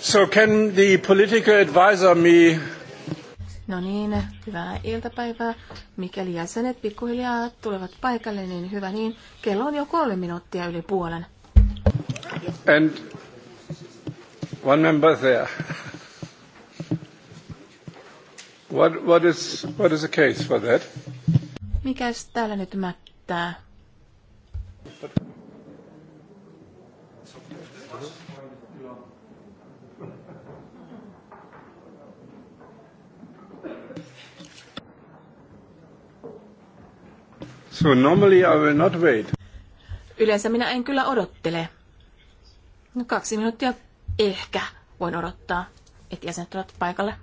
So can the political advisor me... No niin, hyvää iltapäivää. Mikäli jäsenet pikkuhiljaa tulevat paikalle, niin hyvä niin. Kello on jo kolme minuuttia yli puolen. And one member there. What, what, is, what is the case for that? Mikäs täällä nyt mättää? But... So normally I will not wait. Yleensä minä en kyllä odottele. No kaksi minuuttia ehkä voin odottaa, että jäsenet tulevat paikalle.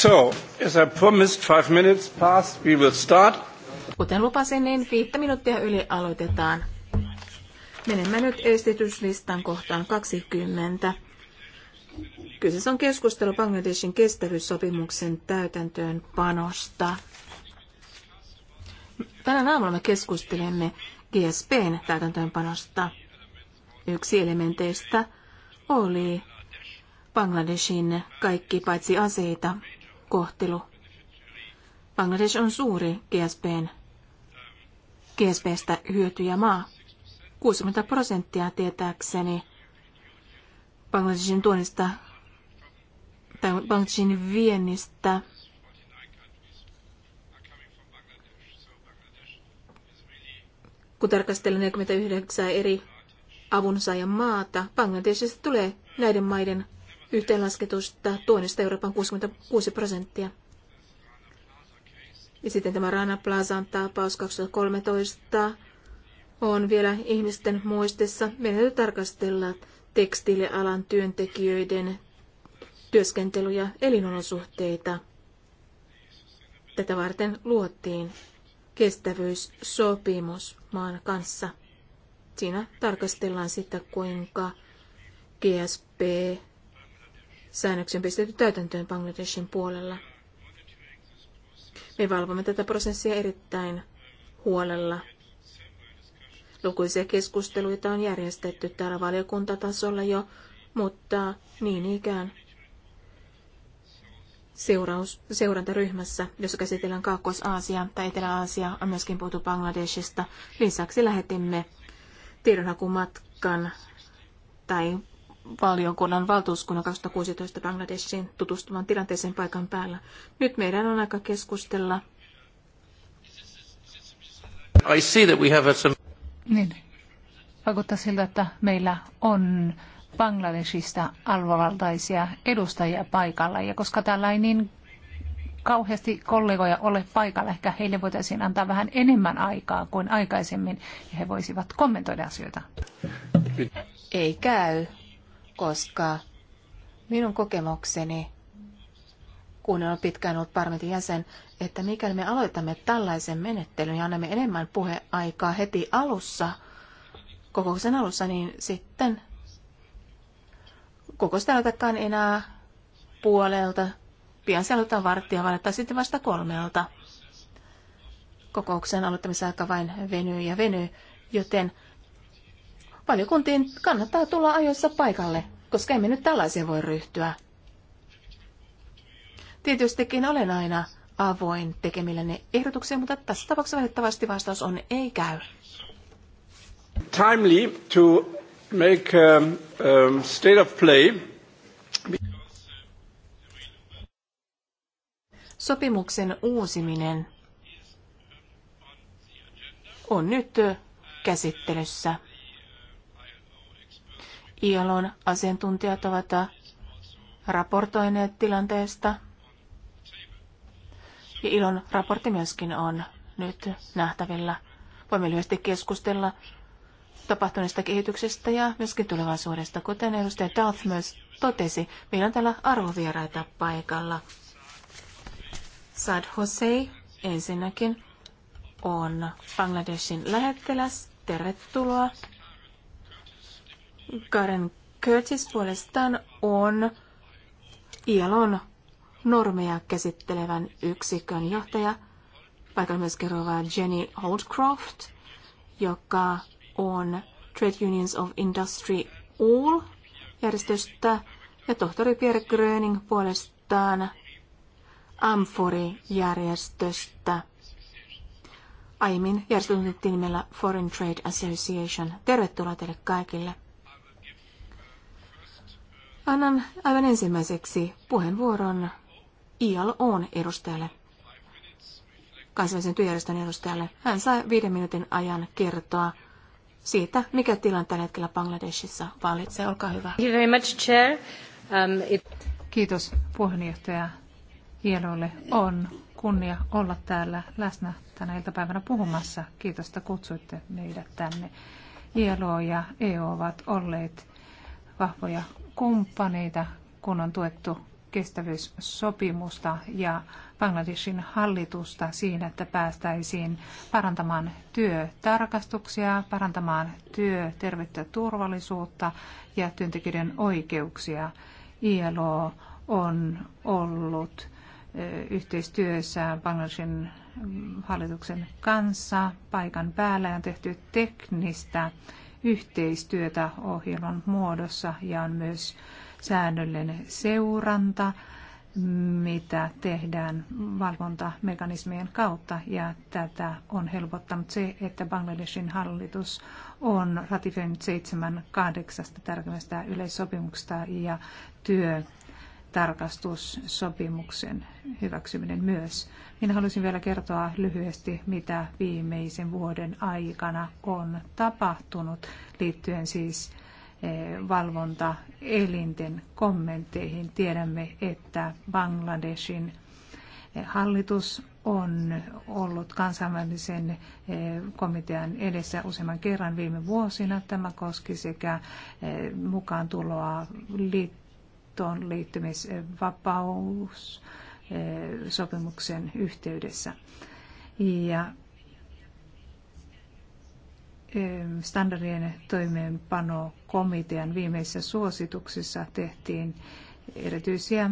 So, as I promised, five minutes past, we will start. Kuten lupasin, niin viittä minuuttia yli aloitetaan. Menemme nyt esityslistan kohtaan 20. Kyseessä on keskustelu Bangladeshin kestävyyssopimuksen täytäntöönpanosta. Tänä aamulla me keskustelemme GSPn täytäntöönpanosta. Yksi elementeistä oli Bangladeshin kaikki paitsi aseita kohtelu. Bangladesh on suuri GSPn, GSPstä hyötyjä maa. 60 prosenttia tietääkseni Bangladeshin tuonnista tai Bangladeshin viennistä Kun tarkastellaan 49 eri avunsaajan maata, Bangladeshista tulee näiden maiden yhteenlasketusta tuonnista Euroopan 66 prosenttia. Ja sitten tämä Rana Plazan tapaus 2013 on vielä ihmisten muistissa. Meidän täytyy tarkastella tekstiilialan työntekijöiden työskentely- ja elinolosuhteita. Tätä varten luotiin kestävyyssopimus maan kanssa. Siinä tarkastellaan sitä, kuinka GSP säännöksen pistetty täytäntöön Bangladeshin puolella. Me valvomme tätä prosessia erittäin huolella. Lukuisia keskusteluita on järjestetty täällä valiokuntatasolla jo, mutta niin ikään seuraus, seurantaryhmässä, jossa käsitellään kaakkois aasia tai etelä aasia on myöskin puhuttu Bangladeshista. Lisäksi lähetimme tiedonhakumatkan tai valiokunnan valtuuskunnan 2016 Bangladeshiin tutustumaan tilanteeseen paikan päällä. Nyt meidän on aika keskustella. I see that we have some... Niin. Vaikuttaa siltä, että meillä on Bangladesista arvovaltaisia edustajia paikalla. Ja koska täällä ei niin kauheasti kollegoja ole paikalla, ehkä heille voitaisiin antaa vähän enemmän aikaa kuin aikaisemmin, ja he voisivat kommentoida asioita. Ei käy koska minun kokemukseni, kun olen pitkään ollut parlamentin jäsen, että mikäli me aloitamme tällaisen menettelyn ja annamme enemmän puheaikaa heti alussa, kokouksen alussa, niin sitten kokousta aloitakaan enää puolelta. Pian se aloitetaan varttia, valittaa sitten vasta kolmelta. Kokouksen aloittamisaika vain venyy ja venyy, joten valiokuntiin kannattaa tulla ajoissa paikalle, koska emme nyt tällaiseen voi ryhtyä. Tietystikin olen aina avoin tekemillenne ehdotuksia, mutta tässä tapauksessa valitettavasti vastaus on ei käy. Timely to make a, um, um, state of play. Sopimuksen uusiminen on nyt käsittelyssä. ILOn asiantuntijat ovat raportoineet tilanteesta. Ja ILOn raportti myöskin on nyt nähtävillä. Voimme lyhyesti keskustella tapahtuneesta kehityksestä ja myöskin tulevaisuudesta. Kuten edustaja Dalth myös totesi, meillä on täällä arvovieraita paikalla. Sad Hosei ensinnäkin on Bangladeshin lähettiläs. Tervetuloa. Karen Curtis puolestaan on ILON normeja käsittelevän yksikön johtaja, paikalla myös kerrova Jenny Holdcroft, joka on Trade Unions of Industry All järjestöstä, ja tohtori Pierre Gröning puolestaan Amfori-järjestöstä. Aiemmin järjestö nimellä Foreign Trade Association. Tervetuloa teille kaikille. Annan aivan ensimmäiseksi puheenvuoron ILOn edustajalle, kansainvälisen työjärjestön edustajalle. Hän sai viiden minuutin ajan kertoa siitä, mikä tilanne tällä hetkellä Bangladeshissa vallitsee. Olkaa hyvä. Thank you very much, chair. Um, Kiitos puheenjohtaja Hielolle. On kunnia olla täällä läsnä tänä iltapäivänä puhumassa. Kiitos, että kutsuitte meidät tänne. ILO ja EU ovat olleet vahvoja kumppaneita, kun on tuettu kestävyyssopimusta ja Bangladeshin hallitusta siinä, että päästäisiin parantamaan työtarkastuksia, parantamaan työterveyttä ja turvallisuutta ja työntekijöiden oikeuksia. ILO on ollut yhteistyössä Bangladeshin hallituksen kanssa paikan päällä ja on tehty teknistä yhteistyötä ohjelman muodossa ja on myös säännöllinen seuranta, mitä tehdään valvontamekanismien kautta. Ja tätä on helpottanut se, että Bangladeshin hallitus on ratifioinut seitsemän kahdeksasta tärkeimmästä yleissopimuksesta ja työ tarkastussopimuksen hyväksyminen myös. Minä haluaisin vielä kertoa lyhyesti, mitä viimeisen vuoden aikana on tapahtunut liittyen siis eh, valvontaelinten kommentteihin. Tiedämme, että Bangladeshin eh, hallitus on ollut kansainvälisen eh, komitean edessä useamman kerran viime vuosina. Tämä koski sekä mukaan tuloa NATOon liittymisvapaus eh, sopimuksen yhteydessä. Ja eh, standardien toimeenpanokomitean viimeisissä suosituksissa tehtiin erityisiä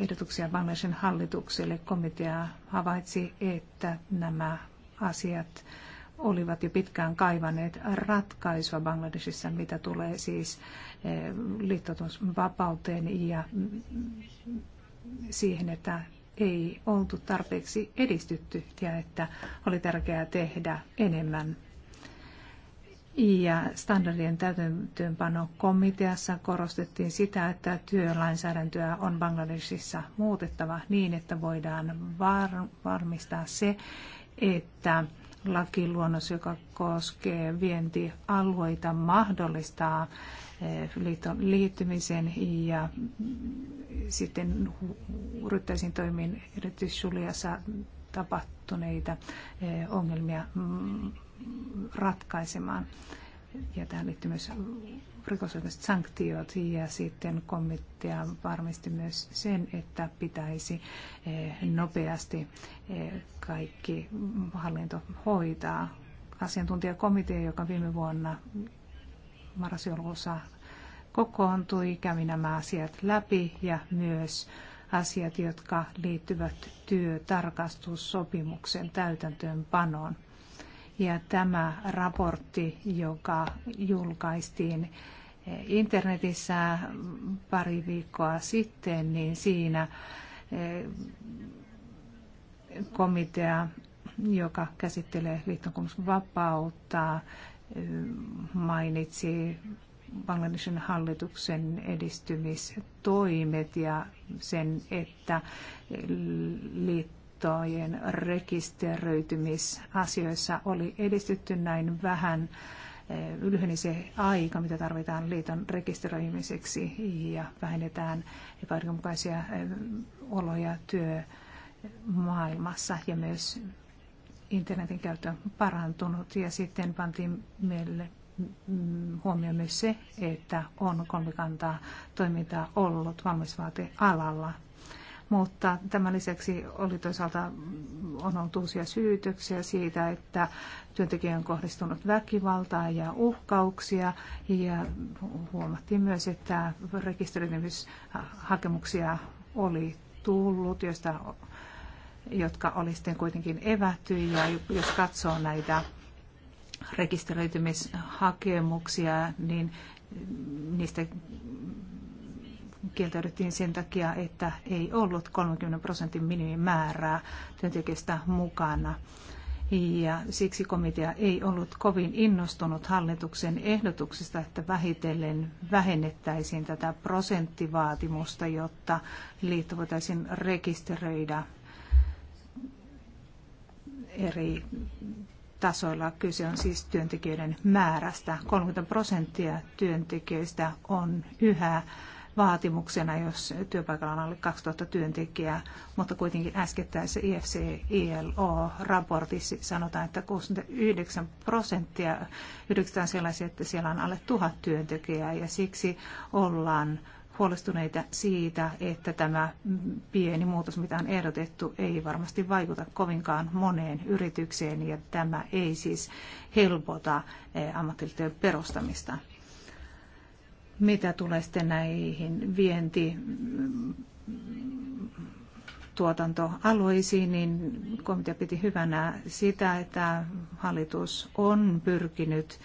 ehdotuksia Bangladesin hallitukselle. Komitea havaitsi, että nämä asiat olivat jo pitkään kaivaneet ratkaisua Bangladesissa, mitä tulee siis eh, liittotusvapauteen ja siihen, että ei oltu tarpeeksi edistytty ja että oli tärkeää tehdä enemmän. Ja standardien täytäntöönpanokomiteassa korostettiin sitä, että työlainsäädäntöä on Bangladesissa muutettava niin, että voidaan var- varmistaa se, että lakiluonnos, joka koskee vientialueita, mahdollistaa eh, liiton liittymisen ja sitten yrittäisiin toimiin erityisesti Suliassa tapahtuneita eh, ongelmia mm, ratkaisemaan. Ja tähän liittyy myös rikosoikeudelliset sanktiot ja sitten komitea varmisti myös sen, että pitäisi eh, nopeasti eh, kaikki hallinto hoitaa. Asiantuntijakomitea, joka viime vuonna marrasjoulussa kokoontui, kävi nämä asiat läpi ja myös asiat, jotka liittyvät työtarkastussopimuksen täytäntöönpanoon. Ja tämä raportti, joka julkaistiin internetissä pari viikkoa sitten, niin siinä eh, komitea, joka käsittelee liittokunnallisen vapautta, eh, mainitsi Bangladeshin hallituksen edistymistoimet ja sen, että liitto kuluttajien rekisteröitymisasioissa oli edistytty näin vähän eh, lyheni se aika, mitä tarvitaan liiton rekisteröimiseksi ja vähennetään epäoikeudenmukaisia eh, oloja työmaailmassa ja myös internetin käyttö on parantunut ja sitten pantiin meille mm, huomioon myös se, että on kolmikantaa toimintaa ollut valmisvaatealalla mutta tämän lisäksi oli toisaalta on ollut uusia syytöksiä siitä, että työntekijän on kohdistunut väkivaltaa ja uhkauksia ja huomattiin myös, että rekisteröitymishakemuksia oli tullut, joista jotka oli sitten kuitenkin evätty. Ja jos katsoo näitä rekisteröitymishakemuksia, niin niistä kieltäydyttiin sen takia, että ei ollut 30 prosentin minimimäärää työntekijästä mukana. Ja siksi komitea ei ollut kovin innostunut hallituksen ehdotuksesta, että vähitellen vähennettäisiin tätä prosenttivaatimusta, jotta liitto voitaisiin rekisteröidä eri tasoilla. Kyse on siis työntekijöiden määrästä. 30 prosenttia työntekijöistä on yhä vaatimuksena, jos työpaikalla on alle 2000 työntekijää, mutta kuitenkin äskettäisessä IFC-ILO-raportissa sanotaan, että 69 prosenttia yritetään sellaisia, että siellä on alle 1000 työntekijää ja siksi ollaan huolestuneita siitä, että tämä pieni muutos, mitä on ehdotettu, ei varmasti vaikuta kovinkaan moneen yritykseen ja tämä ei siis helpota eh, ammattiliittojen perustamista. Mitä tulee sitten näihin vienti tuotantoalueisiin, niin komitea piti hyvänä sitä, että hallitus on pyrkinyt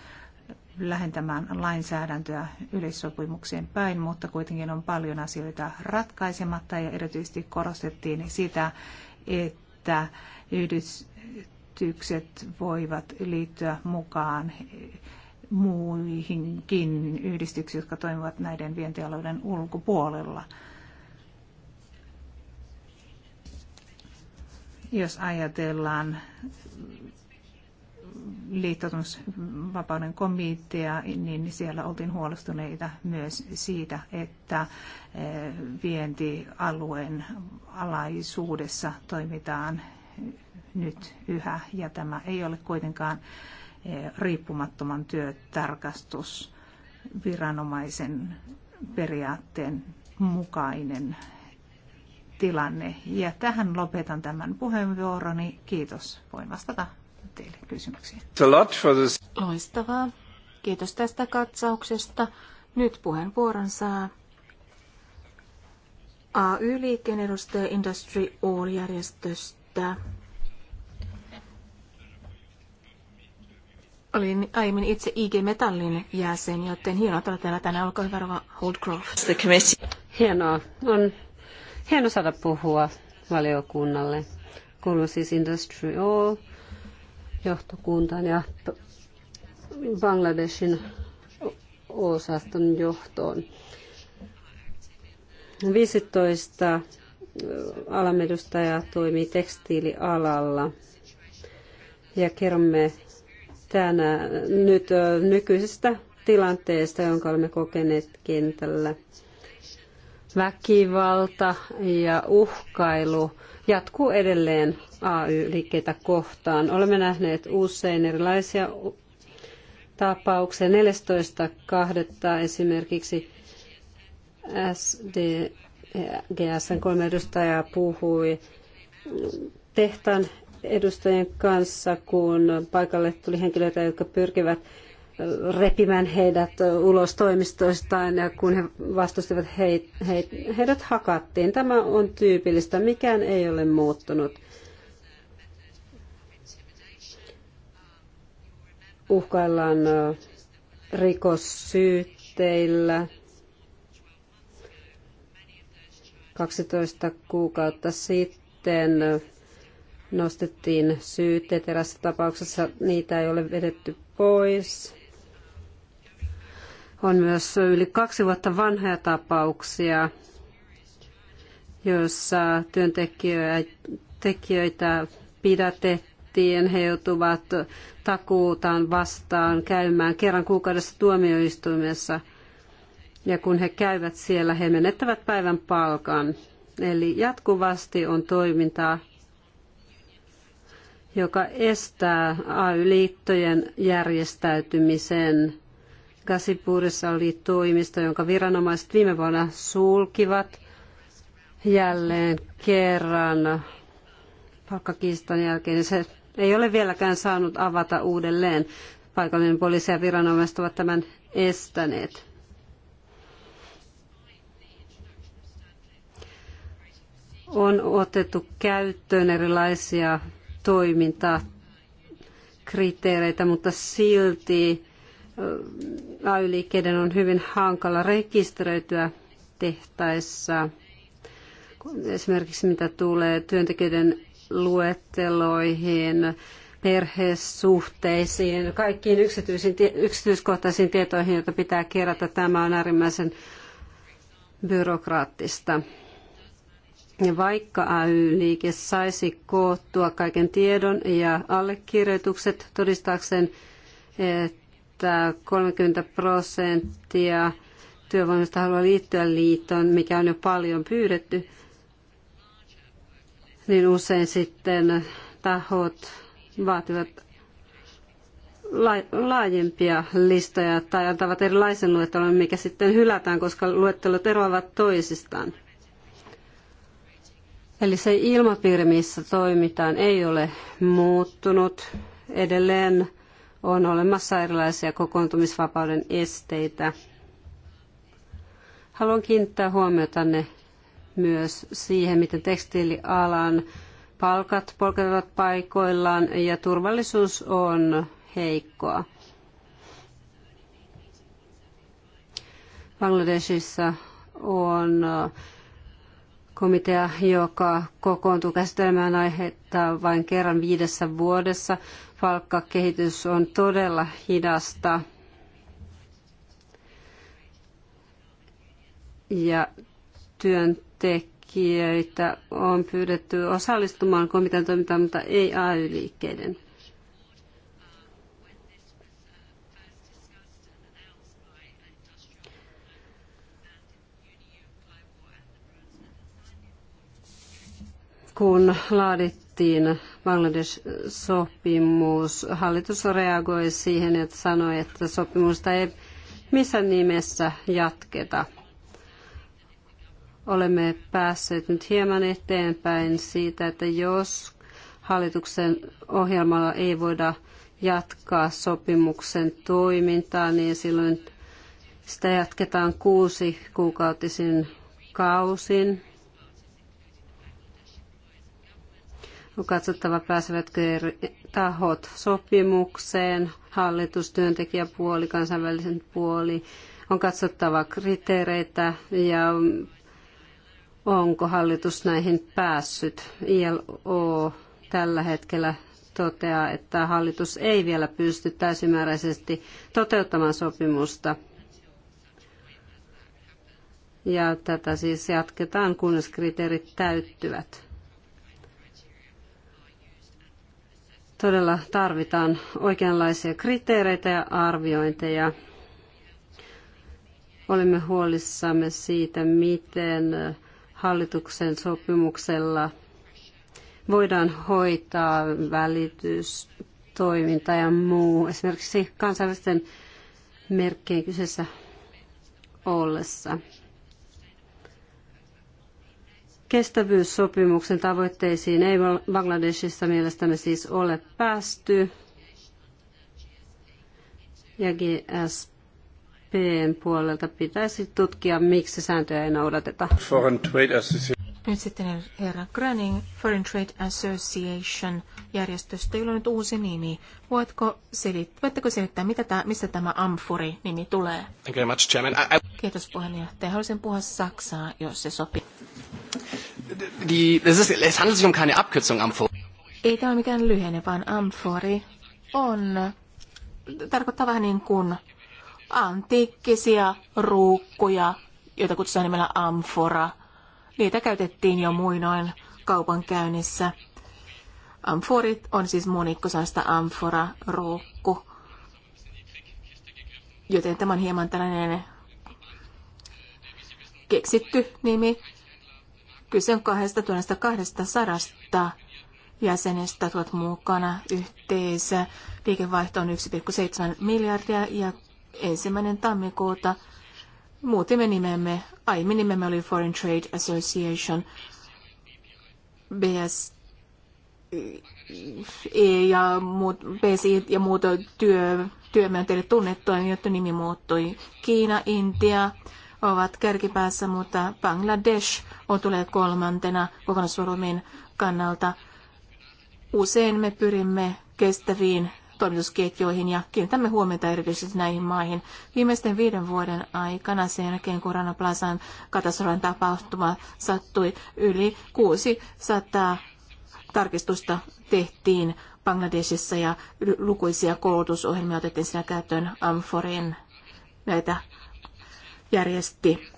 lähentämään lainsäädäntöä yleissopimukseen päin, mutta kuitenkin on paljon asioita ratkaisematta ja erityisesti korostettiin sitä, että yhdistykset voivat liittyä mukaan muihinkin yhdistyksiin, jotka toimivat näiden vientialueiden ulkopuolella. Jos ajatellaan liittoutumisvapauden komitea, niin siellä oltiin huolestuneita myös siitä, että eh, vientialueen alaisuudessa toimitaan nyt yhä, ja tämä ei ole kuitenkaan Eh, riippumattoman työtarkastusviranomaisen periaatteen mukainen tilanne. Ja tähän lopetan tämän puheenvuoroni. Kiitos. Voin vastata teille kysymyksiin. Loistavaa. Kiitos tästä katsauksesta. Nyt puheenvuoron saa AY-liikkeen edustaja Industry All-järjestöstä. Olin aiemmin itse IG Metallin jäsen, joten hienoa olla täällä tänään. Olkaa hyvä, Rova Holdcroft. Hienoa. On hienoa saada puhua valiokunnalle. Kuuluu siis Industry All johtokuntaan ja Bangladeshin osaston johtoon. 15 äh, alamedustajaa toimii tekstiilialalla ja kerromme tänä, nyt nykyisestä tilanteesta, jonka olemme kokeneet kentällä. Väkivalta ja uhkailu jatkuu edelleen AY-liikkeitä kohtaan. Olemme nähneet usein erilaisia tapauksia. 14.2. esimerkiksi SDGSn kolme edustajaa puhui tehtaan edustajien kanssa, kun paikalle tuli henkilöitä, jotka pyrkivät repimään heidät ulos toimistoistaan ja kun he vastustivat heidät hakattiin. Tämä on tyypillistä, mikään ei ole muuttunut. Uhkaillaan rikossyytteillä 12 kuukautta sitten nostettiin syytteet. Erässä tapauksessa niitä ei ole vedetty pois. On myös yli kaksi vuotta vanhoja tapauksia, joissa työntekijöitä pidätettiin. He joutuvat takuutaan vastaan käymään kerran kuukaudessa tuomioistuimessa. Ja kun he käyvät siellä, he menettävät päivän palkan. Eli jatkuvasti on toimintaa, joka estää AY-liittojen järjestäytymisen. Kasipurissa oli toimisto, jonka viranomaiset viime vuonna sulkivat jälleen kerran palkkakiistan jälkeen. Se ei ole vieläkään saanut avata uudelleen. Paikallinen poliisi ja viranomaiset ovat tämän estäneet. On otettu käyttöön erilaisia toimintakriteereitä, mutta silti AY-liikkeiden on hyvin hankala rekisteröityä tehtaissa. Esimerkiksi mitä tulee työntekijöiden luetteloihin, perhesuhteisiin, kaikkiin yksityiskohtaisiin tietoihin, joita pitää kerätä. Tämä on äärimmäisen byrokraattista. Ja vaikka AY-liike saisi koottua kaiken tiedon ja allekirjoitukset todistaakseen, että 30 prosenttia työvoimasta haluaa liittyä liittoon, mikä on jo paljon pyydetty, niin usein sitten tahot vaativat laajempia listoja tai antavat erilaisen luettelon, mikä sitten hylätään, koska luettelot eroavat toisistaan. Eli se ilmapiiri, missä toimitaan, ei ole muuttunut. Edelleen on olemassa erilaisia kokoontumisvapauden esteitä. Haluan kiinnittää huomiotanne myös siihen, miten tekstiilialan palkat polkevat paikoillaan ja turvallisuus on heikkoa. Bangladesissa on komitea, joka kokoontuu käsittelemään aihetta vain kerran viidessä vuodessa. Palkkakehitys on todella hidasta. Ja työntekijöitä on pyydetty osallistumaan komitean toimintaan, mutta ei AY-liikkeiden. kun laadittiin Bangladesh-sopimus, hallitus reagoi siihen, että sanoi, että sopimusta ei missään nimessä jatketa. Olemme päässeet nyt hieman eteenpäin siitä, että jos hallituksen ohjelmalla ei voida jatkaa sopimuksen toimintaa, niin silloin sitä jatketaan kuusi kuukautisin kausin. On katsottava, pääsevätkö eri tahot sopimukseen, hallitus, työntekijäpuoli, kansainvälisen puoli. On katsottava kriteereitä ja onko hallitus näihin päässyt. ILO tällä hetkellä toteaa, että hallitus ei vielä pysty täysimääräisesti toteuttamaan sopimusta. Ja tätä siis jatketaan, kunnes kriteerit täyttyvät. Todella tarvitaan oikeanlaisia kriteereitä ja arviointeja. Olemme huolissamme siitä, miten hallituksen sopimuksella voidaan hoitaa välitystoiminta ja muu, esimerkiksi kansainvälisten merkkien kyseessä ollessa. Kestävyyssopimuksen tavoitteisiin ei Bangladesissa mielestämme siis ole päästy. Ja GSPn puolelta pitäisi tutkia, miksi sääntöjä ei noudateta. Nyt sitten herra Gröning, Foreign Trade Association järjestöstä, jolla on nyt uusi nimi. Voitko selittää, voitteko selittää mitä tämä, mistä tämä Amfuri-nimi tulee? Thank you very much, Chairman. I, I... Kiitos puheenjohtaja. Haluaisin puhua Saksaa, jos se sopii die, ist, es handelt sich um keine Abkürzung Amphori. Ei tämä ole mikään lyhenne, vaan amfori on, tarkoittaa vähän niin kuin antiikkisia ruukkuja, joita kutsutaan nimellä amfora. Niitä käytettiin jo muinoin kaupankäynnissä. Amforit on siis monikko sanasta amfora, ruukku. Joten tämä on hieman tällainen keksitty nimi. Kyse on 2200 jäsenestä tuot mukana yhteensä. Liikevaihto on 1,7 miljardia ja ensimmäinen tammikuuta muutimme nimemme. Aiemmin nimemme oli Foreign Trade Association BS e ja muut, BSI e ja muut työ, työmme on teille tunnettua, jotta nimi muuttui. Kiina, Intia, ovat kärkipäässä, mutta Bangladesh on tulee kolmantena kokonaisvolyymin kannalta. Usein me pyrimme kestäviin toimitusketjuihin ja kiinnitämme huomiota erityisesti näihin maihin. Viimeisten viiden vuoden aikana sen jälkeen, kun Rana Plazan katastrofin tapahtuma sattui, yli 600 tarkistusta tehtiin Bangladesissa ja lukuisia koulutusohjelmia otettiin sinä käyttöön Amforin näitä järjesti.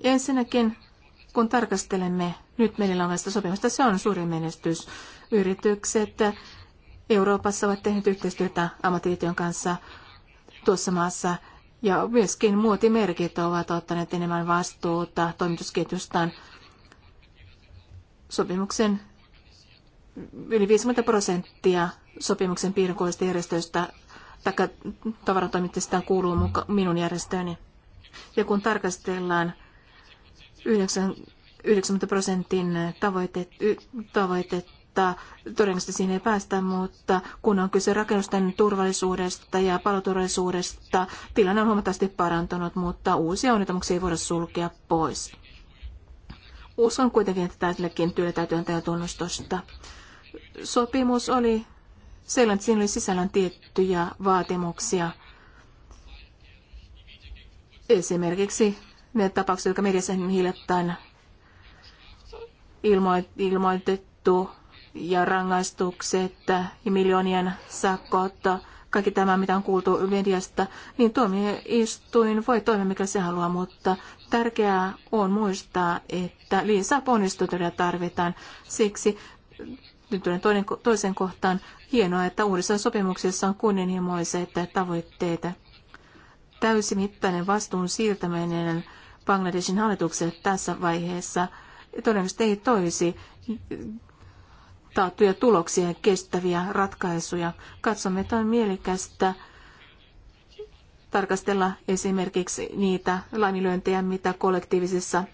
Ensinnäkin, kun tarkastelemme nyt meillä olevasta sopimusta, se on suuri menestys. Yritykset Euroopassa ovat tehneet yhteistyötä ammattiliiton kanssa tuossa maassa ja myöskin muotimerkit ovat ottaneet enemmän vastuuta toimitusketjustaan. Sopimuksen yli 50 prosenttia sopimuksen piirin järjestöistä tai tavarantoimittajista kuuluu minun järjestööni. Ja kun tarkastellaan 90 prosentin tavoitetta, todennäköisesti siinä ei päästä, mutta kun on kyse rakennusten turvallisuudesta ja paloturvallisuudesta, tilanne on huomattavasti parantunut, mutta uusia onnettomuuksia ei voida sulkea pois. Uskon kuitenkin, että tällekin työlle täytyy antaa tunnustusta. Sopimus oli sellainen, että siinä oli sisällön tiettyjä vaatimuksia – Esimerkiksi ne tapaukset, jotka mediassa hiljattain ilmoitettu ja rangaistukset ja miljoonien sakot, kaikki tämä, mitä on kuultu mediasta, niin tuomioistuin voi toimia, mikä se haluaa, mutta tärkeää on muistaa, että lisää ponnistuja tarvitaan. Siksi nyt tulen toinen, toisen kohtaan. Hienoa, että uudessa sopimuksessa on kunnianhimoiset tavoitteita. Täysimittainen vastuun siirtäminen Bangladesin hallitukselle tässä vaiheessa todennäköisesti ei toisi taattuja tuloksia ja kestäviä ratkaisuja. Katsomme, että on mielekästä tarkastella esimerkiksi niitä laiminlyöntejä, mitä kollektiivisessa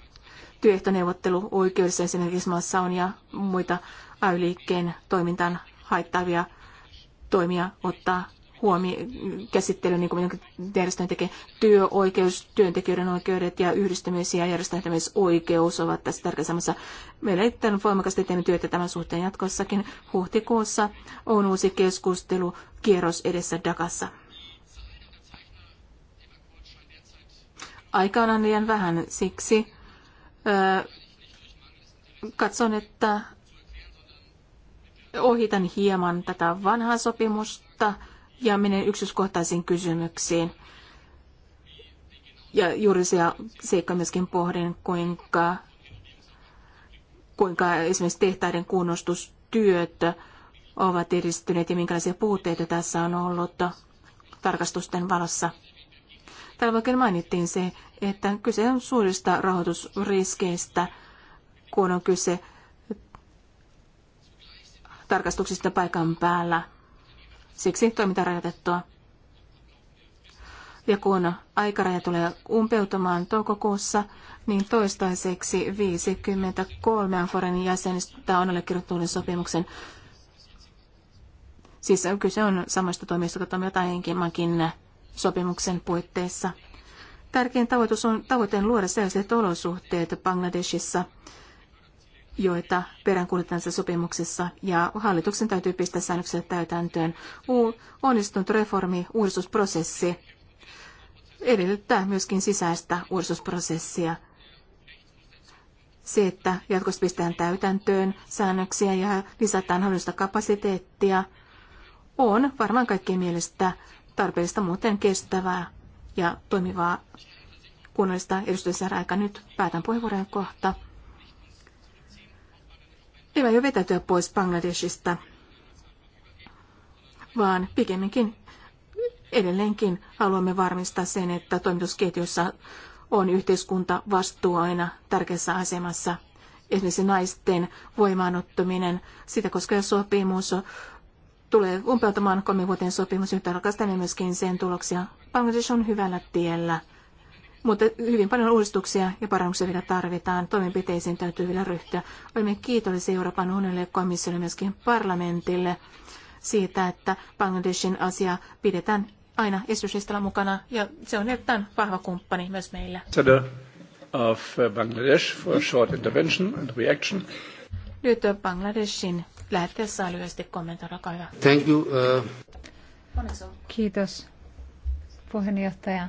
työehtoneuvotteluoikeudessa esimerkiksi maassa on ja muita AY-liikkeen toimintaan haittavia toimia ottaa huomi- käsittely, niin kuin järjestö tekee, työoikeus, työntekijöiden oikeudet ja yhdistämis- ja järjestäytymisoikeus ovat tässä tärkeässä samassa. Meillä erittäin voimakasti tehnyt työtä tämän suhteen jatkossakin. Huhtikuussa on uusi keskustelu kierros edessä Dakassa. Aika on liian vähän, siksi öö, katson, että ohitan hieman tätä vanhaa sopimusta – ja menen yksityiskohtaisiin kysymyksiin. Ja juuri se seikka myöskin pohdin, kuinka, kuinka esimerkiksi tehtaiden kunnostustyöt ovat edistyneet ja minkälaisia puutteita tässä on ollut tarkastusten valossa. Täällä oikein mainittiin se, että kyse on suurista rahoitusriskeistä, kun on kyse tarkastuksista paikan päällä – Siksi toiminta rajoitettua. Ja kun aikaraja tulee umpeutumaan toukokuussa, niin toistaiseksi 53 Amforen jäsenistä on allekirjoittanut sopimuksen. Siis kyse on samasta toimista, kun jotainkin sopimuksen puitteissa. Tärkein tavoite on, tavoite luoda sellaiset olosuhteet Bangladesissa, joita tässä sopimuksessa, ja hallituksen täytyy pistää säännökset täytäntöön. Onnistunut reformi, uudistusprosessi edellyttää myöskin sisäistä uudistusprosessia. Se, että jatkossa pistetään täytäntöön säännöksiä ja lisätään hallitusta kapasiteettia, on varmaan kaikkien mielestä tarpeellista muuten kestävää ja toimivaa kunnallista aika Nyt päätän puheenvuoron kohta ei ole vetäytyä pois Bangladesista, vaan pikemminkin edelleenkin haluamme varmistaa sen, että toimitusketjussa on yhteiskunta vastuu aina tärkeässä asemassa. Esimerkiksi naisten voimaanottaminen, sitä koskeva sopimus tulee umpeutumaan kolmen vuoden sopimus, nyt tarkastelee myöskin sen tuloksia. Bangladesh on hyvällä tiellä. Mutta hyvin paljon uudistuksia ja parannuksia vielä tarvitaan. Toimenpiteisiin täytyy vielä ryhtyä. Olemme kiitollisia Euroopan unionille, komissiolle myöskin parlamentille siitä, että Bangladeshin asia pidetään aina esityslistalla mukana ja se on erittäin vahva kumppani myös meillä. Of uh, Bangladesh for a short intervention and reaction. Nyt Bangladeshin lähetteessä saa lyhyesti kommentoida, olkaa hyvä. Thank you. Uh... Kiitos puheenjohtaja.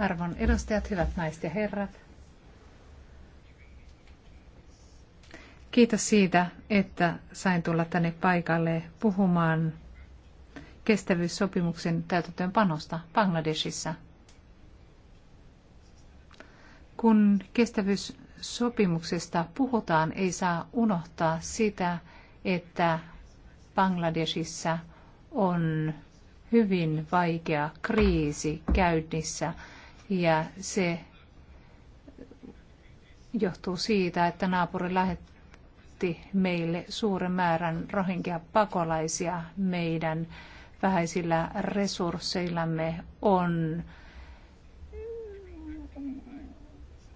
Arvon edustajat, hyvät naiset ja herrat. Kiitos siitä, että sain tulla tänne paikalle puhumaan kestävyyssopimuksen täytäntöönpanosta Bangladesissa. Kun kestävyyssopimuksesta puhutaan, ei saa unohtaa sitä, että Bangladesissa on hyvin vaikea kriisi käynnissä ja se johtuu siitä, että naapuri lähetti meille suuren määrän rohinkia pakolaisia meidän vähäisillä resursseillamme on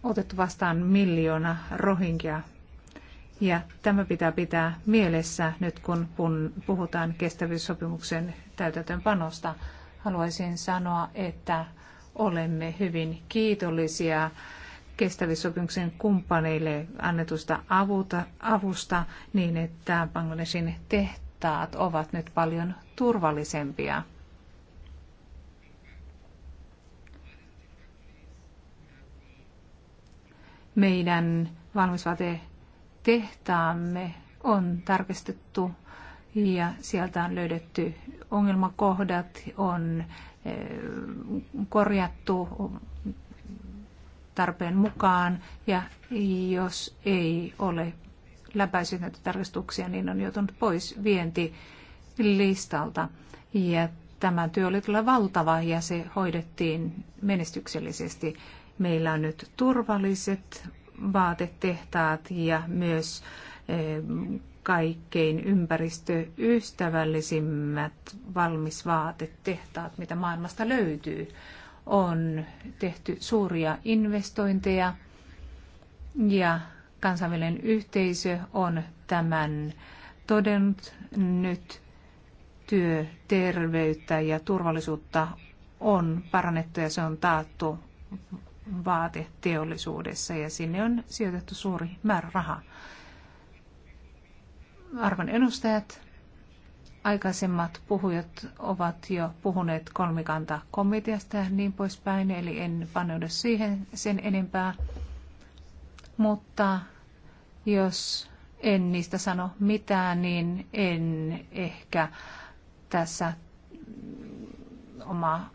otettu vastaan miljoona rohinkia. Ja tämä pitää pitää mielessä nyt, kun puhutaan kestävyyssopimuksen täytäntöönpanosta. Haluaisin sanoa, että olemme hyvin kiitollisia kestävyyssopimuksen kumppaneille annetusta avusta niin, että Bangladesin tehtaat ovat nyt paljon turvallisempia. Meidän valmisvaatetehtaamme on tarkistettu ja sieltä on löydetty ongelmakohdat, on Eh, korjattu tarpeen mukaan ja jos ei ole läpäisyt näitä tarkastuksia, niin on joutunut pois vientilistalta. Ja tämä työ oli kyllä valtava ja se hoidettiin menestyksellisesti. Meillä on nyt turvalliset vaatetehtaat ja myös eh, kaikkein ympäristöystävällisimmät valmisvaatetehtaat, mitä maailmasta löytyy. On tehty suuria investointeja ja kansainvälinen yhteisö on tämän todennut nyt työterveyttä ja turvallisuutta on parannettu ja se on taattu vaateteollisuudessa ja sinne on sijoitettu suuri määrä rahaa. Arvon edustajat, aikaisemmat puhujat ovat jo puhuneet kolmikanta komiteasta ja niin poispäin, eli en paneudu siihen sen enempää. Mutta jos en niistä sano mitään, niin en ehkä tässä oma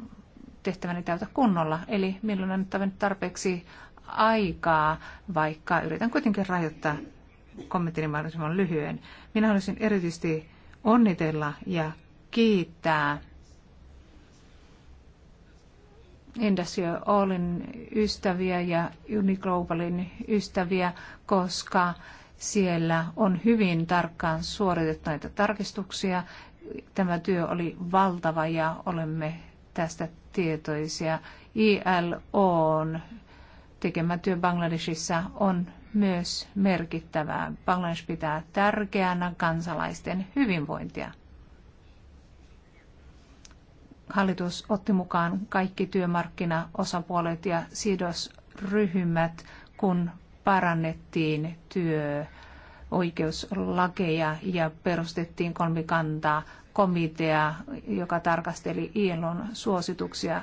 tehtäväni täytä kunnolla. Eli milloin annettava nyt tarpeeksi aikaa, vaikka yritän kuitenkin rajoittaa kommenttini mahdollisimman lyhyen. Minä haluaisin erityisesti onnitella ja kiittää Industry Allin ystäviä ja Uniglobalin ystäviä, koska siellä on hyvin tarkkaan suoritettu näitä tarkistuksia. Tämä työ oli valtava ja olemme tästä tietoisia. ILO on tekemä työ Bangladesissa on myös merkittävää. Bangladesh pitää tärkeänä kansalaisten hyvinvointia. Hallitus otti mukaan kaikki työmarkkinaosapuolet ja sidosryhmät, kun parannettiin työoikeuslakeja ja perustettiin kolmikantaa komitea, joka tarkasteli ILOn suosituksia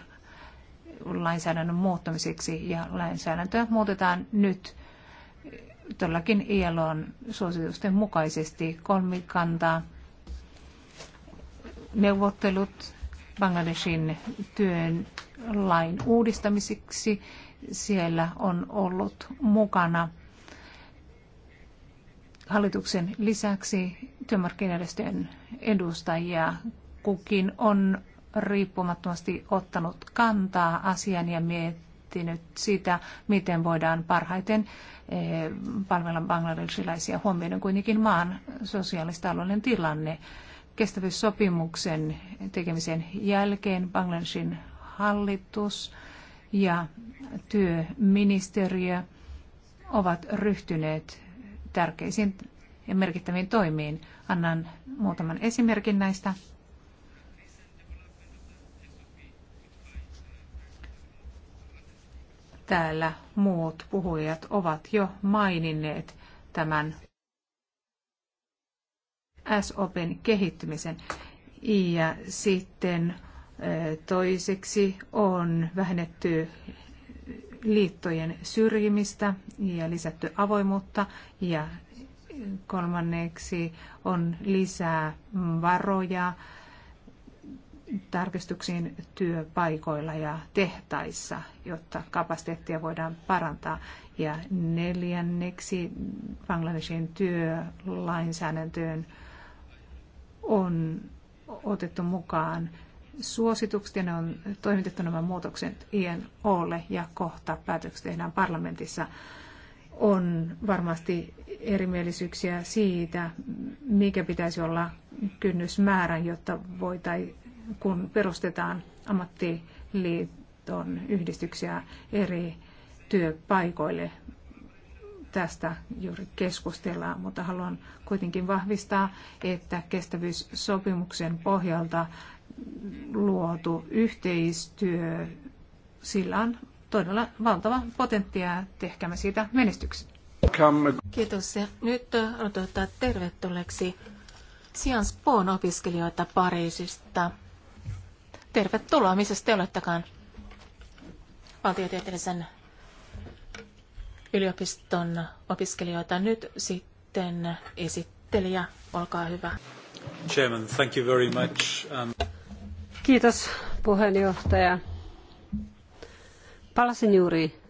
lainsäädännön muuttamiseksi ja lainsäädäntöä muutetaan nyt todellakin ILOn suositusten mukaisesti kolmikantaa neuvottelut Bangladeshin työn lain uudistamiseksi. Siellä on ollut mukana hallituksen lisäksi työmarkkinajärjestöjen edustajia. Kukin on riippumattomasti ottanut kantaa asian ja miettinyt sitä, miten voidaan parhaiten eh, palvella bangladesilaisia huomioiden kuitenkin maan sosiaalista-alueellinen tilanne. Kestävyyssopimuksen tekemisen jälkeen Bangladesin hallitus ja työministeriö ovat ryhtyneet tärkeisiin ja merkittäviin toimiin. Annan muutaman esimerkin näistä. Täällä muut puhujat ovat jo maininneet tämän SOPin kehittymisen. Ja sitten eh, toiseksi on vähennetty liittojen syrjimistä ja lisätty avoimuutta ja kolmanneksi on lisää varoja tarkistuksiin työpaikoilla ja tehtaissa, jotta kapasiteettia voidaan parantaa. Ja neljänneksi Bangladeshin työlainsäädäntöön on otettu mukaan suositukset ja ne on toimitettu nämä muutokset INOlle ja kohta päätökset tehdään parlamentissa. On varmasti erimielisyyksiä siitä, mikä pitäisi olla kynnysmäärän, jotta voitaisiin kun perustetaan ammattiliiton yhdistyksiä eri työpaikoille. Tästä juuri keskustellaan, mutta haluan kuitenkin vahvistaa, että kestävyyssopimuksen pohjalta luotu yhteistyö, sillä on todella valtava potentiaa tehkäämme siitä menestyksen. Kiitos. Ja nyt otetaan tervetulleeksi Sian Spoon opiskelijoita Pariisista. Tervetuloa, missä te olettekaan valtiotieteellisen yliopiston opiskelijoita. Nyt sitten esittelijä, olkaa hyvä. Chairman, thank you very much. Um... Kiitos puheenjohtaja. Palasin juuri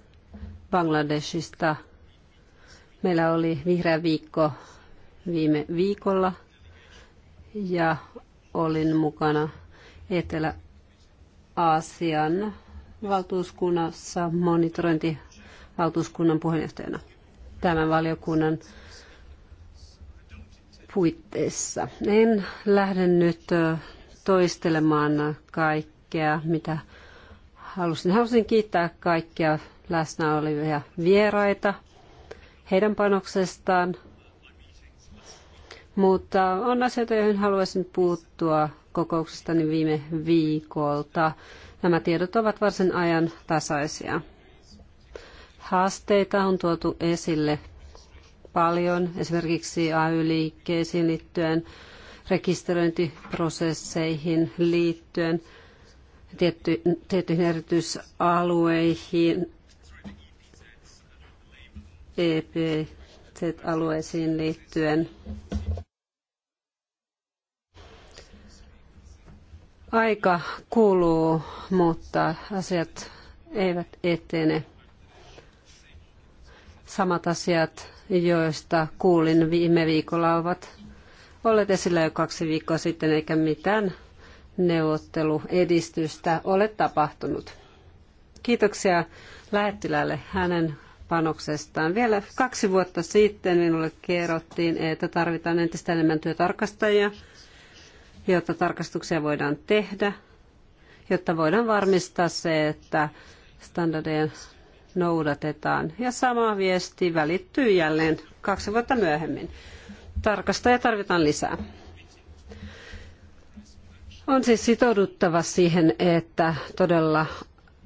Bangladeshista. Meillä oli vihreä viikko viime viikolla ja olin mukana Etelä- Aasian valtuuskunnassa monitorointivaltuuskunnan puheenjohtajana tämän valiokunnan puitteissa. En lähde nyt toistelemaan kaikkea, mitä halusin. Halusin kiittää kaikkia läsnä olevia vieraita heidän panoksestaan, mutta on asioita, joihin haluaisin puuttua kokouksestani niin viime viikolta. Nämä tiedot ovat varsin ajan tasaisia. Haasteita on tuotu esille paljon, esimerkiksi AY-liikkeisiin liittyen, rekisteröintiprosesseihin liittyen, tietty, tiettyihin erityisalueihin, EPZ-alueisiin liittyen. Aika kuluu, mutta asiat eivät etene. Samat asiat, joista kuulin viime viikolla, ovat olleet esillä jo kaksi viikkoa sitten, eikä mitään neuvotteluedistystä ole tapahtunut. Kiitoksia lähettilälle hänen panoksestaan. Vielä kaksi vuotta sitten minulle kerrottiin, että tarvitaan entistä enemmän työtarkastajia – jotta tarkastuksia voidaan tehdä, jotta voidaan varmistaa se, että standardeja noudatetaan. Ja sama viesti välittyy jälleen kaksi vuotta myöhemmin. Tarkastajia tarvitaan lisää. On siis sitouduttava siihen, että todella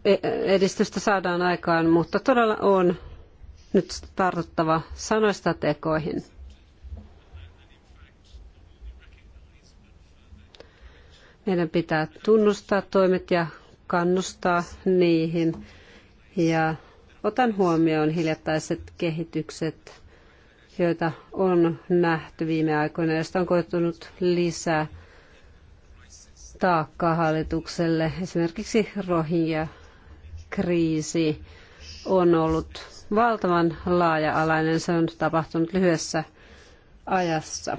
e- edistystä saadaan aikaan, mutta todella on nyt tartuttava sanoista tekoihin. Meidän pitää tunnustaa toimet ja kannustaa niihin. Ja otan huomioon hiljattaiset kehitykset, joita on nähty viime aikoina, joista on koitunut lisää taakkaa hallitukselle. Esimerkiksi rohingya kriisi on ollut valtavan laaja-alainen. Se on tapahtunut lyhyessä ajassa.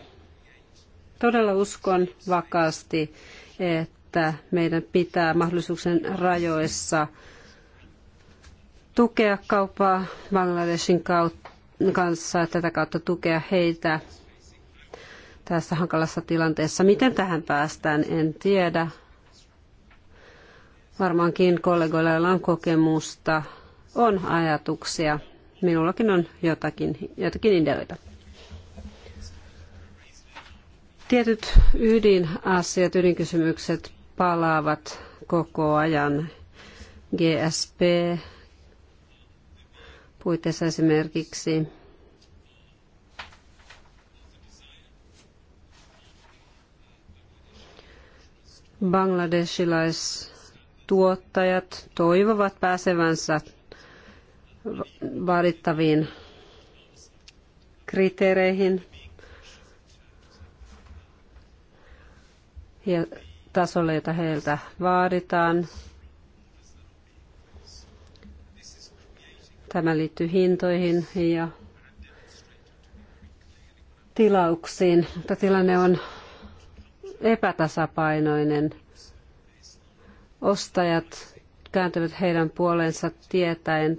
Todella uskon vakaasti että meidän pitää mahdollisuuksien rajoissa tukea kauppaa Bangladeshin kanssa ja tätä kautta tukea heitä tässä hankalassa tilanteessa. Miten tähän päästään, en tiedä. Varmaankin kollegoilla, joilla on kokemusta, on ajatuksia. Minullakin on jotakin, jotakin ideoita. Tietyt ydinasiat, ydinkysymykset palaavat koko ajan. GSP puitteissa esimerkiksi. Bangladeshilaistuottajat toivovat pääsevänsä vaadittaviin kriteereihin tasolle, jota heiltä vaaditaan. Tämä liittyy hintoihin ja tilauksiin, mutta tilanne on epätasapainoinen. Ostajat kääntyvät heidän puoleensa tietäen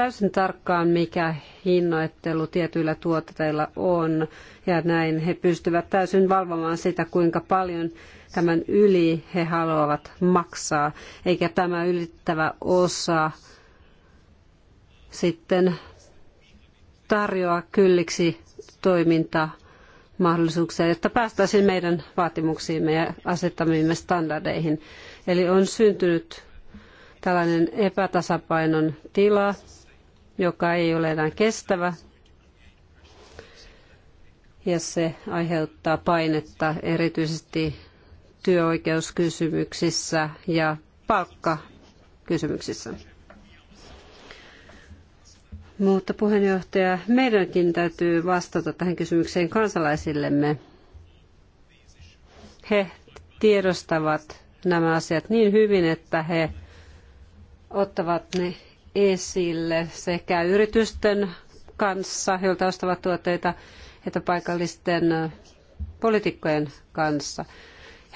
täysin tarkkaan, mikä hinnoittelu tietyillä tuotteilla on, ja näin he pystyvät täysin valvomaan sitä, kuinka paljon tämän yli he haluavat maksaa, eikä tämä ylittävä osa sitten tarjoa kylliksi toimintamahdollisuuksia, jotta päästäisiin meidän vaatimuksiimme ja asettamiimme standardeihin. Eli on syntynyt tällainen epätasapainon tila, joka ei ole enää kestävä. Ja se aiheuttaa painetta erityisesti työoikeuskysymyksissä ja palkkakysymyksissä. Mutta puheenjohtaja, meidänkin täytyy vastata tähän kysymykseen kansalaisillemme. He tiedostavat nämä asiat niin hyvin, että he ottavat ne esille sekä yritysten kanssa, joilta ostavat tuotteita, että paikallisten poliitikkojen kanssa.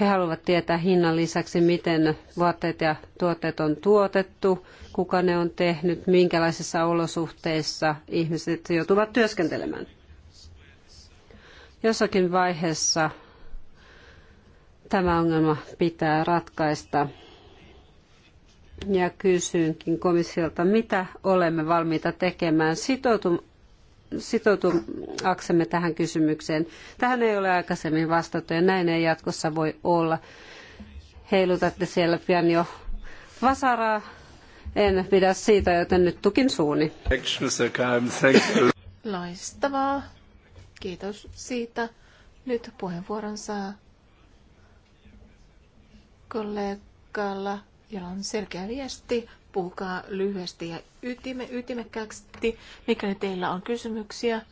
He haluavat tietää hinnan lisäksi, miten vaatteet ja tuotteet on tuotettu, kuka ne on tehnyt, minkälaisissa olosuhteissa ihmiset joutuvat työskentelemään. Jossakin vaiheessa tämä ongelma pitää ratkaista. Ja kysyinkin komissiolta, mitä olemme valmiita tekemään sitoutuaksemme tähän kysymykseen. Tähän ei ole aikaisemmin vastattu ja näin ei jatkossa voi olla. Heilutatte siellä pian jo vasaraa. En pidä siitä, joten nyt tukin suuni. Loistavaa. Kiitos siitä. Nyt puheenvuoron saa kollegalla jolla on selkeä viesti. Puhukaa lyhyesti ja ytime, ytimekkäästi, mikäli teillä on kysymyksiä.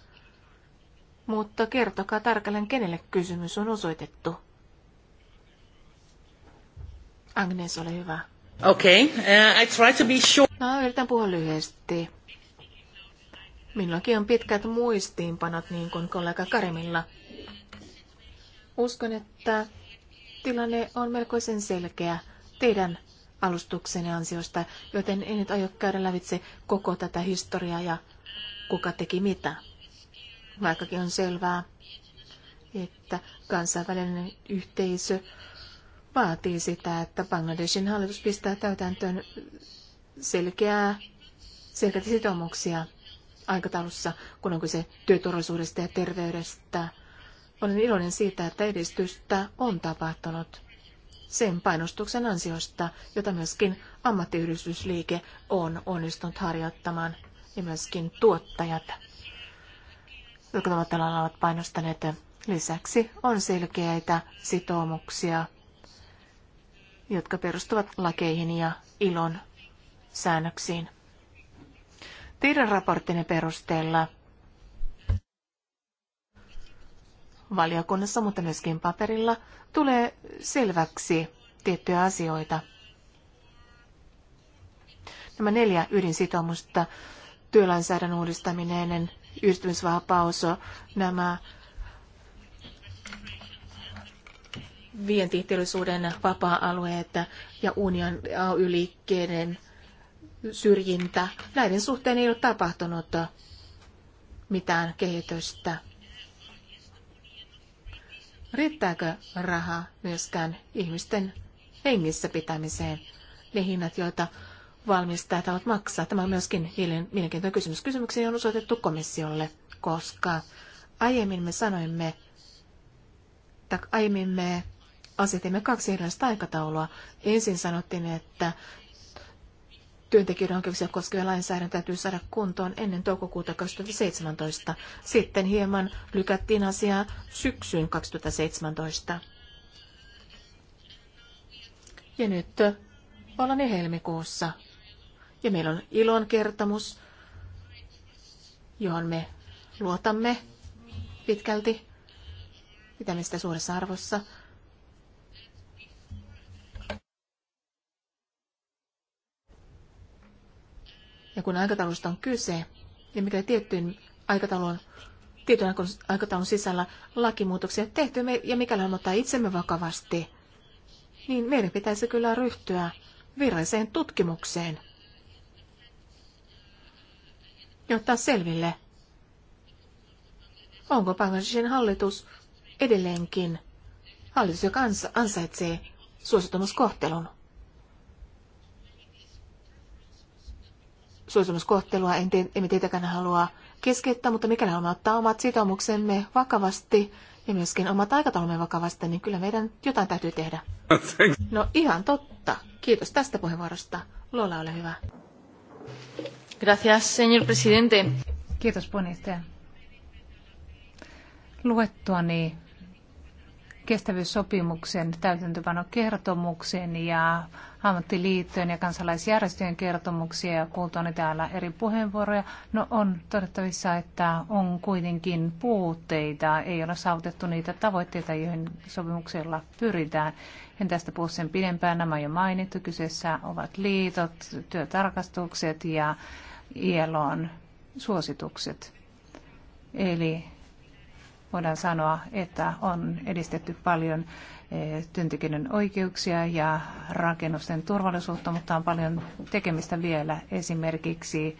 Mutta kertokaa tarkalleen, kenelle kysymys on osoitettu. Agnes, ole hyvä. Okay, uh, I try to be sure. No, yritän puhua lyhyesti. Minullakin on pitkät muistiinpanot, niin kuin kollega Karimilla. Uskon, että tilanne on melkoisen selkeä. Teidän alustuksen ansiosta, joten en nyt aio käydä lävitse koko tätä historiaa ja kuka teki mitä. Vaikkakin on selvää, että kansainvälinen yhteisö vaatii sitä, että Bangladeshin hallitus pistää täytäntöön selkeää, selkeitä sitoumuksia aikataulussa, kun on kyse työturvallisuudesta ja terveydestä. Olen iloinen siitä, että edistystä on tapahtunut sen painostuksen ansiosta, jota myöskin ammattiyhdistysliike on onnistunut harjoittamaan ja myöskin tuottajat, jotka ovat tällä ovat painostaneet. Lisäksi on selkeitä sitoumuksia, jotka perustuvat lakeihin ja ilon säännöksiin. Teidän raporttinne perusteella valiokunnassa, mutta myöskin paperilla tulee selväksi tiettyjä asioita. Nämä neljä ydinsitoumusta, työlainsäädännön uudistaminen, yhdistymisvapaus, nämä vientiteollisuuden vapaa-alueet ja union AY-liikkeiden syrjintä. Näiden suhteen ei ole tapahtunut mitään kehitystä. Riittääkö raha myöskään ihmisten hengissä pitämiseen? Ne hinnat, joita valmistajat ovat maksaa. Tämä on myöskin mielenkiintoinen kysymys. Kysymyksiä on osoitettu komissiolle, koska aiemmin me sanoimme, tai aiemmin me asetimme kaksi erilaista aikataulua. Ensin sanottiin, että työntekijöiden oikeuksia koskeva lainsäädäntö täytyy saada kuntoon ennen toukokuuta 2017. Sitten hieman lykättiin asiaa syksyyn 2017. Ja nyt ollaan jo helmikuussa. Ja meillä on ilon kertomus, johon me luotamme pitkälti. Pitämme sitä suuressa arvossa. Ja kun aikataulusta on kyse, niin mikä tiettyyn aikataulun tietyn aikataulun sisällä lakimuutoksia tehty, ja mikäli on ottaa itsemme vakavasti, niin meidän pitäisi kyllä ryhtyä viralliseen tutkimukseen ja ottaa selville, onko Bangladeshin hallitus edelleenkin hallitus, joka ansaitsee suositumuskohtelun. suosimuskohtelua, en te, emme tietenkään halua keskeyttää, mutta mikäli haluamme ottaa omat sitoumuksemme vakavasti ja myöskin omat aikataulumme vakavasti, niin kyllä meidän jotain täytyy tehdä. No ihan totta. Kiitos tästä puheenvuorosta. Lola, ole hyvä. Gracias, señor presidente. Kiitos puheenjohtaja. niin kestävyyssopimuksen täytäntöpanokertomuksen ja ammattiliittojen ja kansalaisjärjestöjen kertomuksia ja kuultuani täällä eri puheenvuoroja, no on todettavissa, että on kuitenkin puutteita, ei ole saavutettu niitä tavoitteita, joihin sopimuksella pyritään. En tästä puhu sen pidempään, nämä on jo mainittu. Kyseessä ovat liitot, työtarkastukset ja ILOn suositukset. Eli voidaan sanoa, että on edistetty paljon työntekijöiden oikeuksia ja rakennusten turvallisuutta, mutta on paljon tekemistä vielä esimerkiksi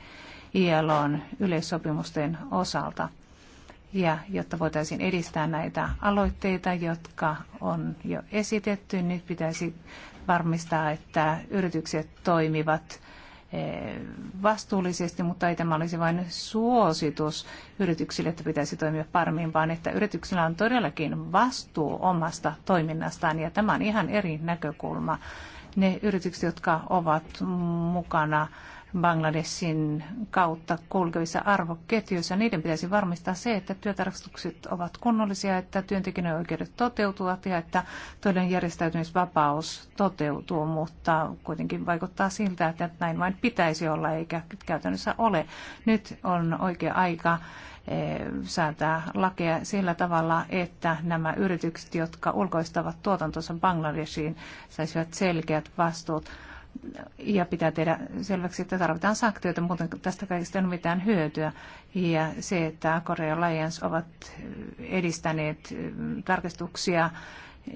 ILOn yleissopimusten osalta. Ja jotta voitaisiin edistää näitä aloitteita, jotka on jo esitetty, nyt pitäisi varmistaa, että yritykset toimivat Eh, vastuullisesti, mutta ei tämä olisi vain suositus yrityksille, että pitäisi toimia paremmin, vaan että yrityksillä on todellakin vastuu omasta toiminnastaan ja tämä on ihan eri näkökulma. Ne yritykset, jotka ovat mukana Bangladesin kautta kulkevissa arvoketjuissa. Niiden pitäisi varmistaa se, että työtarkastukset ovat kunnollisia, että työntekijän oikeudet toteutuvat ja että todellinen järjestäytymisvapaus toteutuu, mutta kuitenkin vaikuttaa siltä, että näin vain pitäisi olla eikä käytännössä ole. Nyt on oikea aika eh, säätää lakeja sillä tavalla, että nämä yritykset, jotka ulkoistavat tuotantonsa Bangladesiin, saisivat selkeät vastuut ja pitää tehdä selväksi, että tarvitaan sanktioita, muuten tästä kaikesta ei ole mitään hyötyä. Ja se, että Korea Lions ovat eh, edistäneet eh, tarkistuksia,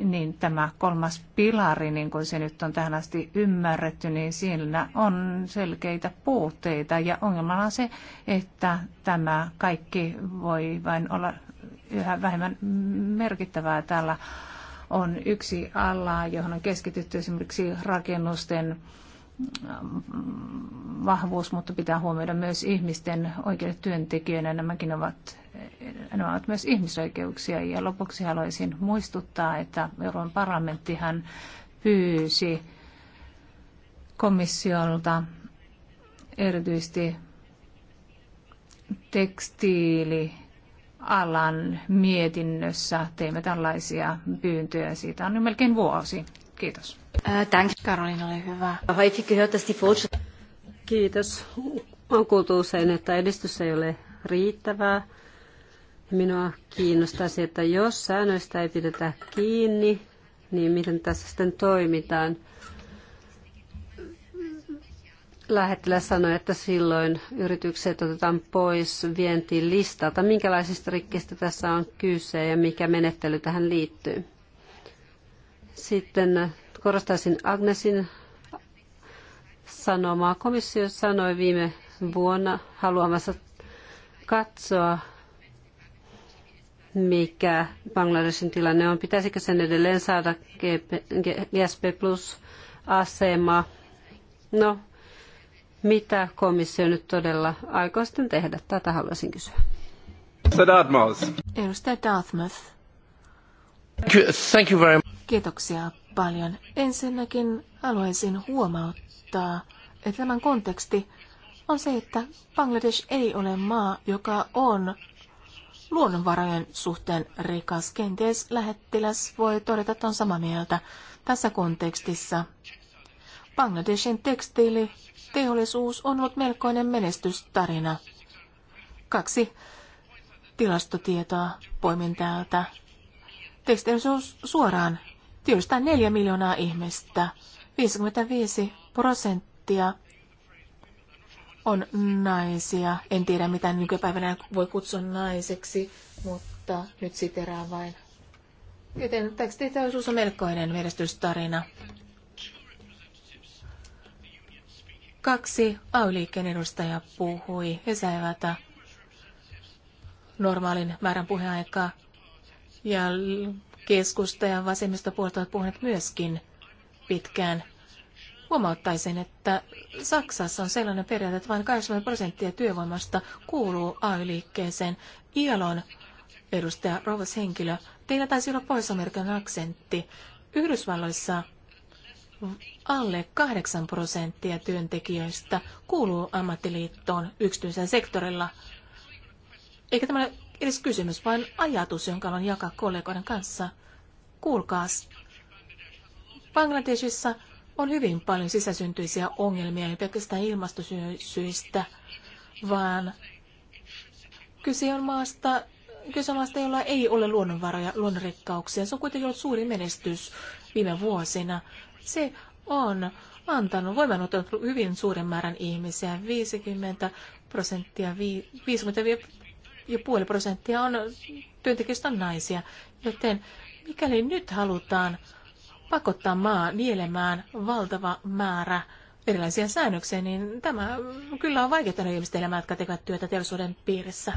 niin tämä kolmas pilari, niin kuin se nyt on tähän asti ymmärretty, niin siinä on selkeitä puutteita. Ja ongelmana on se, että tämä kaikki voi vain olla yhä vähemmän merkittävää täällä on yksi ala, johon on keskitytty esimerkiksi rakennusten mm, vahvuus, mutta pitää huomioida myös ihmisten oikeudet työntekijöinä. Nämäkin ovat, nämä ovat myös ihmisoikeuksia. Ja lopuksi haluaisin muistuttaa, että Euroopan parlamenttihan pyysi komissiolta erityisesti tekstiili alan mietinnössä teimme tällaisia pyyntöjä. Siitä on jo melkein vuosi. Kiitos. Thanks, äh, Karolina, hyvä. Kiitos. On kuultu usein, että edistys ei ole riittävää. Minua kiinnostaisi, että jos säännöistä ei pidetä kiinni, niin miten tässä sitten toimitaan – lähettiläs sanoi, että silloin yritykset otetaan pois vientilistalta. Minkälaisista rikkeistä tässä on kyse ja mikä menettely tähän liittyy? Sitten korostaisin Agnesin sanomaa. Komissio sanoi viime vuonna haluamassa katsoa, mikä Bangladesin tilanne on. Pitäisikö sen edelleen saada GSP Plus asema? No, mitä komissio nyt todella aikoo sitten tehdä? Tätä haluaisin kysyä. Dartmouth. Edustaja Dartmouth. Thank you very much. Kiitoksia paljon. Ensinnäkin haluaisin huomauttaa, että tämän konteksti on se, että Bangladesh ei ole maa, joka on luonnonvarojen suhteen rikas. Kenties lähettiläs voi todeta, että on samaa mieltä tässä kontekstissa. Bangladeshin tekstiili teollisuus on ollut melkoinen menestystarina. Kaksi tilastotietoa poimin täältä. Teksteollisuus suoraan työllistää neljä miljoonaa ihmistä. 55 prosenttia on naisia. En tiedä, mitä nykypäivänä voi kutsua naiseksi, mutta nyt siterään vain. Joten tekstiteollisuus on melkoinen menestystarina. Kaksi AY-liikkeen edustajaa puhui. He saivat normaalin määrän puheaikaa. Ja keskusta ja vasemmistopuolta ovat puhuneet myöskin pitkään. Huomauttaisin, että Saksassa on sellainen periaate, että vain 80 prosenttia työvoimasta kuuluu AY-liikkeeseen. Ialon edustaja, rouvas henkilö, teillä taisi olla pohjois aksentti. Yhdysvalloissa alle 8 prosenttia työntekijöistä kuuluu ammattiliittoon yksityisellä sektorilla. Eikä tämä ole edes kysymys, vaan ajatus, jonka haluan jakaa kollegoiden kanssa. Kuulkaas, Bangladesissa on hyvin paljon sisäsyntyisiä ongelmia, ei pelkästään ilmastosyistä, vaan kyse on maasta, kyse on maasta, jolla ei ole luonnonvaroja, luonnonrikkauksia. Se on kuitenkin ollut suuri menestys viime vuosina. Se on antanut, voimannut hyvin suuren määrän ihmisiä. 50 prosenttia, 55,5 prosenttia on työntekijöistä on naisia. Joten mikäli nyt halutaan pakottaa maa nielemään valtava määrä erilaisia säännöksiä, niin tämä kyllä on vaikeuttanut ihmisten elämää, jotka tekevät työtä teollisuuden piirissä.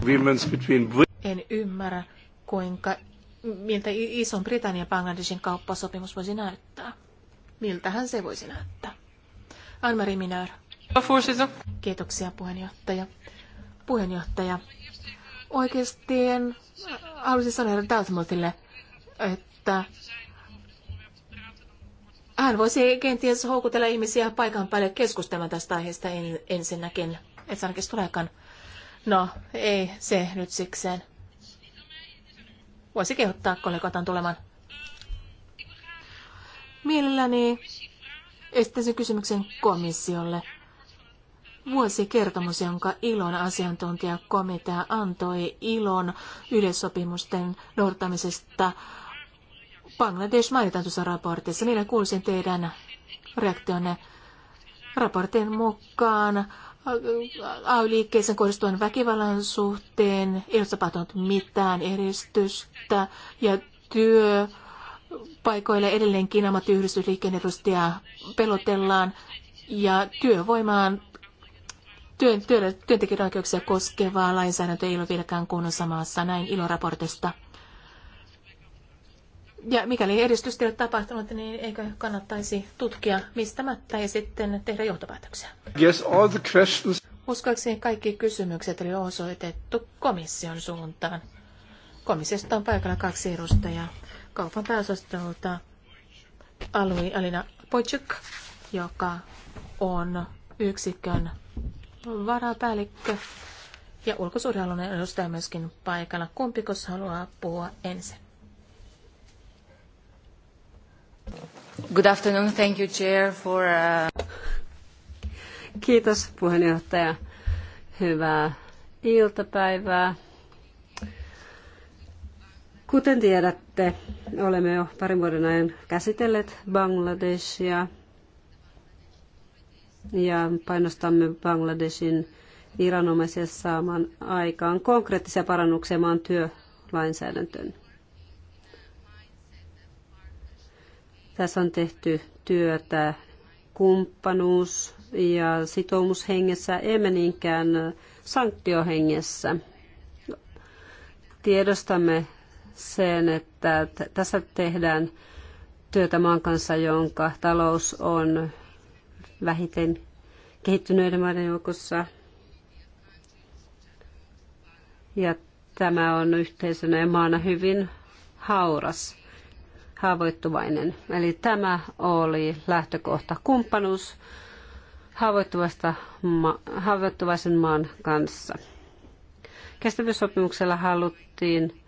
En ymmärrä, kuinka, miltä Ison Britannian ja Bangladeshin kauppasopimus voisi näyttää miltähän se voisi näyttää. Anmari Minär. Kiitoksia puheenjohtaja. Puheenjohtaja. Oikeasti en haluaisin sanoa herra että hän voisi kenties houkutella ihmisiä paikan päälle keskustelemaan tästä aiheesta en, ensinnäkin, että ainakin tuleekaan. No, ei se nyt sikseen. Voisi kehottaa kollegoitaan tulemaan Mielelläni esittäisin kysymyksen komissiolle. Vuosikertomus, jonka ilon asiantuntijakomitea antoi ilon yleissopimusten noudattamisesta Bangladesh mainitaan tuossa raportissa. Minä kuulisin teidän reaktionne raportin mukaan. Äh, AY-liikkeeseen kohdistuvan väkivallan suhteen ei ole tapahtunut mitään eristystä ja työ paikoille edelleenkin ammattiyhdistysliikkeen edustajaa pelotellaan ja työvoimaan työn, työ, työntekijöiden oikeuksia koskevaa lainsäädäntö ei ole vieläkään kunnossa maassa, näin iloraportista. Ja mikäli edistystä ei ole tapahtunut, niin eikö kannattaisi tutkia mistämättä ja sitten tehdä johtopäätöksiä? Yes, all the questions. Uskoakseni kaikki kysymykset oli osoitettu komission suuntaan. Komissiosta on paikalla kaksi edustajaa kaupan pääosastolta Alui Alina Pojczyk, joka on yksikön varapäällikkö ja ulkosuhdehallinnon edustaja myöskin paikalla. Kumpikos haluaa puhua ensin? Good afternoon. Thank you, Chair, for... Uh... Kiitos puheenjohtaja. Hyvää iltapäivää Kuten tiedätte, olemme jo parin vuoden ajan käsitelleet Bangladesia ja painostamme Bangladesin viranomaisia saamaan aikaan konkreettisia parannuksia maan työlainsäädäntöön. Tässä on tehty työtä kumppanuus- ja sitoumushengessä, emme niinkään sanktiohengessä. Tiedostamme sen, että tässä tehdään työtä maan kanssa, jonka talous on vähiten kehittyneiden maiden joukossa. Ja tämä on yhteisönä ja maana hyvin hauras, haavoittuvainen. Eli tämä oli lähtökohta kumppanuus haavoittuvasta ma- haavoittuvaisen maan kanssa. Kestävyyssopimuksella haluttiin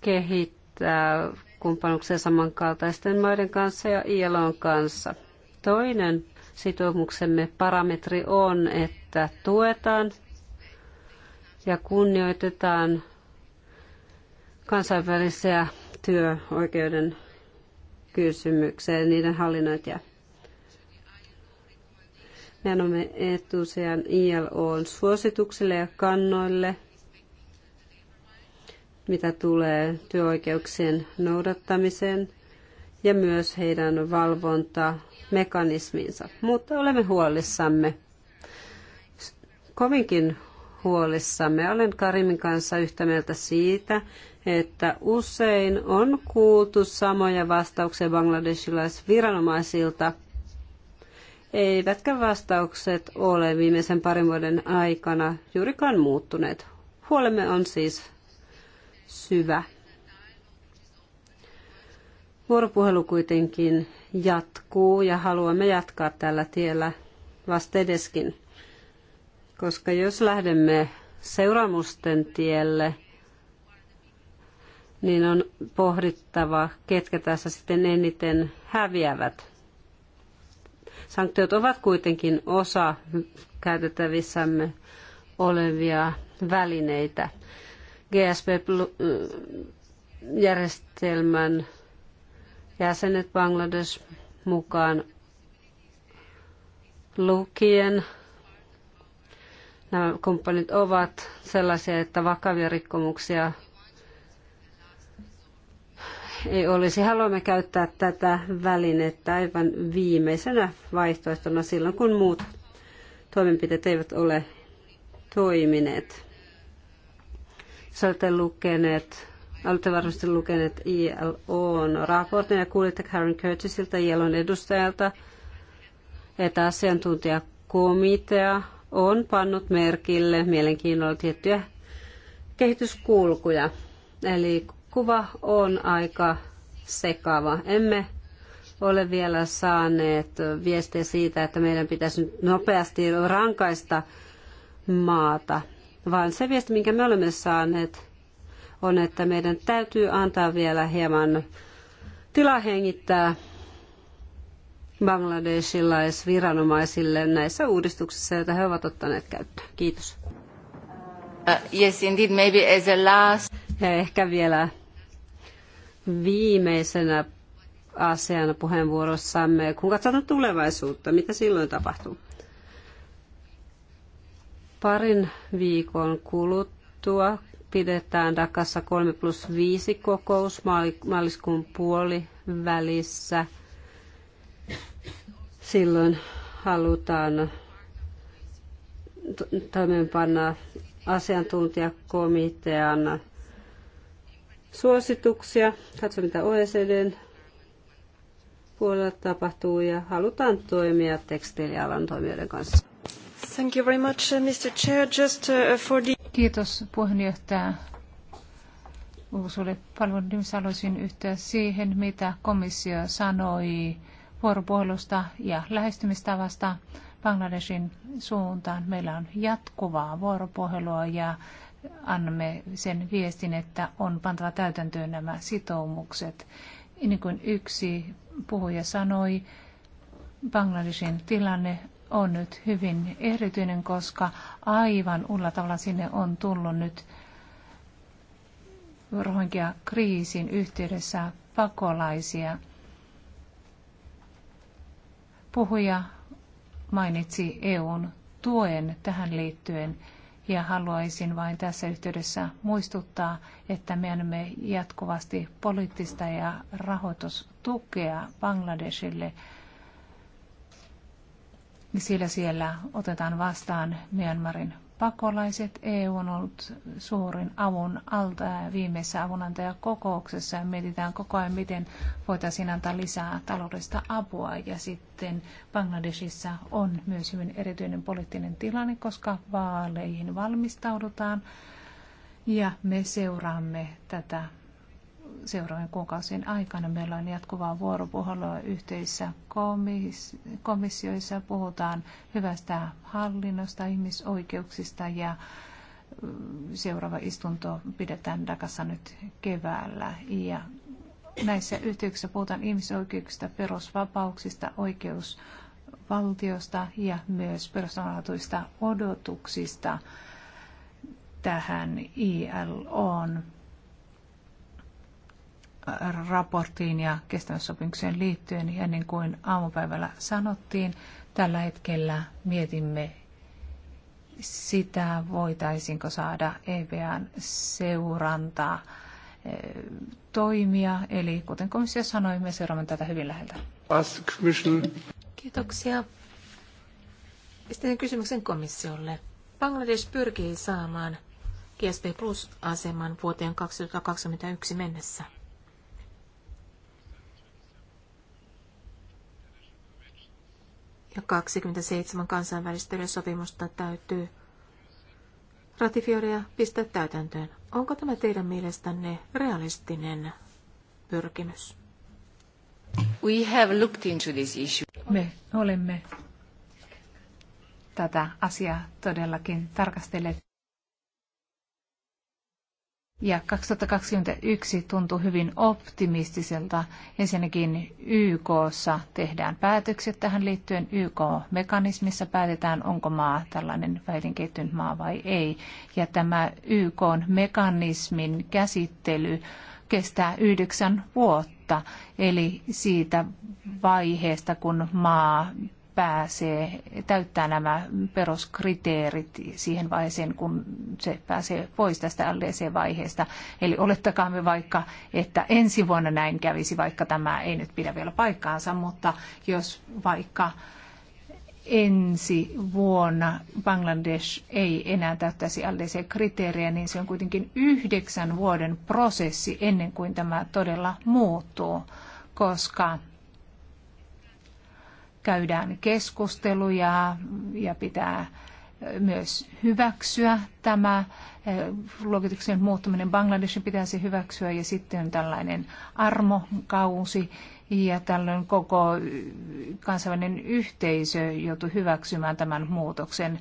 kehittää kumppanuksia samankaltaisten maiden kanssa ja ILOn kanssa. Toinen sitoumuksemme parametri on, että tuetaan ja kunnioitetaan kansainvälisiä työoikeuden kysymyksiä ja niiden hallinnointia. Me annamme etusijan ILOn suosituksille ja kannoille mitä tulee työoikeuksien noudattamiseen ja myös heidän valvontamekanisminsa. Mutta olemme huolissamme, kovinkin huolissamme. Olen Karimin kanssa yhtä mieltä siitä, että usein on kuultu samoja vastauksia bangladesilaisviranomaisilta, eivätkä vastaukset ole viimeisen parin vuoden aikana juurikaan muuttuneet. Huolemme on siis syvä. Vuoropuhelu kuitenkin jatkuu ja haluamme jatkaa tällä tiellä vastedeskin, koska jos lähdemme seuraamusten tielle, niin on pohdittava, ketkä tässä sitten eniten häviävät. Sanktiot ovat kuitenkin osa käytettävissämme olevia välineitä. GSP-järjestelmän jäsenet Bangladesh mukaan lukien. Nämä kumppanit ovat sellaisia, että vakavia rikkomuksia ei olisi. Haluamme käyttää tätä välinettä aivan viimeisenä vaihtoehtona silloin, kun muut toimenpiteet eivät ole toimineet olette lukeneet, olette varmasti lukeneet ILOn raportin ja kuulitte Karen Curtisilta ILOn edustajalta, että asiantuntijakomitea on pannut merkille mielenkiinnolla tiettyjä kehityskulkuja. Eli kuva on aika sekava. Emme ole vielä saaneet viestiä siitä, että meidän pitäisi nopeasti rankaista maata vaan se viesti, minkä me olemme saaneet, on, että meidän täytyy antaa vielä hieman tilaa hengittää bangladesilaisviranomaisille näissä uudistuksissa, joita he ovat ottaneet käyttöön. Kiitos. Uh, yes, indeed, maybe as a last... Ja ehkä vielä viimeisenä asiana puheenvuorossamme, kun katsotaan tulevaisuutta, mitä silloin tapahtuu? Parin viikon kuluttua pidetään Dakassa 3 plus 5 kokous maaliskuun puoli välissä. Silloin halutaan toimeenpanna asiantuntijakomitean suosituksia. Katso, mitä OECDn puolella tapahtuu ja halutaan toimia tekstiilialan toimijoiden kanssa. Thank you very much, uh, Mr. Chair. Just uh, for the... Kiitos puheenjohtaja. Uusuli paljon haluaisin yhtyä siihen, mitä komissio sanoi vuoropuhelusta ja lähestymistavasta Bangladeshin suuntaan. Meillä on jatkuvaa vuoropuhelua ja annamme sen viestin, että on pantava täytäntöön nämä sitoumukset. Niin kuin yksi puhuja sanoi, Bangladeshin tilanne on nyt hyvin erityinen, koska aivan ulla tavalla sinne on tullut nyt rohinkia kriisin yhteydessä pakolaisia. Puhuja mainitsi EUn tuen tähän liittyen ja haluaisin vain tässä yhteydessä muistuttaa, että me annamme jatkuvasti poliittista ja rahoitustukea Bangladesille – niin siellä siellä otetaan vastaan Myanmarin pakolaiset. EU on ollut suurin avun ja viimeisessä avunantajakokouksessa ja mietitään koko ajan, miten voitaisiin antaa lisää taloudellista apua. Ja sitten Bangladesissa on myös hyvin erityinen poliittinen tilanne, koska vaaleihin valmistaudutaan ja me seuraamme tätä seuraavien kuukausien aikana. Meillä on jatkuvaa vuoropuhelua yhteisissä komissioissa. Puhutaan hyvästä hallinnosta, ihmisoikeuksista ja mm, seuraava istunto pidetään Dakassa nyt keväällä. Ja näissä yhteyksissä puhutaan ihmisoikeuksista, perusvapauksista, oikeusvaltiosta ja myös perustavanlaatuista odotuksista tähän ILOon raporttiin ja kestävyyssopimukseen liittyen. Ja niin kuin aamupäivällä sanottiin, tällä hetkellä mietimme sitä, voitaisinko saada EPAn seurantaa eh, toimia. Eli kuten komissio sanoi, me seuraamme tätä hyvin läheltä. Kiitoksia. Sitten kysymyksen komissiolle. Bangladesh pyrkii saamaan GSP Plus-aseman vuoteen 2021 mennessä. ja 27 kansainvälistä sopimusta täytyy ratifioida ja pistää täytäntöön. Onko tämä teidän mielestänne realistinen pyrkimys? We have looked into this issue. Me olemme tätä asiaa todellakin tarkastelleet. Ja 2021 tuntuu hyvin optimistiselta. Ensinnäkin YKssa tehdään päätökset tähän liittyen. YK-mekanismissa päätetään, onko maa tällainen vähiten maa vai ei. Ja tämä YK-mekanismin käsittely kestää yhdeksän vuotta, eli siitä vaiheesta, kun maa pääsee, täyttää nämä peruskriteerit siihen vaiheeseen, kun se pääsee pois tästä LDC-vaiheesta. Eli me vaikka, että ensi vuonna näin kävisi, vaikka tämä ei nyt pidä vielä paikkaansa, mutta jos vaikka ensi vuonna Bangladesh ei enää täyttäisi LDC-kriteerejä, niin se on kuitenkin yhdeksän vuoden prosessi ennen kuin tämä todella muuttuu, koska käydään keskusteluja ja pitää myös hyväksyä tämä eh, luokituksen muuttuminen Bangladeshin pitäisi hyväksyä ja sitten tällainen armokausi ja tällöin koko kansainvälinen yhteisö joutui hyväksymään tämän muutoksen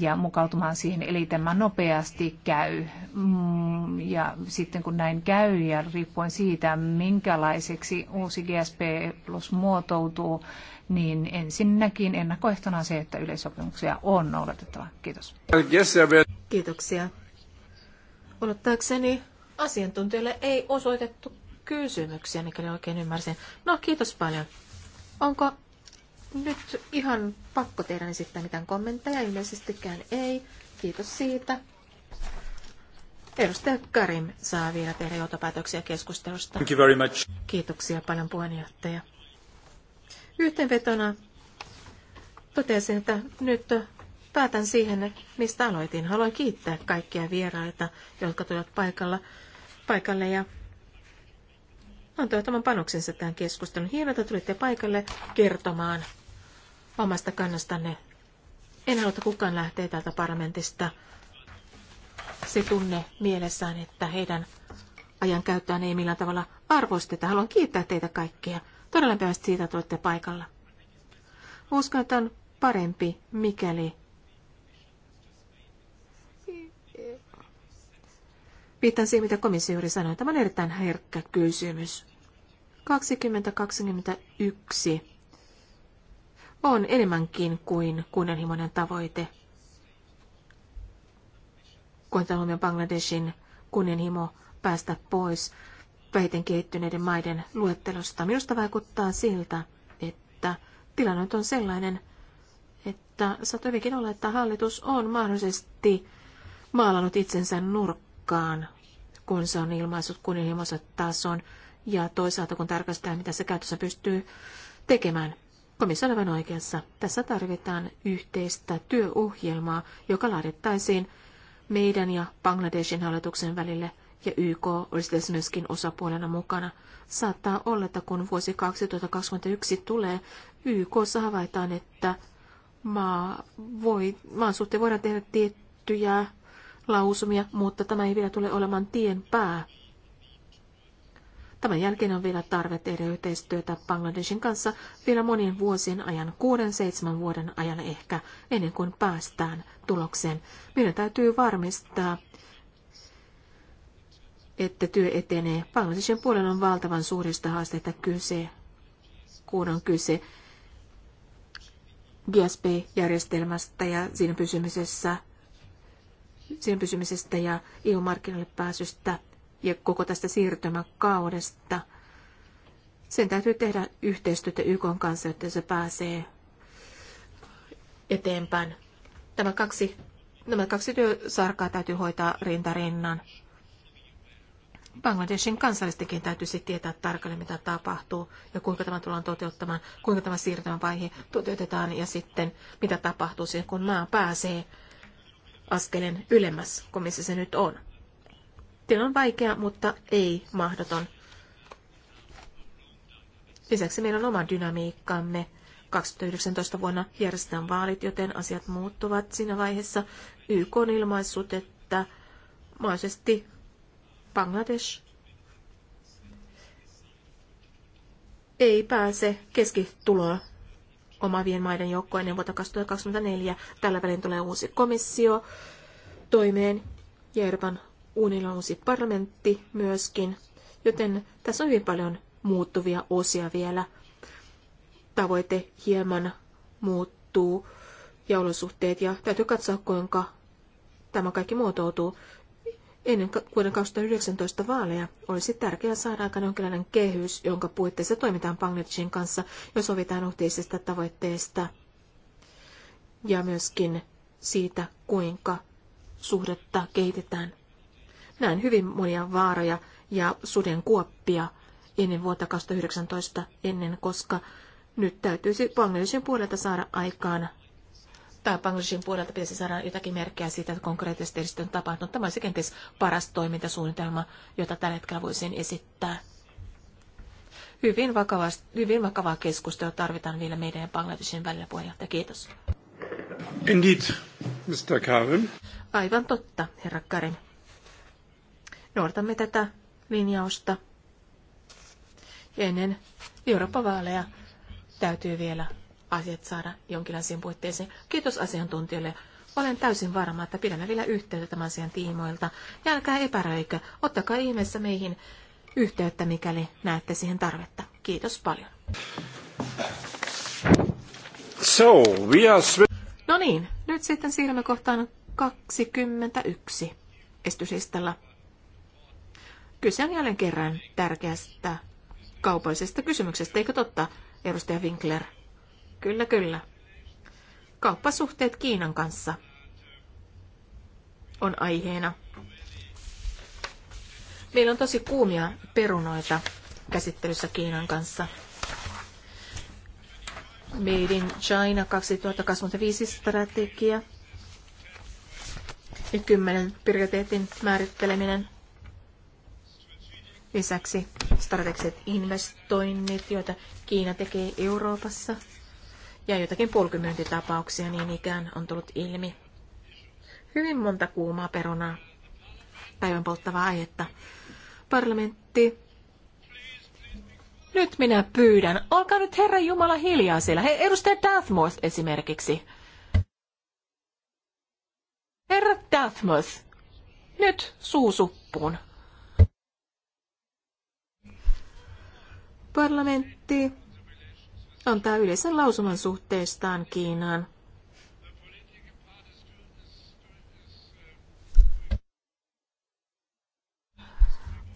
ja mukautumaan siihen, eli tämä nopeasti käy. Mm, ja sitten kun näin käy ja riippuen siitä, minkälaiseksi uusi GSP Plus muotoutuu, niin ensinnäkin ennakkoehtona se, että yleissopimuksia on noudatettava. Kiitos. Kiitoksia. Odottaakseni asiantuntijoille ei osoitettu kysymyksiä, mikäli oikein ymmärsin. No, kiitos paljon. Onko nyt ihan pakko tehdä esittää mitään kommentteja? Ilmeisestikään ei. Kiitos siitä. Edustaja Karim saa vielä tehdä johtopäätöksiä keskustelusta. Thank you very much. Kiitoksia paljon puheenjohtaja. Yhteenvetona totesin, että nyt päätän siihen, mistä aloitin. Haluan kiittää kaikkia vieraita, jotka tulivat paikalla, paikalle ja antoivat oman panoksensa tähän keskusteluun. Hienoa, että tulitte paikalle kertomaan omasta kannastanne. En halua, että kukaan lähtee täältä parlamentista se tunne mielessään, että heidän ajan käyttöön ei millään tavalla arvosteta. Haluan kiittää teitä kaikkia Todella päästä siitä, että olette paikalla. Uskon, että on parempi, mikäli Viittaan siihen, mitä komissio juuri sanoi. Tämä on erittäin herkkä kysymys. 2021 on enemmänkin kuin kunnianhimoinen tavoite. Kun huomioon Bangladeshin kunnianhimo päästä pois vähiten kehittyneiden maiden luettelosta. Minusta vaikuttaa siltä, että tilanne on sellainen, että saattaa hyvinkin olla, että hallitus on mahdollisesti maalannut itsensä nurkkaan, kun se on ilmaissut kunnianhimoisen tason ja toisaalta kun tarkastetaan, mitä se käytössä pystyy tekemään. Komissio on oikeassa. Tässä tarvitaan yhteistä työohjelmaa, joka laadittaisiin meidän ja Bangladeshin hallituksen välille – ja YK olisi tässä myöskin osapuolena mukana. Saattaa olla, että kun vuosi 2021 tulee, YK havaitaan, että maa voi, maan suhteen voidaan tehdä tiettyjä lausumia, mutta tämä ei vielä tule olemaan tien pää. Tämän jälkeen on vielä tarve tehdä yhteistyötä Bangladeshin kanssa vielä monien vuosien ajan, kuuden seitsemän vuoden ajan ehkä, ennen kuin päästään tulokseen. Meidän täytyy varmistaa, että työ etenee. Bangladeshin puolella on valtavan suurista haasteista kyse, kun on kyse GSP-järjestelmästä ja siinä pysymisessä, siinä pysymisestä ja EU-markkinoille pääsystä ja koko tästä siirtymäkaudesta. Sen täytyy tehdä yhteistyötä YK kanssa, jotta se pääsee eteenpäin. Tämä kaksi, nämä kaksi työsarkaa täytyy hoitaa rintarinnan. Bangladeshin kansallistakin täytyisi tietää tarkalleen, mitä tapahtuu ja kuinka tämä tullaan toteuttamaan, kuinka tämä siirtymävaihe toteutetaan ja sitten mitä tapahtuu siihen, kun maa pääsee askeleen ylemmäs kuin missä se nyt on. Tilanne on vaikea, mutta ei mahdoton. Lisäksi meillä on oma dynamiikkamme. 2019 vuonna järjestetään vaalit, joten asiat muuttuvat siinä vaiheessa. YK on ilmaissut, että mahdollisesti Bangladesh ei pääse keskituloa omavien maiden joukkoon ennen niin vuotta 2024. Tällä välin tulee uusi komissio toimeen ja Euroopan unionilla on uusi parlamentti myöskin, joten tässä on hyvin paljon muuttuvia osia vielä. Tavoite hieman muuttuu ja olosuhteet ja täytyy katsoa, kuinka tämä kaikki muotoutuu. Ennen vuoden 2019 vaaleja olisi tärkeää saada aikaan jonkinlainen kehys, jonka puitteissa toimitaan Bangladeshin kanssa ja sovitaan yhteisistä tavoitteista ja myöskin siitä, kuinka suhdetta kehitetään. Näen hyvin monia vaaroja ja suden kuoppia ennen vuotta 2019 ennen, koska nyt täytyisi Bangladeshin puolelta saada aikaan tai Bangladesin puolelta pitäisi saada jotakin merkkejä siitä, että konkreettisesti edistö on tapahtunut. Tämä olisi kenties paras toimintasuunnitelma, jota tällä hetkellä voisin esittää. Hyvin, vakava, hyvin vakavaa keskustelua tarvitaan vielä meidän ja Bangladesin välillä puheenjohtaja. Kiitos. Indeed, Mr. Karim. Aivan totta, herra Karim. Noudatamme tätä linjausta. Ennen Euroopan vaaleja täytyy vielä asiat saada jonkinlaisiin puitteisiin. Kiitos asiantuntijoille. Olen täysin varma, että pidämme vielä yhteyttä tämän asian tiimoilta. Ja älkää epäröikö, ottakaa ihmeessä meihin yhteyttä, mikäli näette siihen tarvetta. Kiitos paljon. So, we are... No niin, nyt sitten siirrymme kohtaan 21 estysistalla. Kyse on jälleen kerran tärkeästä kaupallisesta kysymyksestä, eikö totta, edustaja Winkler? Kyllä, kyllä. Kauppasuhteet Kiinan kanssa on aiheena. Meillä on tosi kuumia perunoita käsittelyssä Kiinan kanssa. Made in China 2025 strategia ja kymmenen prioriteetin määritteleminen. Lisäksi strategiset investoinnit, joita Kiina tekee Euroopassa – ja joitakin polkumyyntitapauksia niin ikään on tullut ilmi. Hyvin monta kuumaa perunaa päivän polttavaa aihetta. Parlamentti. Nyt minä pyydän, olkaa nyt Herra Jumala hiljaa siellä. He edustaja Dathmos esimerkiksi. Herra Dathmos, nyt suusuppuun. Parlamentti antaa yleisen lausuman suhteestaan Kiinaan.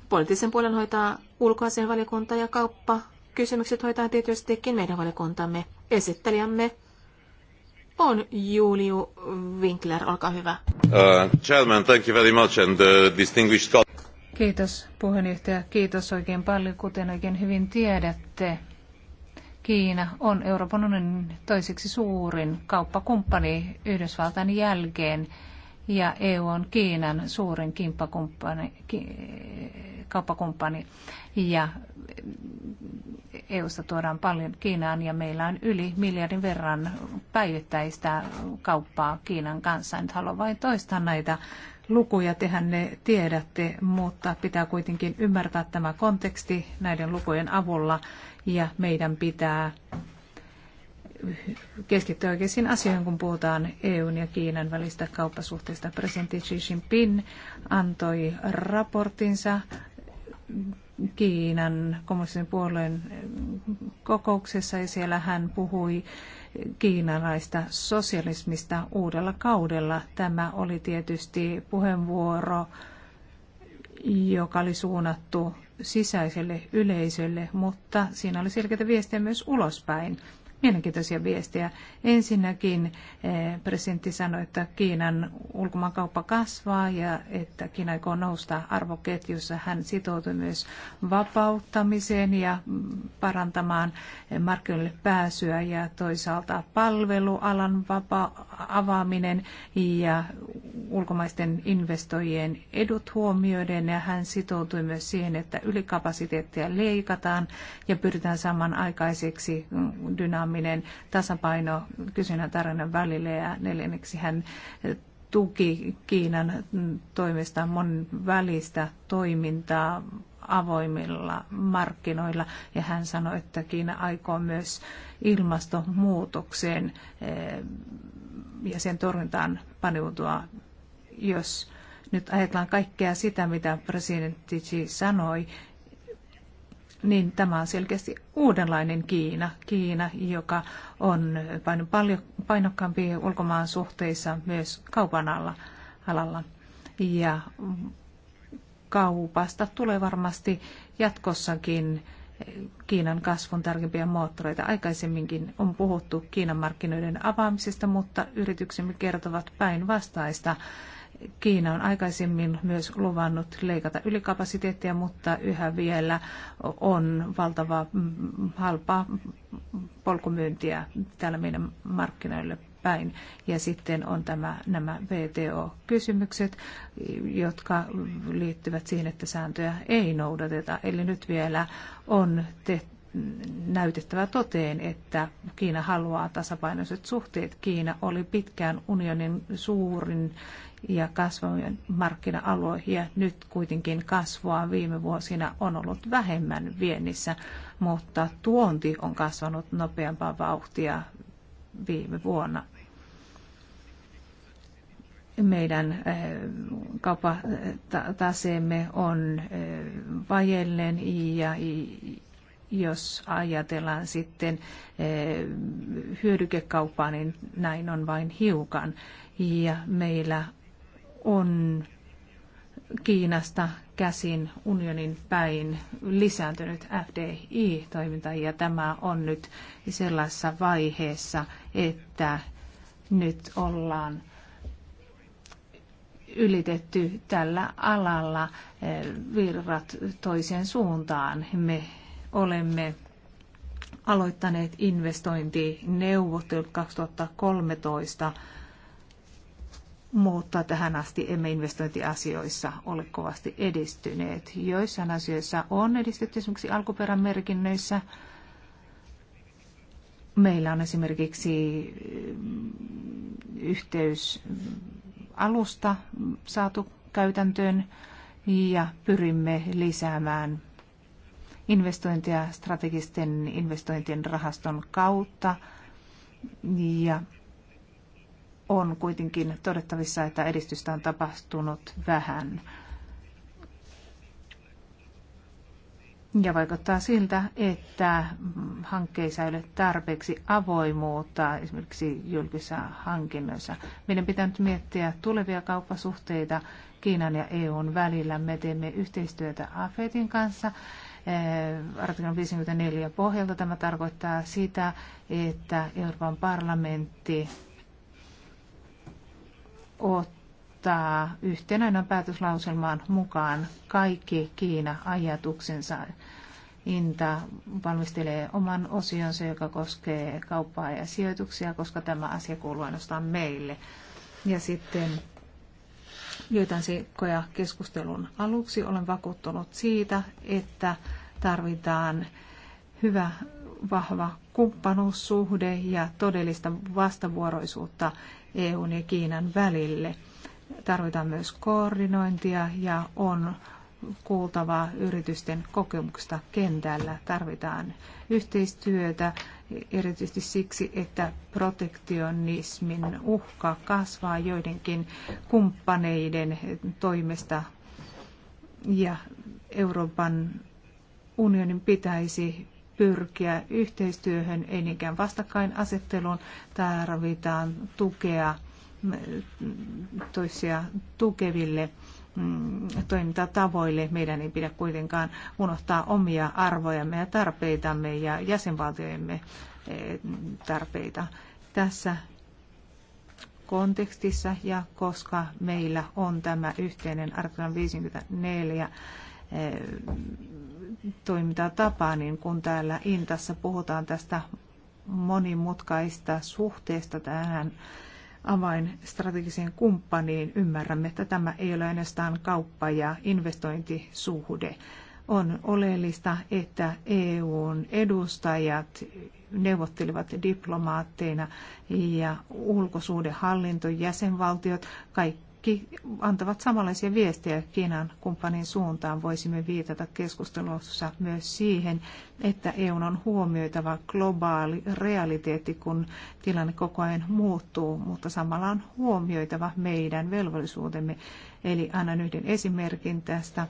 Poliittisen puolen hoitaa ulkoasianvaliokunta ja kauppa. Kysymykset hoitaa tietystikin meidän valikuntamme. Esittelijämme on Julio Winkler, olkaa hyvä. Uh, uh Kiitos puheenjohtaja, kiitos oikein paljon, kuten oikein hyvin tiedätte. Kiina on Euroopan unionin toiseksi suurin kauppakumppani Yhdysvaltain jälkeen ja EU on Kiinan suurin kimppakumppani, ki, kauppakumppani ja EUsta tuodaan paljon Kiinaan ja meillä on yli miljardin verran päivittäistä kauppaa Kiinan kanssa. Nyt haluan vain toistaa näitä lukuja, tehän ne tiedätte, mutta pitää kuitenkin ymmärtää tämä konteksti näiden lukujen avulla ja meidän pitää keskittyä oikeisiin asioihin, kun puhutaan EUn ja Kiinan välistä kauppasuhteista. Presidentti Xi Jinping antoi raportinsa Kiinan kommunistisen puolueen kokouksessa ja siellä hän puhui kiinalaista sosialismista uudella kaudella. Tämä oli tietysti puheenvuoro, joka oli suunnattu sisäiselle yleisölle, mutta siinä oli selkeitä viestejä myös ulospäin mielenkiintoisia viestejä. Ensinnäkin eh, presidentti sanoi, että Kiinan ulkomaankauppa kasvaa ja että Kiina aikoo nousta arvoketjussa. Hän sitoutui myös vapauttamiseen ja mm, parantamaan eh, markkinoille pääsyä ja toisaalta palvelualan vapa- avaaminen ja ulkomaisten investoijien edut huomioiden. Ja hän sitoutui myös siihen, että ylikapasiteettia leikataan ja pyritään samanaikaiseksi mm, dynaamisesti turvaaminen, tasapaino kysynnän tarjonnan välille ja neljänneksi hän tuki Kiinan toimesta monivälistä toimintaa avoimilla markkinoilla ja hän sanoi, että Kiina aikoo myös ilmastonmuutokseen eh, ja sen torjuntaan paneutua, jos nyt ajatellaan kaikkea sitä, mitä presidentti Xi sanoi, niin tämä on selkeästi uudenlainen Kiina. Kiina, joka on paljon painokkaampi ulkomaan suhteissa myös kaupan alla, alalla. Ja kaupasta tulee varmasti jatkossakin Kiinan kasvun tärkeimpiä moottoreita. Aikaisemminkin on puhuttu Kiinan markkinoiden avaamisesta, mutta yrityksemme kertovat päinvastaista. vastaista Kiina on aikaisemmin myös luvannut leikata ylikapasiteettia, mutta yhä vielä on valtava mm, halpa polkumyyntiä täällä meidän markkinoille päin. Ja sitten on tämä, nämä VTO-kysymykset, jotka liittyvät siihen, että sääntöjä ei noudateta. Eli nyt vielä on tehty näytettävä toteen, että Kiina haluaa tasapainoiset suhteet. Kiina oli pitkään unionin suurin ja kasvavien markkina-alueihin. Ja nyt kuitenkin kasvua viime vuosina on ollut vähemmän viennissä, mutta tuonti on kasvanut nopeampaa vauhtia viime vuonna. Meidän eh, kauppataseemme on eh, vajellen ja jos ajatellaan sitten eh, hyödykekauppaa, niin näin on vain hiukan. Ja meillä on Kiinasta käsin unionin päin lisääntynyt FDI-toiminta ja tämä on nyt sellaisessa vaiheessa, että nyt ollaan ylitetty tällä alalla eh, virrat toiseen suuntaan. Me olemme aloittaneet investointineuvottelut 2013 mutta tähän asti emme investointiasioissa ole kovasti edistyneet. Joissain asioissa on edistytty esimerkiksi alkuperän merkinnöissä. Meillä on esimerkiksi mm, yhteys alusta saatu käytäntöön ja pyrimme lisäämään investointeja strategisten investointien rahaston kautta ja on kuitenkin todettavissa, että edistystä on tapahtunut vähän. Ja vaikuttaa siltä, että hankkeissa ei ole tarpeeksi avoimuutta esimerkiksi julkisissa hankinnoissa. Meidän pitää nyt miettiä tulevia kauppasuhteita Kiinan ja EUn välillä. Me teemme yhteistyötä AFETin kanssa. Eh, artiklan 54 pohjalta tämä tarkoittaa sitä, että Euroopan parlamentti ottaa yhtenäinen päätöslauselmaan mukaan kaikki Kiina-ajatuksensa. Inta valmistelee oman osionsa, joka koskee kauppaa ja sijoituksia, koska tämä asia kuuluu ainoastaan meille. Ja sitten joitain seikkoja keskustelun aluksi. Olen vakuuttunut siitä, että tarvitaan hyvä, vahva kumppanuussuhde ja todellista vastavuoroisuutta EUn ja Kiinan välille. Tarvitaan myös koordinointia ja on kuultava yritysten kokemuksista kentällä. Tarvitaan yhteistyötä erityisesti siksi, että protektionismin uhka kasvaa joidenkin kumppaneiden toimesta ja Euroopan unionin pitäisi pyrkiä yhteistyöhön, ei niinkään vastakkainasetteluun. Tarvitaan tukea mm, toisia tukeville mm, toimintatavoille. Meidän ei pidä kuitenkaan unohtaa omia arvojamme ja tarpeitamme ja jäsenvaltiojemme eh, tarpeita. Tässä kontekstissa ja koska meillä on tämä yhteinen artiklan 54 toimintatapa, niin kun täällä Intassa puhutaan tästä monimutkaista suhteesta tähän avainstrategiseen kumppaniin, ymmärrämme, että tämä ei ole ainoastaan kauppa- ja investointisuhde. On oleellista, että EUn edustajat neuvottelivat diplomaatteina ja ulkosuhdehallinto, jäsenvaltiot, kaikki antavat samanlaisia viestejä Kiinan kumppanin suuntaan. Voisimme viitata keskustelussa myös siihen, että EU on huomioitava globaali realiteetti, kun tilanne koko ajan muuttuu, mutta samalla on huomioitava meidän velvollisuutemme. Eli annan yhden esimerkin tästä.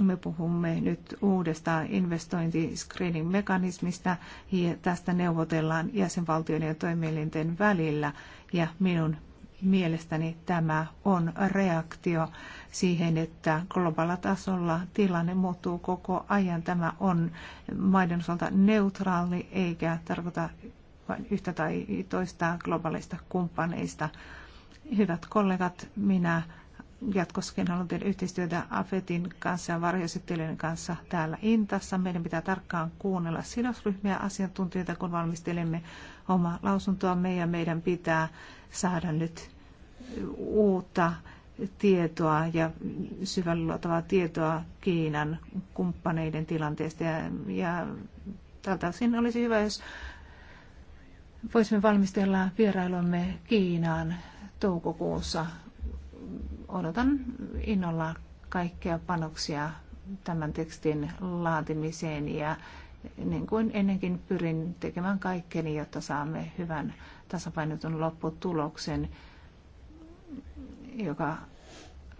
Me puhumme nyt uudesta investointiscreening-mekanismista ja tästä neuvotellaan jäsenvaltioiden ja toimielinten välillä ja minun Mielestäni tämä on reaktio siihen, että globaalilla tasolla tilanne muuttuu koko ajan. Tämä on maiden osalta neutraali eikä tarkoita vain yhtä tai toista globaaleista kumppaneista. Hyvät kollegat, minä jatkossakin haluan tehdä yhteistyötä AFETin kanssa ja varjoesittelijöiden kanssa täällä Intassa. Meidän pitää tarkkaan kuunnella sidosryhmiä asiantuntijoita, kun valmistelemme omaa lausuntoamme ja meidän pitää saada nyt uutta tietoa ja syvällä luotavaa tietoa Kiinan kumppaneiden tilanteesta. Ja, ja tältä osin olisi hyvä, jos voisimme valmistella vierailumme Kiinaan toukokuussa. Odotan innolla kaikkia panoksia tämän tekstin laatimiseen ja niin kuin ennenkin pyrin tekemään kaikkeni, jotta saamme hyvän tasapainotun lopputuloksen, joka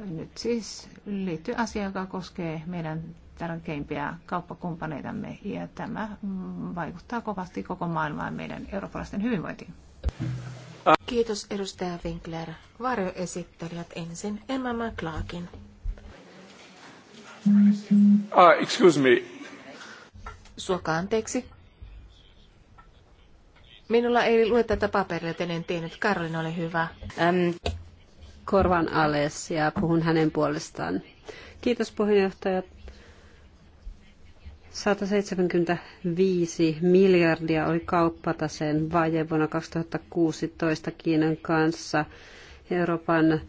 nyt siis liittyy asiaan, joka koskee meidän tärkeimpiä kauppakumppaneitamme ja tämä vaikuttaa kovasti koko maailmaan meidän eurooppalaisten hyvinvointiin. Kiitos edustaja Winkler. Varjoesittelijät ensin Emma McClarkin. Ah, excuse me suoka anteeksi. Minulla ei lue tätä paperia, joten en tiennyt. Karolin, ole hyvä. Äm, korvan ales ja puhun hänen puolestaan. Kiitos puheenjohtaja. 175 miljardia oli kauppataseen vaje vuonna 2016 Kiinan kanssa. Euroopan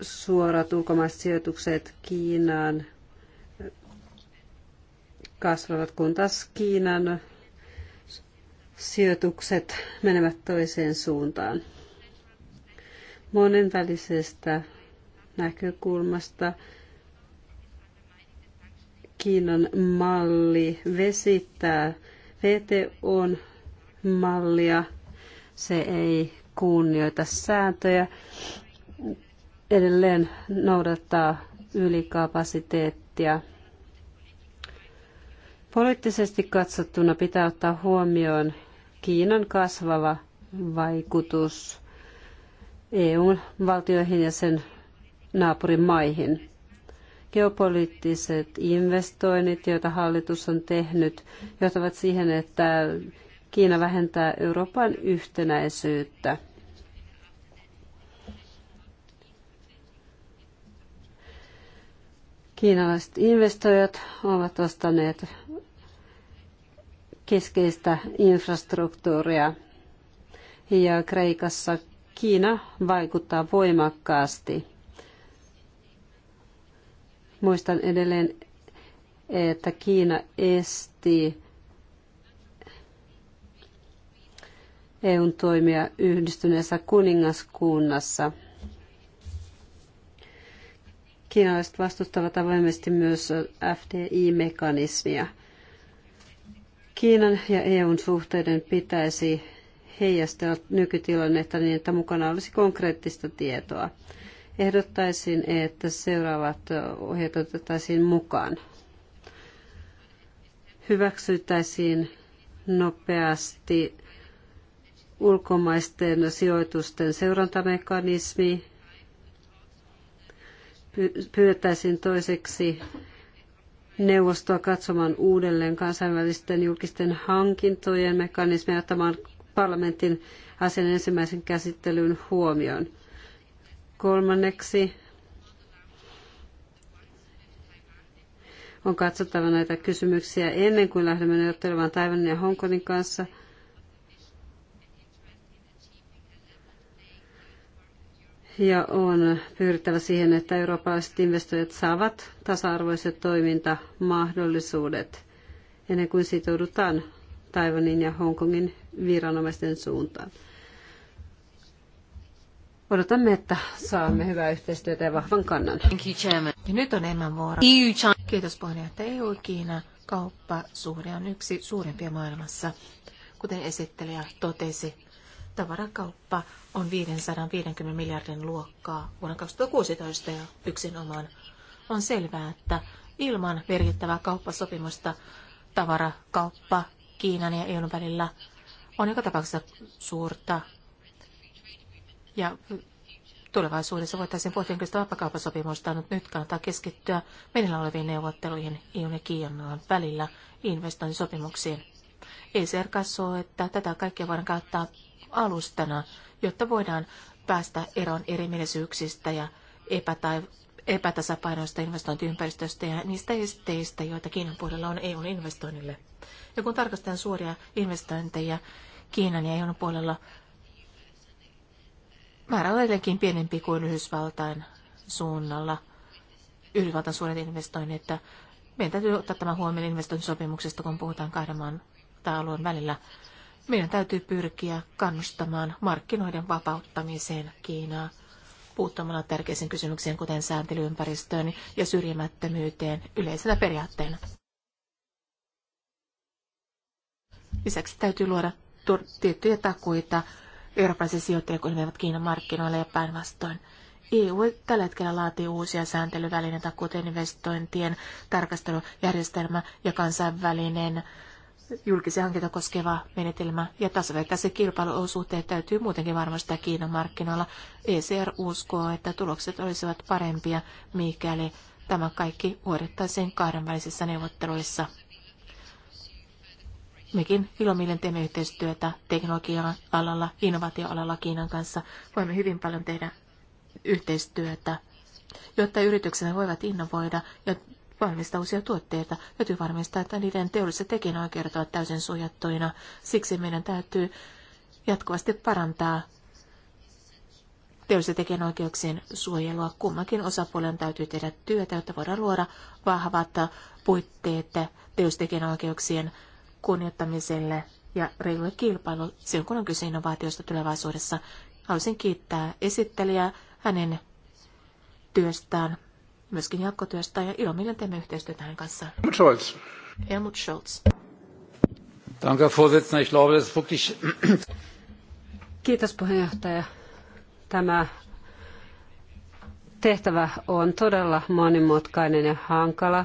suorat ulkomaiset sijoitukset Kiinaan kasvavat, kun taas Kiinan sijoitukset menevät toiseen suuntaan. Monenvälisestä näkökulmasta Kiinan malli vesittää VTOn mallia. Se ei kunnioita sääntöjä. Edelleen noudattaa ylikapasiteettia Poliittisesti katsottuna pitää ottaa huomioon Kiinan kasvava vaikutus EUn valtioihin ja sen naapurimaihin. Geopoliittiset investoinnit, joita hallitus on tehnyt, johtavat siihen, että Kiina vähentää Euroopan yhtenäisyyttä. Kiinalaiset investoijat ovat ostaneet keskeistä infrastruktuuria ja Kreikassa Kiina vaikuttaa voimakkaasti. Muistan edelleen, että Kiina esti EUn toimia yhdistyneessä kuningaskunnassa – Kiinalaiset vastustavat avoimesti myös FDI-mekanismia. Kiinan ja EUn suhteiden pitäisi heijastella nykytilannetta niin, että mukana olisi konkreettista tietoa. Ehdottaisin, että seuraavat ohjeet otettaisiin mukaan. Hyväksyttäisiin nopeasti ulkomaisten sijoitusten seurantamekanismi, pyytäisin toiseksi neuvostoa katsomaan uudelleen kansainvälisten julkisten hankintojen mekanismeja ottamaan parlamentin asian ensimmäisen käsittelyn huomioon. Kolmanneksi on katsottava näitä kysymyksiä ennen kuin lähdemme neuvottelemaan Taiwanin ja Hongkongin kanssa – ja on pyrittävä siihen, että eurooppalaiset investoijat saavat tasa-arvoiset toimintamahdollisuudet ennen kuin sitoudutaan Taiwanin ja Hongkongin viranomaisten suuntaan. Odotamme, että saamme hyvää yhteistyötä ja vahvan kannan. Thank you, Chairman. Ja nyt on Emman vuoro. EU, China. Kiitos puheenjohtaja. EU-Kiina kauppasuhde on yksi suurimpia maailmassa, kuten esittelijä totesi. Tavarakauppa on 550 miljardin luokkaa vuonna 2016 ja yksinomaan. On selvää, että ilman merkittävää kauppasopimusta tavarakauppa Kiinan ja EUn välillä on joka tapauksessa suurta. Ja tulevaisuudessa voitaisiin pohtia kyllä vapakaupasopimusta, mutta nyt kannattaa keskittyä menillä oleviin neuvotteluihin EUn ja Kiinan välillä investointisopimuksiin. ECR katsoo, että tätä kaikkea voidaan käyttää alustana, jotta voidaan päästä eroon erimielisyyksistä ja epätasapainoista investointiympäristöstä ja niistä esteistä, joita Kiinan puolella on EUn investoinnille. Ja kun tarkastetaan suoria investointeja Kiinan ja EUn puolella, määrä on edelleenkin pienempi kuin Yhdysvaltain suunnalla. Yhdysvaltain suuret investoinnit, että meidän täytyy ottaa tämä huomioon investointisopimuksesta, kun puhutaan kahden maan tai alueen välillä. Meidän täytyy pyrkiä kannustamaan markkinoiden vapauttamiseen Kiinaa puuttumalla tärkeisiin kysymyksiin, kuten sääntelyympäristöön ja syrjimättömyyteen yleisenä periaatteena. Lisäksi täytyy luoda tiettyjä takuita eurooppalaisia sijoittajia, kun ne Kiinan markkinoille ja päinvastoin. EU tällä hetkellä laatii uusia sääntelyvälineitä, kuten investointien tarkastelujärjestelmä ja kansainvälinen julkisia hankinta koskeva menetelmä ja tasavertaiset kilpailuosuhteet täytyy muutenkin varmistaa Kiinan markkinoilla. ECR uskoo, että tulokset olisivat parempia, mikäli tämä kaikki hoidettaisiin kahdenvälisissä neuvotteluissa. Mekin ilomielen teemme yhteistyötä teknologia-alalla, innovaatioalalla Kiinan kanssa. Voimme hyvin paljon tehdä yhteistyötä, jotta yrityksemme voivat innovoida ja valmistaa uusia tuotteita. Täytyy varmistaa, että niiden teolliset tekijänoikeudet ovat täysin suojattuina. Siksi meidän täytyy jatkuvasti parantaa teollisen tekijänoikeuksien suojelua. Kummankin osapuolen täytyy tehdä työtä, jotta voidaan luoda vahvat puitteet teollisen tekijänoikeuksien kunnioittamiselle ja reilulle kilpailu silloin, kun on kyse innovaatioista tulevaisuudessa. Haluaisin kiittää esittelijää hänen työstään myöskin jatkotyöstä ja ilomielen teemme yhteistyötä hänen kanssaan. Helmut Scholz. Kiitos puheenjohtaja. Tämä tehtävä on todella monimutkainen ja hankala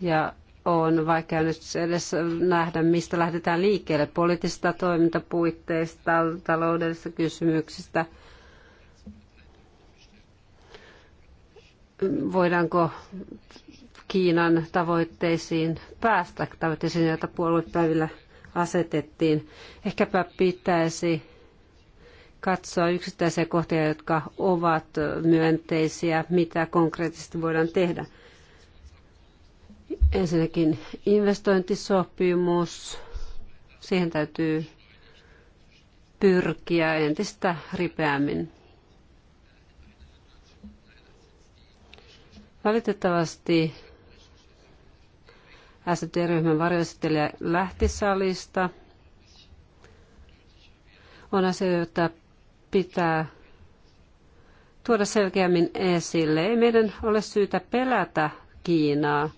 ja on vaikea nyt edes nähdä, mistä lähdetään liikkeelle poliittisista toimintapuitteista, taloudellisista kysymyksistä – voidaanko Kiinan tavoitteisiin päästä, tavoitteisiin, joita puoluepäivillä asetettiin. Ehkäpä pitäisi katsoa yksittäisiä kohtia, jotka ovat myönteisiä, mitä konkreettisesti voidaan tehdä. Ensinnäkin investointisopimus, siihen täytyy pyrkiä entistä ripeämmin. Valitettavasti sd ryhmän varjoesittelijä lähti salista. On asia, jota pitää tuoda selkeämmin esille. Ei meidän ole syytä pelätä Kiinaa.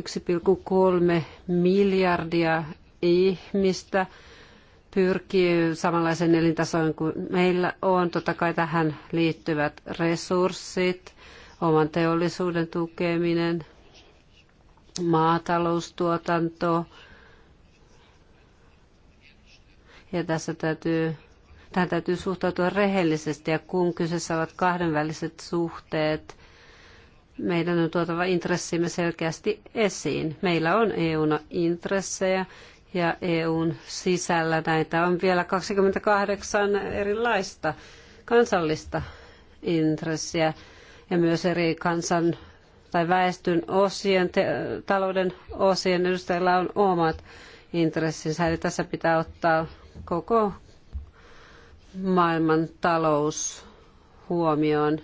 1,3 miljardia ihmistä pyrkii samanlaisen elintasoon kuin meillä on. Totta kai tähän liittyvät resurssit, oman teollisuuden tukeminen, maataloustuotanto. Ja tässä täytyy, tähän täytyy suhtautua rehellisesti ja kun kyseessä ovat kahdenväliset suhteet, meidän on tuotava intressimme selkeästi esiin. Meillä on EUn intressejä ja EUn sisällä näitä on vielä 28 erilaista kansallista intressiä ja myös eri kansan tai väestön osien, te, talouden osien edustajilla on omat intressinsä. Eli tässä pitää ottaa koko maailman talous huomioon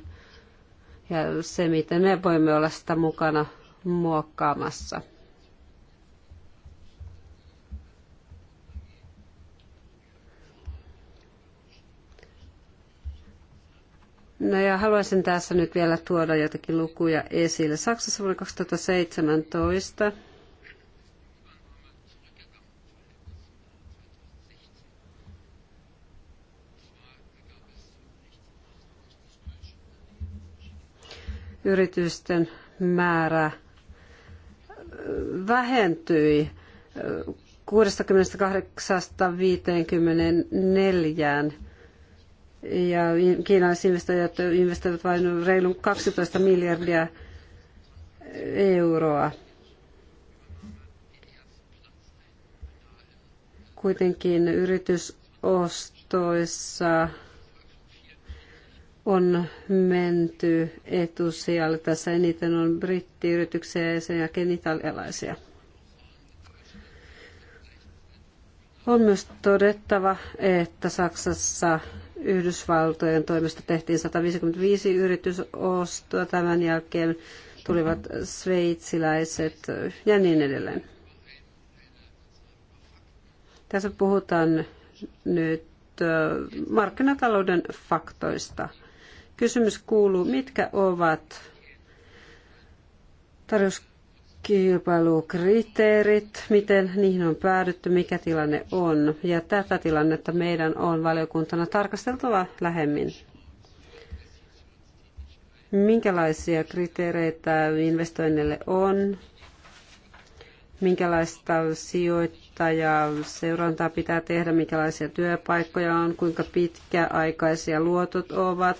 ja se, miten me voimme olla sitä mukana muokkaamassa. No ja haluaisin tässä nyt vielä tuoda jotakin lukuja esille. Saksassa vuonna 2017 yritysten määrä vähentyi 68-54 ja kiinalaisinvestoijat investoivat vain reilun 12 miljardia euroa. Kuitenkin yritysostoissa on menty etusijalle. Tässä eniten on brittiyrityksiä ja sen jälkeen italialaisia. On myös todettava, että Saksassa Yhdysvaltojen toimesta tehtiin 155 yritysostoa, tämän jälkeen tulivat sveitsiläiset ja niin edelleen. Tässä puhutaan nyt markkinatalouden faktoista. Kysymys kuuluu, mitkä ovat tarjous kilpailukriteerit, miten niihin on päädytty, mikä tilanne on. Ja tätä tilannetta meidän on valiokuntana tarkasteltava lähemmin. Minkälaisia kriteereitä investoinnille on, minkälaista sijoittajaa seurantaa pitää tehdä, minkälaisia työpaikkoja on, kuinka pitkäaikaisia luotot ovat,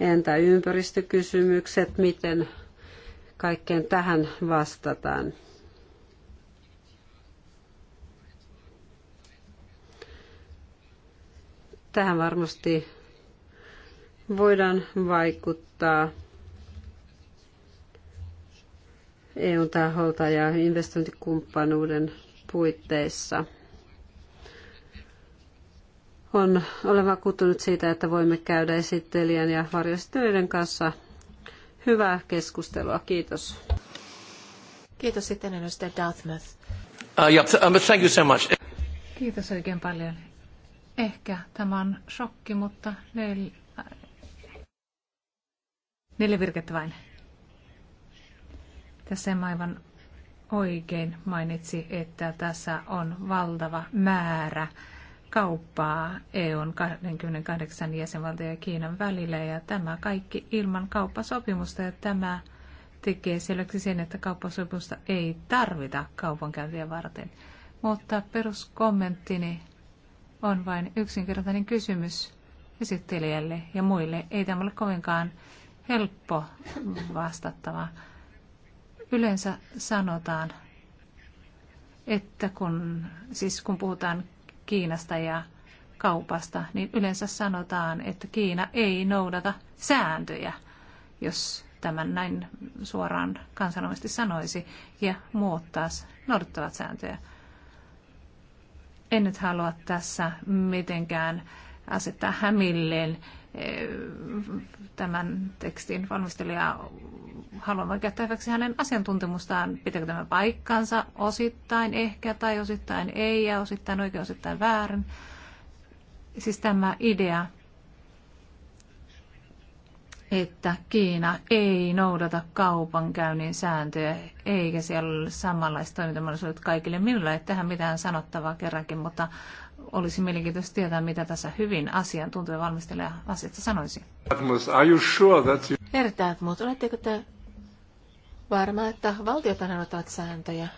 entä ympäristökysymykset, miten kaikkeen tähän vastataan. Tähän varmasti voidaan vaikuttaa EU-taholta ja investointikumppanuuden puitteissa. On, olen vakuuttunut siitä, että voimme käydä esittelijän ja varjostelijoiden kanssa hyvää keskustelua. Kiitos. Kiitos sitten edustaja Dartmouth. Uh, yeah, um, thank you so much. Kiitos oikein paljon. Ehkä tämä on shokki, mutta neljä, neljä virkettä vain. Tässä en aivan oikein mainitsi, että tässä on valtava määrä kauppaa EUn 28 jäsenvaltion ja Kiinan välillä ja tämä kaikki ilman kauppasopimusta ja tämä tekee selväksi sen, että kauppasopimusta ei tarvita kaupankäyntiä varten. Mutta peruskommenttini on vain yksinkertainen kysymys esittelijälle ja muille. Ei tämä ole kovinkaan helppo vastattava. Yleensä sanotaan, että kun, siis kun puhutaan Kiinasta ja kaupasta, niin yleensä sanotaan, että Kiina ei noudata sääntöjä, jos tämän näin suoraan kansanomaisesti sanoisi, ja muut taas noudattavat sääntöjä. En nyt halua tässä mitenkään asettaa hämilleen eh, tämän tekstin valmistelijaa, haluamme käyttää hyväksi hänen asiantuntemustaan. Pitääkö tämä paikkansa osittain ehkä tai osittain ei ja osittain oikein, osittain väärin. Siis tämä idea, että Kiina ei noudata kaupankäynnin sääntöjä, eikä siellä ole samanlaista toimintamahdollisuudet kaikille. Minulla ei tähän mitään sanottavaa kerrankin, mutta olisi mielenkiintoista tietää, mitä tässä hyvin asiantuntija valmistelija asiasta sanoisi. Herra mutta oletteko te varma, että valtiot noudattavat sääntöjä.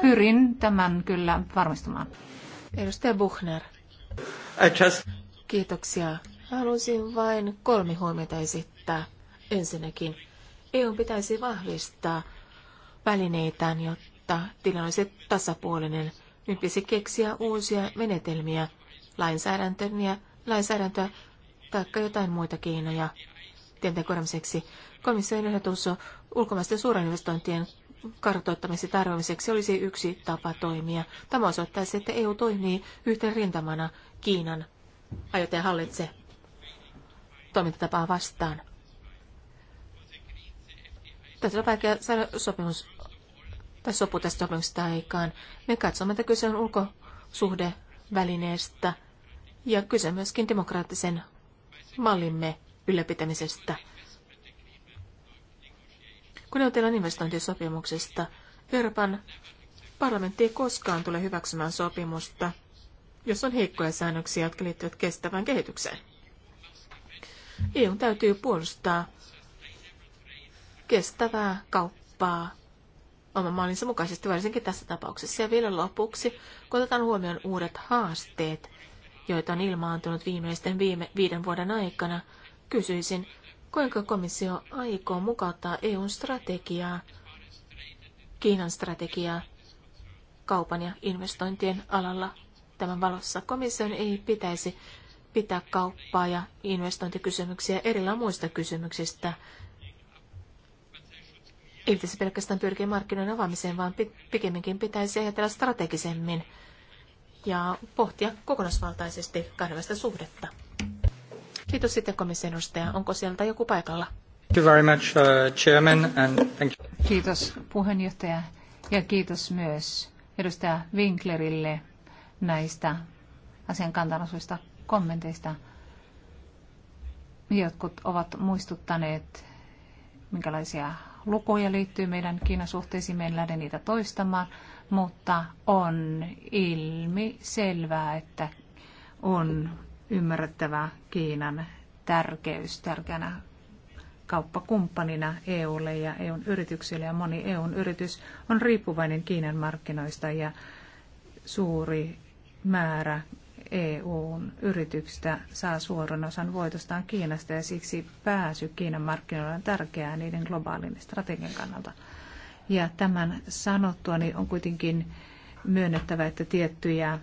Pyrin tämän kyllä varmistamaan. Edustaja Buchner. Just... Kiitoksia. Halusin vain kolme huomiota esittää. Ensinnäkin, EU pitäisi vahvistaa välineitään, jotta tilanne olisi tasapuolinen. Nyt pitäisi keksiä uusia menetelmiä, lainsäädäntöä, lainsäädäntöä tai jotain muita keinoja tienten korjaamiseksi. Komission ehdotus ulkomaisten suurinvestointien kartoittamisen tarjoamiseksi olisi yksi tapa toimia. Tämä osoittaisi, että EU toimii yhteen rintamana Kiinan ajoteen hallitse toimintatapaa vastaan. Tässä on vaikea saada sopimus, tai sopu tästä sopimuksesta aikaan. Me katsomme, että kyse on ulkosuhdevälineestä ja kyse myöskin demokraattisen mallimme ylläpitämisestä. Kun neuvotellaan investointisopimuksesta, Euroopan parlamentti ei koskaan tule hyväksymään sopimusta, jos on heikkoja säännöksiä, jotka liittyvät kestävään kehitykseen. EU täytyy puolustaa kestävää kauppaa oman maalinsa mukaisesti, varsinkin tässä tapauksessa. Ja vielä lopuksi, kun otetaan huomioon uudet haasteet, joita on ilmaantunut viimeisten viime, viiden vuoden aikana, Kysyisin, kuinka komissio aikoo mukauttaa EUn strategiaa, Kiinan strategiaa kaupan ja investointien alalla. Tämän valossa komission ei pitäisi pitää kauppaa ja investointikysymyksiä erillään muista kysymyksistä. Ei pitäisi pelkästään pyrkiä markkinoiden avaamiseen, vaan pikemminkin pitäisi ajatella strategisemmin ja pohtia kokonaisvaltaisesti kahdenvälistä suhdetta. Kiitos sitten komission Onko sieltä joku paikalla? Thank you very much, uh, chairman, and thank you. Kiitos puheenjohtaja ja kiitos myös edustaja Winklerille näistä asian kommenteista. Jotkut ovat muistuttaneet, minkälaisia lukuja liittyy meidän Kiinan suhteisiin. En lähde niitä toistamaan, mutta on ilmi selvää, että on ymmärrettävä Kiinan tärkeys tärkeänä kauppakumppanina EUlle ja EUn yrityksille. Ja moni EUn yritys on riippuvainen Kiinan markkinoista ja suuri määrä EUn yrityksistä saa suoran osan voitostaan Kiinasta ja siksi pääsy Kiinan markkinoille on tärkeää niiden globaalin strategian kannalta. Ja tämän sanottua niin on kuitenkin myönnettävä, että tiettyjä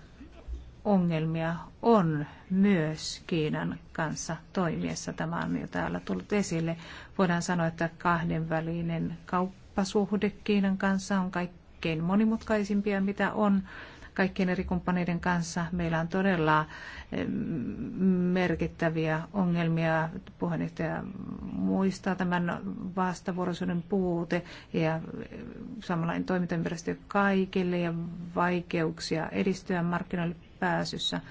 ongelmia on myös Kiinan kanssa toimiessa. Tämä on jo täällä tullut esille. Voidaan sanoa, että kahdenvälinen kauppasuhde Kiinan kanssa on kaikkein monimutkaisimpia, mitä on kaikkien eri kumppaneiden kanssa. Meillä on todella merkittäviä ongelmia. Puheenjohtaja muistaa tämän vastavuoroisuuden puute ja samanlainen toimintaympäristö kaikille ja vaikeuksia edistyä markkinoille pääsyssä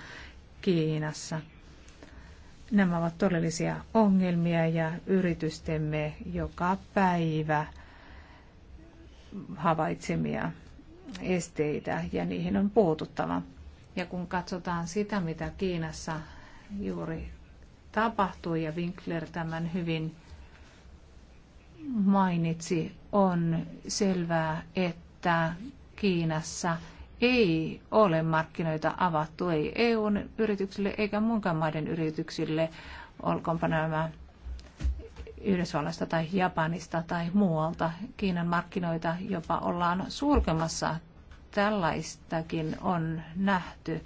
Kiinassa. Nämä ovat todellisia ongelmia ja yritystemme joka päivä havaitsemia esteitä ja niihin on puututtava. Ja kun katsotaan sitä, mitä Kiinassa juuri tapahtui ja Winkler tämän hyvin mainitsi, on selvää, että Kiinassa – ei ole markkinoita avattu, ei EUn yrityksille eikä muunkaan maiden yrityksille, olkoonpa nämä Yhdysvallasta tai Japanista tai muualta. Kiinan markkinoita jopa ollaan sulkemassa. Tällaistakin on nähty.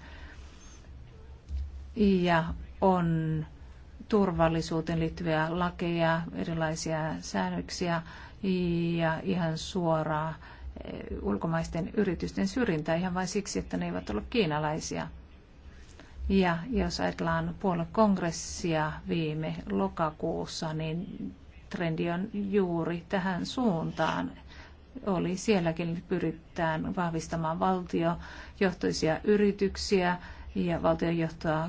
Ja on turvallisuuteen liittyviä lakeja, erilaisia säännöksiä ja ihan suoraa ulkomaisten yritysten syrjintää ihan vain siksi, että ne eivät ole kiinalaisia. Ja jos ajatellaan puoluekongressia viime lokakuussa, niin trendi on juuri tähän suuntaan. Oli sielläkin pyritään vahvistamaan valtiojohtoisia yrityksiä ja valtiojohtoa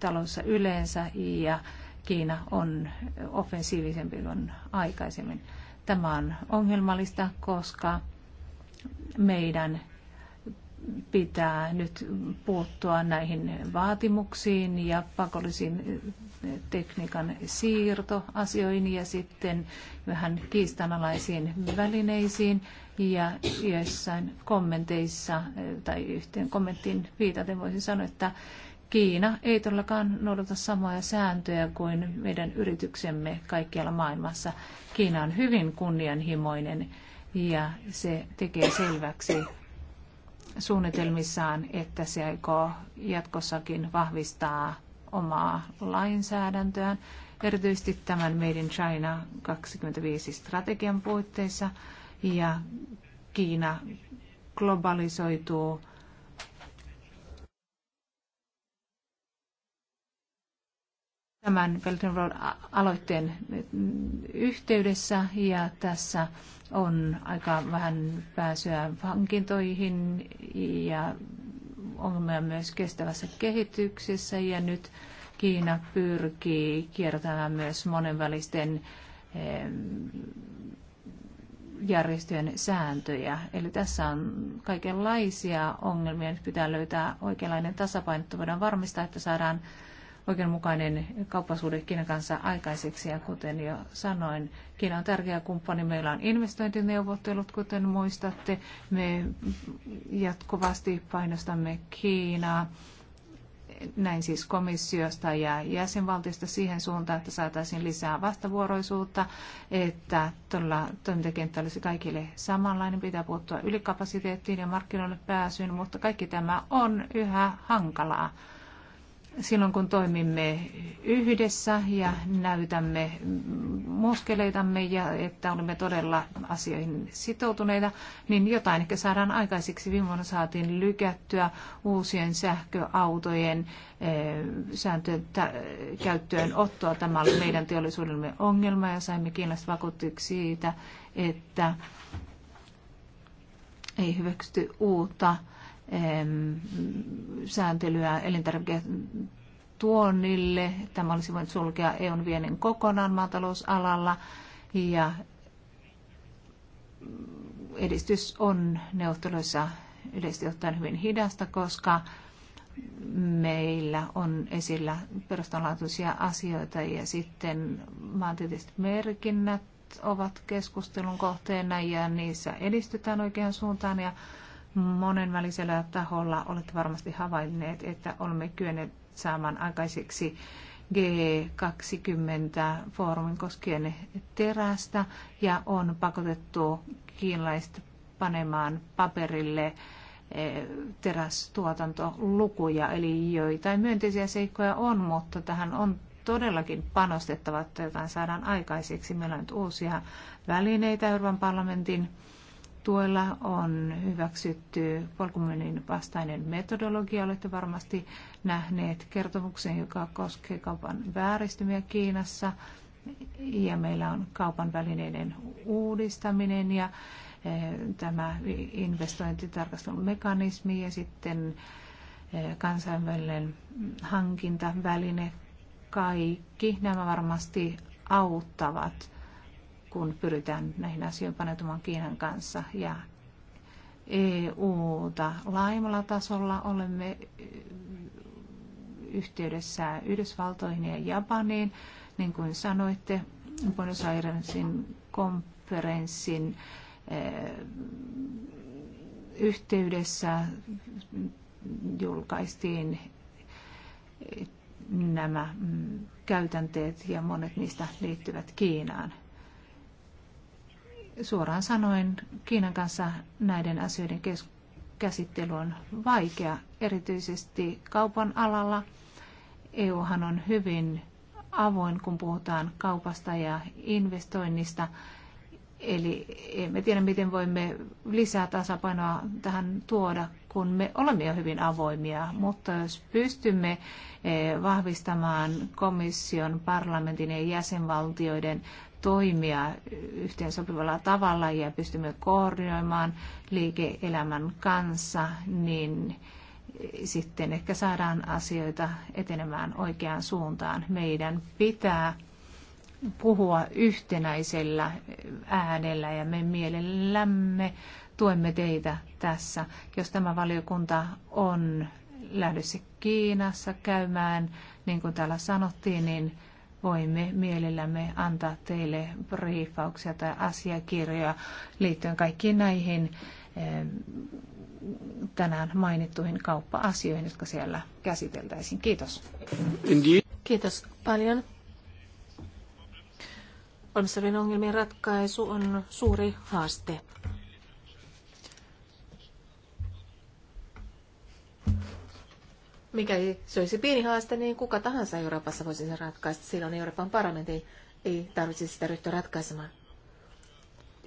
talossa yleensä ja Kiina on offensiivisempi kuin aikaisemmin. Tämä on ongelmallista, koska meidän pitää nyt puuttua näihin vaatimuksiin ja pakollisiin eh, tekniikan siirtoasioihin ja sitten vähän kiistanalaisiin välineisiin. Ja joissain kommenteissa eh, tai yhteen kommenttiin viitaten voisin sanoa, että Kiina ei todellakaan noudata samoja sääntöjä kuin meidän yrityksemme kaikkialla maailmassa. Kiina on hyvin kunnianhimoinen ja se tekee selväksi suunnitelmissaan, että se aikoo jatkossakin vahvistaa omaa lainsäädäntöään, erityisesti tämän Made in China 25 strategian puitteissa. Ja Kiina globalisoituu tämän Belgian aloitteen yhteydessä ja tässä on aika vähän pääsyä hankintoihin ja ongelmia myös kestävässä kehityksessä ja nyt Kiina pyrkii kiertämään myös monenvälisten järjestöjen sääntöjä. Eli tässä on kaikenlaisia ongelmia. Nyt pitää löytää oikeanlainen tasapaino, että voidaan varmistaa, että saadaan oikeudenmukainen kauppasuhde Kiinan kanssa aikaiseksi. Ja kuten jo sanoin, Kiina on tärkeä kumppani. Meillä on investointineuvottelut, kuten muistatte. Me jatkuvasti painostamme Kiinaa näin siis komissiosta ja jäsenvaltiosta siihen suuntaan, että saataisiin lisää vastavuoroisuutta, että tuolla toimintakenttä olisi kaikille samanlainen, pitää puuttua ylikapasiteettiin ja markkinoille pääsyyn, mutta kaikki tämä on yhä hankalaa silloin kun toimimme yhdessä ja näytämme muskeleitamme ja että olemme todella asioihin sitoutuneita, niin jotain ehkä saadaan aikaisiksi. Viime vuonna saatiin lykättyä uusien sähköautojen eh, sääntöjen käyttöön ottoa. Tämä oli meidän teollisuudellemme ongelma ja saimme kiinalaiset vakuuttuiksi siitä, että ei hyväksytty uutta sääntelyä elintarviketuonnille. Tämä olisi voinut sulkea EUn viennin kokonaan maatalousalalla ja edistys on neuvotteluissa yleisesti ottaen hyvin hidasta, koska meillä on esillä perustanlaatuisia asioita ja sitten maantieteelliset merkinnät ovat keskustelun kohteena ja niissä edistytään oikeaan suuntaan ja monenvälisellä taholla olette varmasti havainneet, että olemme kyenneet saamaan aikaiseksi G20-foorumin koskien terästä ja on pakotettu kiinalaiset panemaan paperille eh, terästuotantolukuja, eli joitain myönteisiä seikkoja on, mutta tähän on todellakin panostettava, että jotain saadaan aikaiseksi. Meillä on nyt uusia välineitä Euroopan parlamentin tuella on hyväksytty polkumyynnin vastainen metodologia. Olette varmasti nähneet kertomuksen, joka koskee kaupan vääristymiä Kiinassa. Ja meillä on kaupan välineiden uudistaminen ja eh, tämä investointitarkastelun mekanismi ja sitten eh, kansainvälinen hankintaväline. Kaikki nämä varmasti auttavat kun pyritään näihin asioihin paneutumaan Kiinan kanssa. Ja EU-ta laajemmalla tasolla olemme eh, yhteydessä Yhdysvaltoihin ja Japaniin, niin kuin sanoitte, Buenos Airesin konferenssin eh, yhteydessä julkaistiin eh, nämä mm, käytänteet ja monet niistä liittyvät Kiinaan suoraan sanoen Kiinan kanssa näiden asioiden käsittely on vaikea, erityisesti kaupan alalla. EUhan on hyvin avoin, kun puhutaan kaupasta ja investoinnista Eli emme tiedä, miten voimme lisää tasapainoa tähän tuoda, kun me olemme jo hyvin avoimia. Mutta jos pystymme eh, vahvistamaan komission, parlamentin ja jäsenvaltioiden toimia yhteensopivalla tavalla ja pystymme koordinoimaan liike-elämän kanssa, niin eh, sitten ehkä saadaan asioita etenemään oikeaan suuntaan. Meidän pitää puhua yhtenäisellä äänellä ja me mielellämme tuemme teitä tässä. Jos tämä valiokunta on lähdössä Kiinassa käymään, niin kuin täällä sanottiin, niin voimme mielellämme antaa teille briefauksia tai asiakirjoja liittyen kaikkiin näihin eh, tänään mainittuihin kauppa-asioihin, jotka siellä käsiteltäisiin. Kiitos. Kiitos paljon panssarin ongelmien ratkaisu on suuri haaste. Mikäli se olisi pieni haaste, niin kuka tahansa Euroopassa voisi sen ratkaista. Silloin Euroopan parlamentti ei tarvitsisi sitä ryhtyä ratkaisemaan.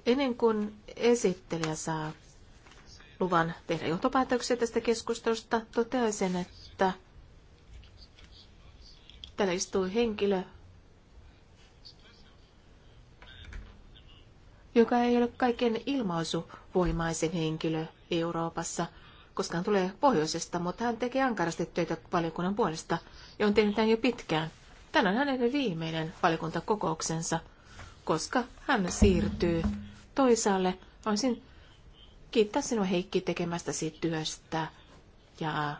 Ennen kuin esittelijä saa luvan tehdä johtopäätöksiä tästä keskustelusta, toteaisin, että täällä istuu henkilö, joka ei ole kaiken ilmaisuvoimaisen henkilö Euroopassa, koska hän tulee pohjoisesta, mutta hän tekee ankarasti töitä valiokunnan puolesta ja on tehnyt tämän jo pitkään. Tänään hänen viimeinen valiokuntakokouksensa, koska hän siirtyy toisaalle. Voisin kiittää sinua Heikki tekemästäsi työstä ja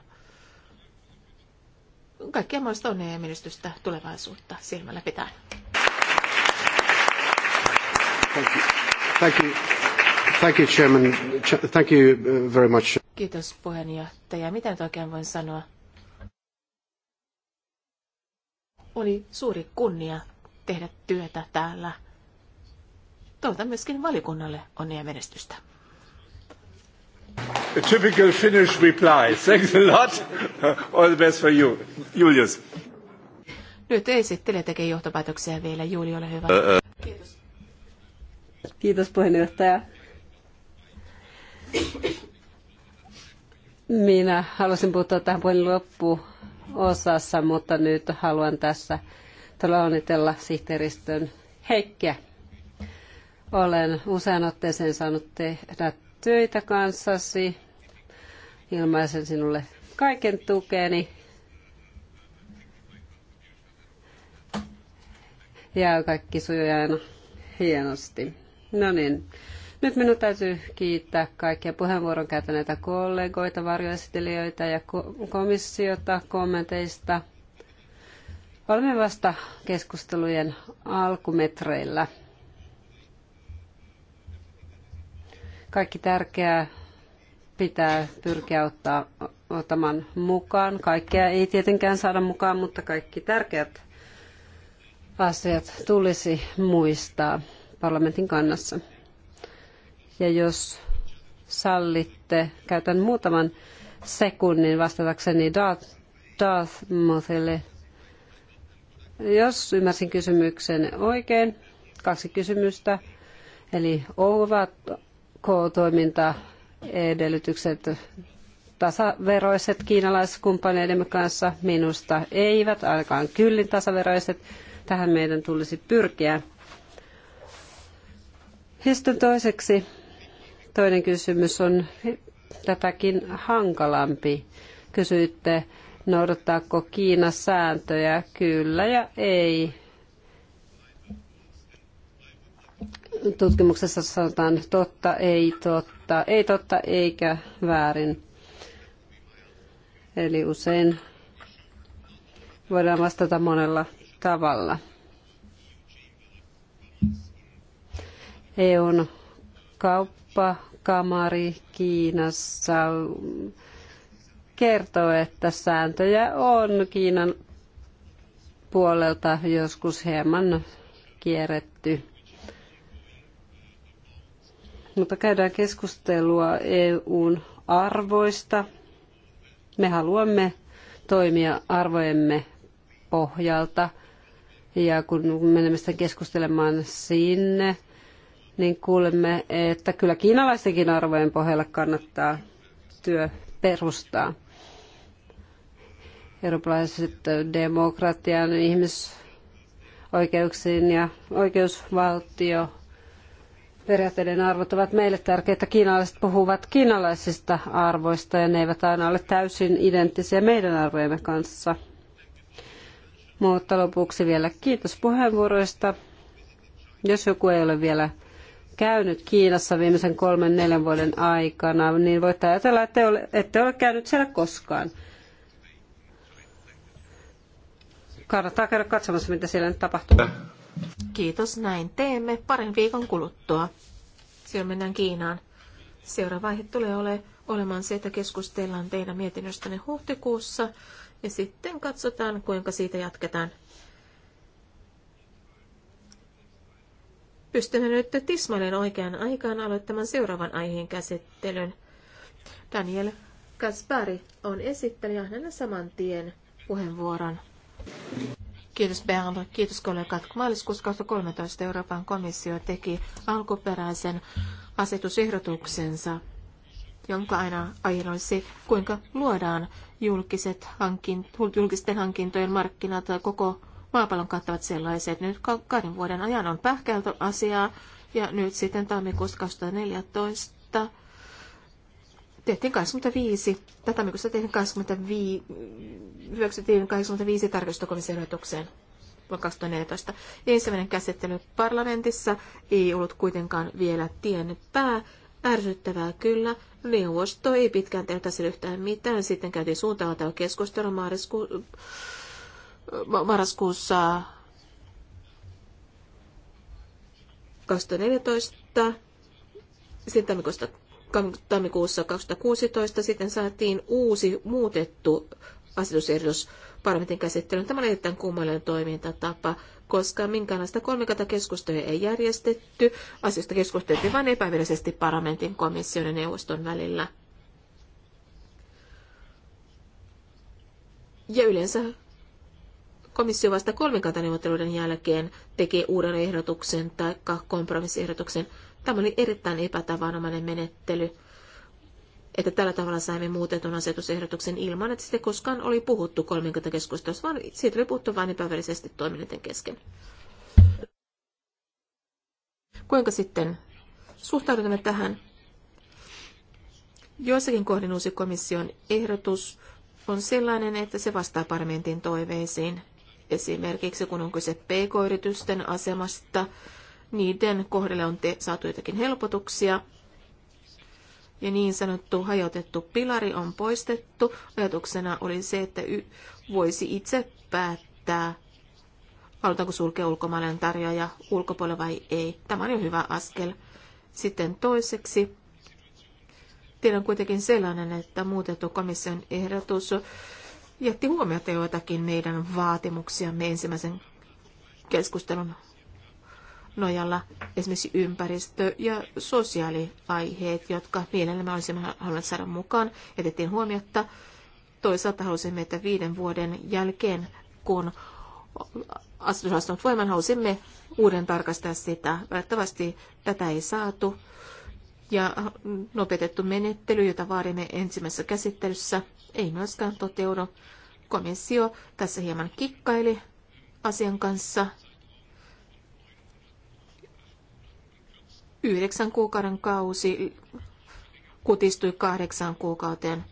kaikkia mahdollista onnea ja menestystä tulevaisuutta silmällä pitäen. Thank you. Thank you. Thank you, Chairman. Thank you uh, very much. Kiitos puheenjohtaja. Mitä nyt oikein voin sanoa? Oli suuri kunnia tehdä työtä täällä. Toivotan myöskin valikunnalle onnea menestystä. A typical Finnish reply. Thanks a lot. All the best for you. Julius. Nyt esittelee tekee johtopäätöksiä vielä. Juuli, ole hyvä. Kiitos. Kiitos puheenjohtaja. Minä halusin puuttua tähän puheen loppuosassa, mutta nyt haluan tässä onnitella sihteeristön Heikkiä. Olen usean otteeseen saanut tehdä töitä kanssasi. Ilmaisen sinulle kaiken tukeni. Ja kaikki sujuu aina hienosti. No niin. Nyt minun täytyy kiittää kaikkia puheenvuoron käytäneitä kollegoita, varjoesittelijöitä ja komissiota kommenteista. Olemme vasta keskustelujen alkumetreillä. Kaikki tärkeää pitää pyrkiä ottaa, ottamaan mukaan. Kaikkea ei tietenkään saada mukaan, mutta kaikki tärkeät asiat tulisi muistaa parlamentin kannassa. Ja jos sallitte, käytän muutaman sekunnin vastatakseni Darth, Dartmouthille. Jos ymmärsin kysymyksen oikein, kaksi kysymystä. Eli ovatko toimintaedellytykset tasaveroiset kiinalaiskumppaneidemme kanssa? Minusta eivät, ainakaan kyllin tasaveroiset. Tähän meidän tulisi pyrkiä sitten toiseksi toinen kysymys on tätäkin hankalampi. Kysyitte, noudattaako Kiina sääntöjä? Kyllä ja ei. Tutkimuksessa sanotaan totta, ei totta, ei totta eikä väärin. Eli usein voidaan vastata monella tavalla. EUn kauppakamari Kiinassa kertoo, että sääntöjä on Kiinan puolelta joskus hieman kierretty. Mutta käydään keskustelua EUn arvoista. Me haluamme toimia arvojemme pohjalta. Ja kun menemme sitten keskustelemaan sinne, niin kuulemme, että kyllä kiinalaistenkin arvojen pohjalla kannattaa työ perustaa. Eurooppalaiset demokratian, ihmisoikeuksiin ja oikeusvaltio periaatteiden arvot ovat meille tärkeitä. Kiinalaiset puhuvat kiinalaisista arvoista ja ne eivät aina ole täysin identtisiä meidän arvojemme kanssa. Mutta lopuksi vielä kiitos puheenvuoroista. Jos joku ei ole vielä käynyt Kiinassa viimeisen kolmen neljän vuoden aikana, niin voitte ajatella, että ole, ette ole käynyt siellä koskaan. Kannattaa käydä katsomassa, mitä siellä nyt tapahtuu. Kiitos, näin teemme parin viikon kuluttua. Silloin mennään Kiinaan. Seuraava vaihe tulee ole, olemaan se, että keskustellaan teidän mietinnöstänne huhtikuussa ja sitten katsotaan, kuinka siitä jatketaan. pystymme nyt tismalleen oikean aikaan aloittamaan seuraavan aiheen käsittelyn. Daniel Kaspari on esittänyt hänen saman tien puheenvuoron. Kiitos Bernd. Kiitos kollegat. Maaliskuussa 2013 Euroopan komissio teki alkuperäisen asetusehdotuksensa, jonka aina aiheena kuinka luodaan julkiset hankint, julkisten hankintojen markkinat koko maapallon kattavat sellaiset. Nyt kahden vuoden ajan on pähkäilty asiaa ja nyt sitten tammikuussa 2014 tehtiin 25, tai tammikuussa tehtiin 25, hyväksyttiin 85 tarkistokomission vuonna 2014. Ensimmäinen käsittely parlamentissa ei ollut kuitenkaan vielä tiennyt pää. Ärsyttävää kyllä. Neuvosto ei pitkään tehtäisi yhtään mitään. Sitten käytiin suuntaan keskustelua maaliskuun marraskuussa 2014, sitten tammikuussa, tammikuussa 2016 sitten saatiin uusi muutettu asetusehdotus parlamentin käsittelyyn. Tämä on erittäin kummallinen toimintatapa, koska minkäänlaista keskustelua ei järjestetty. Asioista keskusteltiin vain epävirallisesti parlamentin, komission ja neuvoston välillä. Ja yleensä komissio vasta kolmikantaneuvotteluiden jälkeen teki uuden ehdotuksen tai kompromissiehdotuksen. Tämä oli erittäin epätavanomainen menettely, että tällä tavalla saimme muutetun asetusehdotuksen ilman, että sitä koskaan oli puhuttu kolmikantakeskustelussa, vaan siitä oli puhuttu vain epävälisesti toiminnan kesken. Kuinka sitten suhtaudumme tähän? Joissakin kohdin uusi komission ehdotus on sellainen, että se vastaa parlamentin toiveisiin. Esimerkiksi kun on kyse pk-yritysten asemasta, niiden kohdalle on te- saatu jotakin helpotuksia. Ja niin sanottu hajotettu pilari on poistettu. Ajatuksena oli se, että y- voisi itse päättää, halutaanko sulkea ulkomaalainen tarjoaja ulkopuolella vai ei. Tämä on jo hyvä askel. Sitten toiseksi. tiedän kuitenkin sellainen, että muutettu komission ehdotus jätti huomiota joitakin meidän vaatimuksiamme ensimmäisen keskustelun nojalla esimerkiksi ympäristö- ja sosiaaliaiheet, jotka mielellämme olisimme halunneet saada mukaan, jätettiin huomiota. Toisaalta halusimme, että viiden vuoden jälkeen, kun asetus astunut voimaan, halusimme uuden tarkastaa sitä. välttävästi tätä ei saatu. Ja nopeutettu menettely, jota vaadimme ensimmäisessä käsittelyssä, ei myöskään toteudu. Komissio tässä hieman kikkaili asian kanssa. Yhdeksän kuukauden kausi kutistui kahdeksaan kuukauteen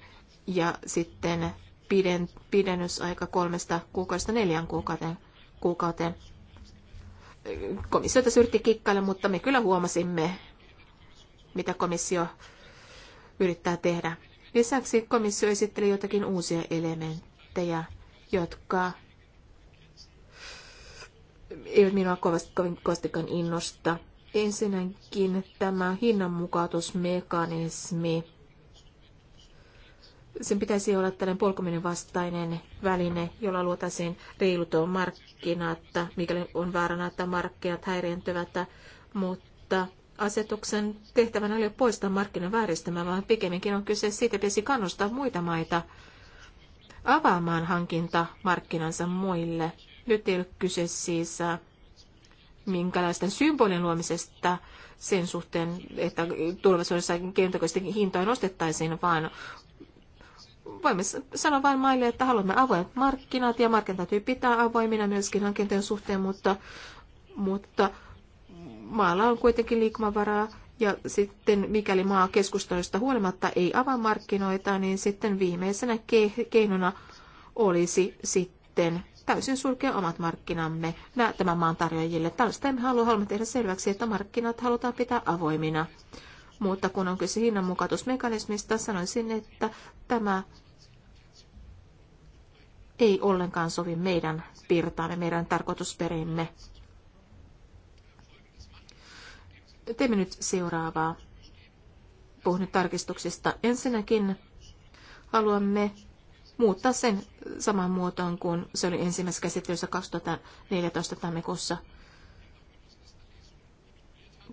ja sitten piden, pidennysaika kolmesta kuukaudesta neljään kuukauteen. kuukauteen. Komissio tässä yritti kikkailla, mutta me kyllä huomasimme, mitä komissio yrittää tehdä. Lisäksi komissio esitteli jotakin uusia elementtejä, jotka eivät minua kovastikaan kovin innosta. Ensinnäkin tämä hinnanmukautusmekanismi. Sen pitäisi olla tällainen polkuminen vastainen väline, jolla luotaisiin reilutoon markkinat, mikäli on vaarana, että markkinat häiriintyvät, mutta asetuksen tehtävänä ei ole poistaa markkinan vääristämää, vaan pikemminkin on kyse siitä, pitäisi kannustaa muita maita avaamaan hankintamarkkinansa muille. Nyt ei ole kyse siis äh, minkälaista symbolin luomisesta sen suhteen, että tulevaisuudessa keinotekoisesti hintoja nostettaisiin, vaan voimme sanoa vain maille, että haluamme avoimet markkinat ja markkinat täytyy pitää avoimina myöskin hankintojen suhteen, mutta, mutta maalla on kuitenkin liikkumavaraa ja sitten mikäli maa keskustelusta huolimatta ei avaa markkinoita, niin sitten viimeisenä keinona olisi sitten täysin sulkea omat markkinamme tämän maan tarjoajille. Tällaista emme halua, haluamme tehdä selväksi, että markkinat halutaan pitää avoimina. Mutta kun on kyse hinnanmukautusmekanismista, sanoisin, että tämä ei ollenkaan sovi meidän pirtaamme, meidän tarkoitusperimme. Teemme nyt seuraavaa. Puhun nyt tarkistuksista. Ensinnäkin haluamme muuttaa sen saman muotoon kuin se oli ensimmäisessä käsittelyssä 2014 tammikuussa.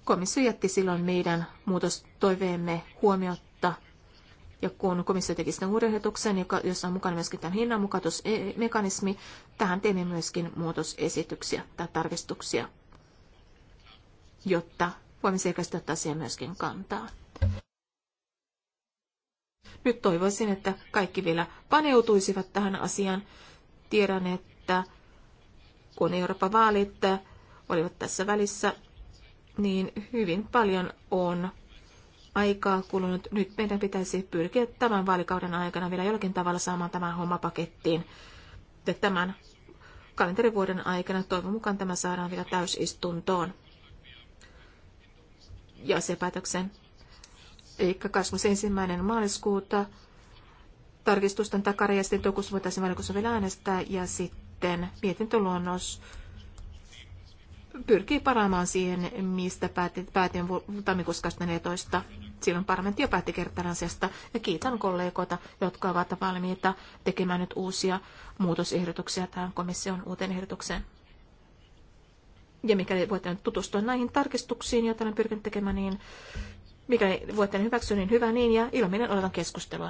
Komissio jätti silloin meidän muutostoiveemme huomiotta. Ja kun komissio teki sitten uuden ehdotuksen, jossa on mukana myöskin tämän hinnanmukautusmekanismi, tähän teemme myöskin muutosesityksiä tai tarkistuksia, jotta voimme selkeästi ottaa siihen myöskin kantaa. Nyt toivoisin, että kaikki vielä paneutuisivat tähän asiaan. Tiedän, että kun Euroopan vaalit olivat tässä välissä, niin hyvin paljon on aikaa kulunut. Nyt meidän pitäisi pyrkiä tämän vaalikauden aikana vielä jollakin tavalla saamaan tämän hommapakettiin. Tämän kalenterivuoden aikana toivon mukaan tämä saadaan vielä täysistuntoon päätöksen. Eli 21. maaliskuuta tarkistusten takara ja sitten toukokuussa voitaisiin valiokunnassa vielä äänestää ja sitten mietintöluonnos pyrkii paraamaan siihen, mistä päätin, päätin tammikuussa 2014. Silloin parlamentti jo päätti kertaan asiasta ja kiitän kollegoita, jotka ovat valmiita tekemään nyt uusia muutosehdotuksia tähän komission uuteen ehdotukseen. Ja mikäli voitte nyt tutustua näihin tarkistuksiin, joita olen pyrkinyt tekemään, niin mikäli voitte ne hyväksyä, niin hyvä niin, ja ilmeinen odotan keskustelua.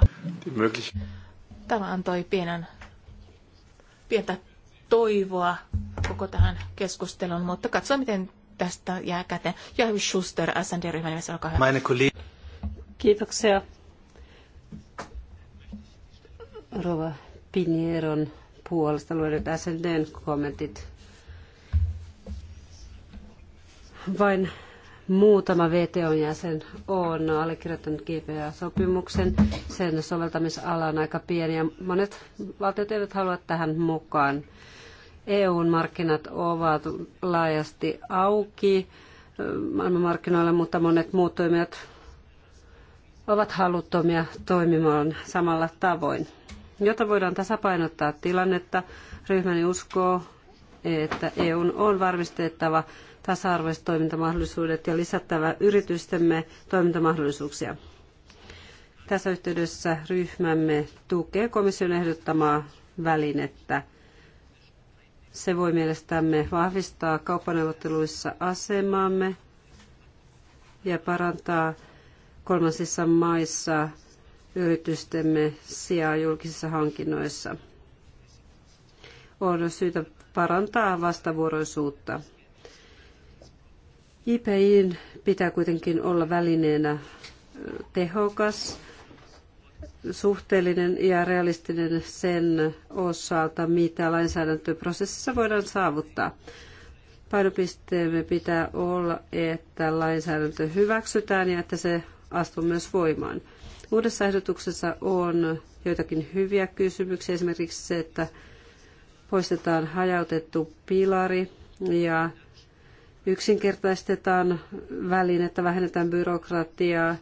Tämä antoi pienen, pientä toivoa koko tähän keskusteluun, mutta katsoa, miten tästä jää käteen. Jahvi Schuster, SND-ryhmän nimessä, olkaa hyvä. Kiitoksia. Rova Pinieron puolesta luodet SNDn kommentit Vain muutama VTOn jäsen on allekirjoittanut GPA-sopimuksen. Sen soveltamisala on aika pieni ja monet valtiot eivät halua tähän mukaan. EUn markkinat ovat laajasti auki maailmanmarkkinoilla, mutta monet muut toimijat ovat haluttomia toimimaan samalla tavoin. Jotta voidaan tasapainottaa tilannetta, ryhmäni uskoo, että EUn on varmistettava tasa-arvoiset toimintamahdollisuudet ja lisättävä yritystemme toimintamahdollisuuksia. Tässä yhteydessä ryhmämme tukee komission ehdottamaa välinettä. Se voi mielestämme vahvistaa kauppaneuvotteluissa asemaamme ja parantaa kolmansissa maissa yritystemme sijaa julkisissa hankinnoissa. On syytä parantaa vastavuoroisuutta. IPIin pitää kuitenkin olla välineenä tehokas, suhteellinen ja realistinen sen osalta, mitä lainsäädäntöprosessissa voidaan saavuttaa. Painopisteemme pitää olla, että lainsäädäntö hyväksytään ja että se astuu myös voimaan. Uudessa ehdotuksessa on joitakin hyviä kysymyksiä, esimerkiksi se, että poistetaan hajautettu pilari ja yksinkertaistetaan välinettä, vähennetään byrokratiaa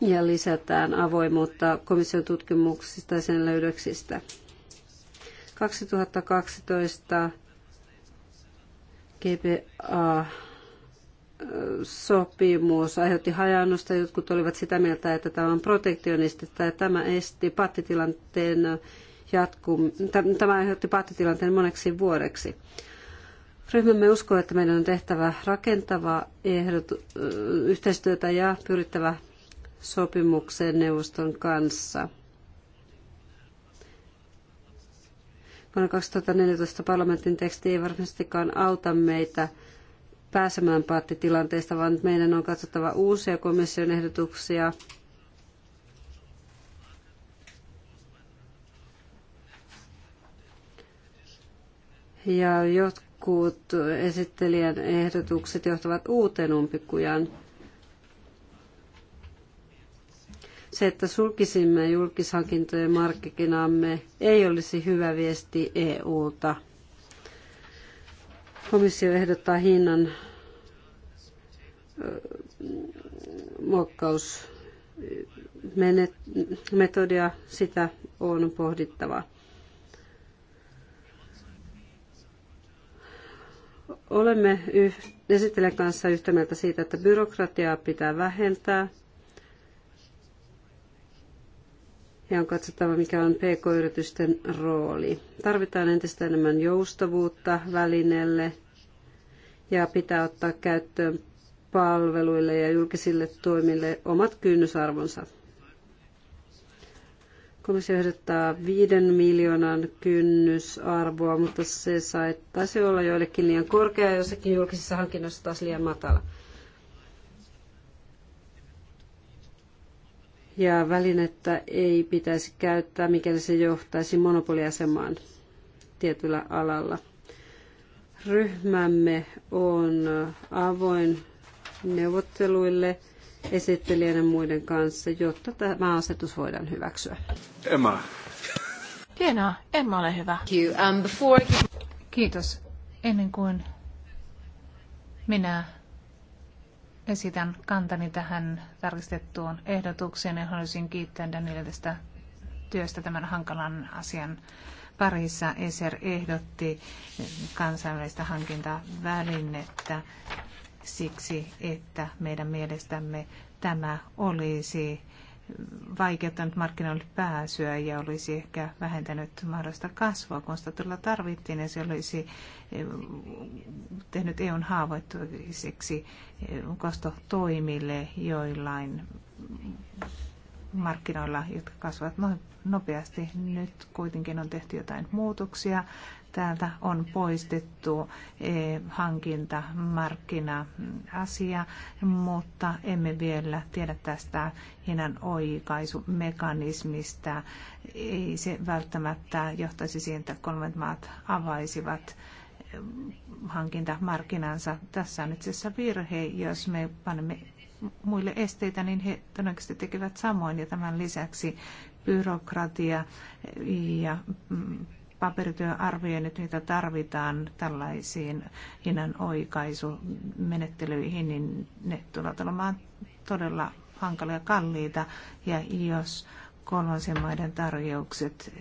ja lisätään avoimuutta komission tutkimuksista ja sen löydöksistä. 2012 GPA sopimus aiheutti hajannusta. Jotkut olivat sitä mieltä, että tämä on protektionistista ja tämä esti pattitilanteen jatkum- tämä aiheutti pattitilanteen moneksi vuodeksi. Ryhmämme uskoo, että meidän on tehtävä rakentavaa yhteistyötä ja pyrittävä sopimukseen neuvoston kanssa. Vuonna 2014 parlamentin teksti ei varmastikaan auta meitä pääsemään paattitilanteesta, vaan meidän on katsottava uusia komission ehdotuksia. Ja jotkut Jotkut esittelijän ehdotukset johtavat uuteen umpikujaan. Se, että sulkisimme julkishankintojen markkinamme, ei olisi hyvä viesti EUlta. Komissio ehdottaa hinnan muokkausmetodia, sitä on pohdittava. Olemme esittelijän kanssa yhtä mieltä siitä, että byrokratiaa pitää vähentää ja on katsottava, mikä on pk-yritysten rooli. Tarvitaan entistä enemmän joustavuutta välineelle ja pitää ottaa käyttöön palveluille ja julkisille toimille omat kynnysarvonsa. Komissio ehdottaa viiden miljoonan kynnysarvoa, mutta se saattaisi olla joillekin liian korkea ja jossakin julkisissa hankinnoissa taas liian matala. Ja välinettä ei pitäisi käyttää, mikäli se johtaisi monopoliasemaan tietyllä alalla. Ryhmämme on avoin neuvotteluille – esittelijänä muiden kanssa, jotta tämä asetus voidaan hyväksyä. Emma. Hienoa, Emma, ole hyvä. Um, Kiitos. Ennen kuin minä esitän kantani tähän tarkistettuun ehdotukseen ja niin haluaisin kiittää Danielä tästä työstä tämän hankalan asian parissa. ESER ehdotti kansainvälistä hankintavälinettä siksi, että meidän mielestämme tämä olisi vaikeuttanut markkinoille pääsyä ja olisi ehkä vähentänyt mahdollista kasvua, kun sitä todella tarvittiin ja se olisi eh, tehnyt EUn haavoittuviseksi eh, kostotoimille joillain markkinoilla, jotka kasvavat nopeasti. Nyt kuitenkin on tehty jotain muutoksia täältä on poistettu e, hankinta, markkina, asia, mutta emme vielä tiedä tästä hinnan oikaisumekanismista. Ei se välttämättä johtaisi siihen, että kolmet maat avaisivat e, hankintamarkkinansa. Tässä on itse asiassa virhe, jos me panemme muille esteitä, niin he todennäköisesti tekevät samoin. Ja tämän lisäksi byrokratia ja mm, paperityön arvioinnit, mitä tarvitaan tällaisiin hinnan oikaisumenettelyihin, niin ne tulevat olemaan todella hankalia ja kalliita. Ja jos kolmansien maiden tarjoukset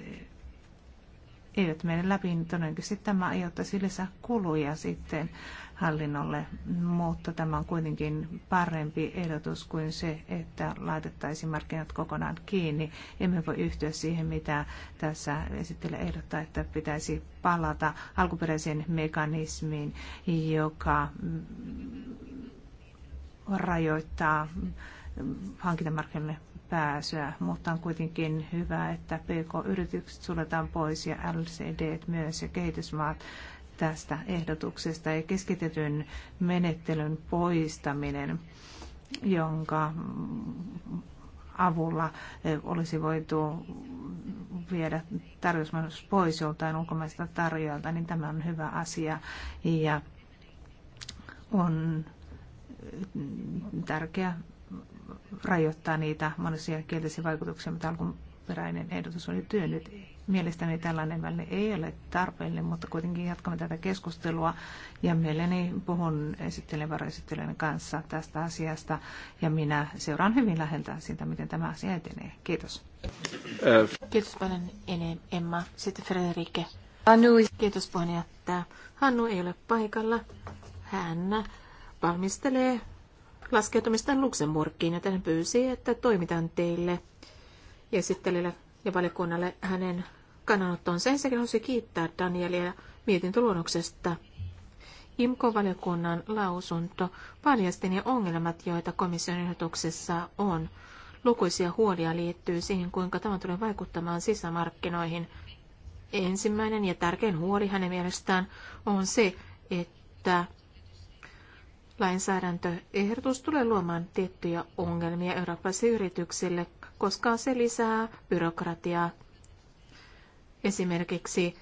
eivät mene läpi, niin todennäköisesti tämä aiheuttaisi lisää kuluja sitten hallinnolle, mutta tämä on kuitenkin parempi ehdotus kuin se, että laitettaisiin markkinat kokonaan kiinni. Emme voi yhtyä siihen, mitä tässä esittelijä ehdottaa, että pitäisi palata alkuperäiseen mekanismiin, joka rajoittaa hankintamarkkinoille pääsyä, mutta on kuitenkin hyvä, että PK-yritykset suljetaan pois ja LCD myös ja kehitysmaat tästä ehdotuksesta ja keskitetyn menettelyn poistaminen, jonka avulla eh, olisi voitu viedä tarjousmahdollisuus pois joltain ulkomaista tarjoajalta, niin tämä on hyvä asia ja on eh, tärkeää rajoittaa niitä monisia kielteisiä vaikutuksia, mitä alkuperäinen ehdotus oli työnnyt Mielestäni tällainen väline ei ole tarpeellinen, mutta kuitenkin jatkamme tätä keskustelua ja mielelläni puhun esittelijän varoesittelijän kanssa tästä asiasta ja minä seuraan hyvin läheltä siitä, miten tämä asia etenee. Kiitos. Kiitos paljon Emma. Sitten Frederike. Hannu. Kiitos puheenjohtaja. Hannu ei ole paikalla. Hän valmistelee laskeutumista Luxemburgiin, joten hän pyysi, että toimitan teille esittelijälle ja valiokunnalle hänen kannanottonsa. Ensinnäkin haluaisin kiittää Danielia mietintöluonnoksesta. IMKO-valiokunnan lausunto paljasti ne ongelmat, joita komission ehdotuksessa on. Lukuisia huolia liittyy siihen, kuinka tämä tulee vaikuttamaan sisämarkkinoihin. Ensimmäinen ja tärkein huoli hänen mielestään on se, että lainsäädäntöehdotus tulee luomaan tiettyjä ongelmia eurooppalaisille yrityksille, koska se lisää byrokratiaa Esimerkiksi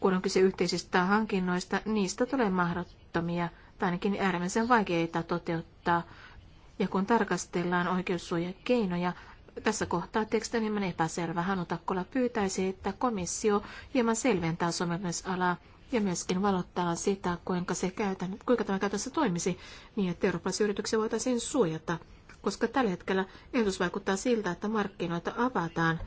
kun on kyse yhteisistä hankinnoista, niistä tulee mahdottomia tai ainakin äärimmäisen vaikeita toteuttaa. Ja kun tarkastellaan oikeussuojakeinoja, tässä kohtaa teksti on hieman epäselvä. Hanutakkola pyytäisi, että komissio hieman selventää soveltamisalaa ja myöskin valottaa sitä, kuinka, se käytän, kuinka tämä käytännössä toimisi niin, että eurooppalaisia yrityksiä voitaisiin suojata, koska tällä hetkellä ehdotus vaikuttaa siltä, että markkinoita avataan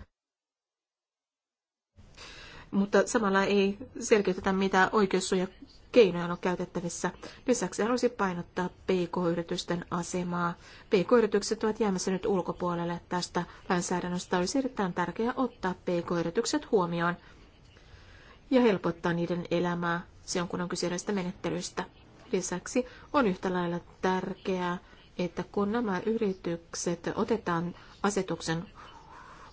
mutta samalla ei selkeytetä, mitä oikeussuoja keinoja on käytettävissä. Lisäksi haluaisin painottaa PK-yritysten asemaa. PK-yritykset ovat jäämässä nyt ulkopuolelle tästä lainsäädännöstä. Olisi erittäin tärkeää ottaa PK-yritykset huomioon ja helpottaa niiden elämää on kun on kyse menettelystä. Lisäksi on yhtä lailla tärkeää, että kun nämä yritykset otetaan asetuksen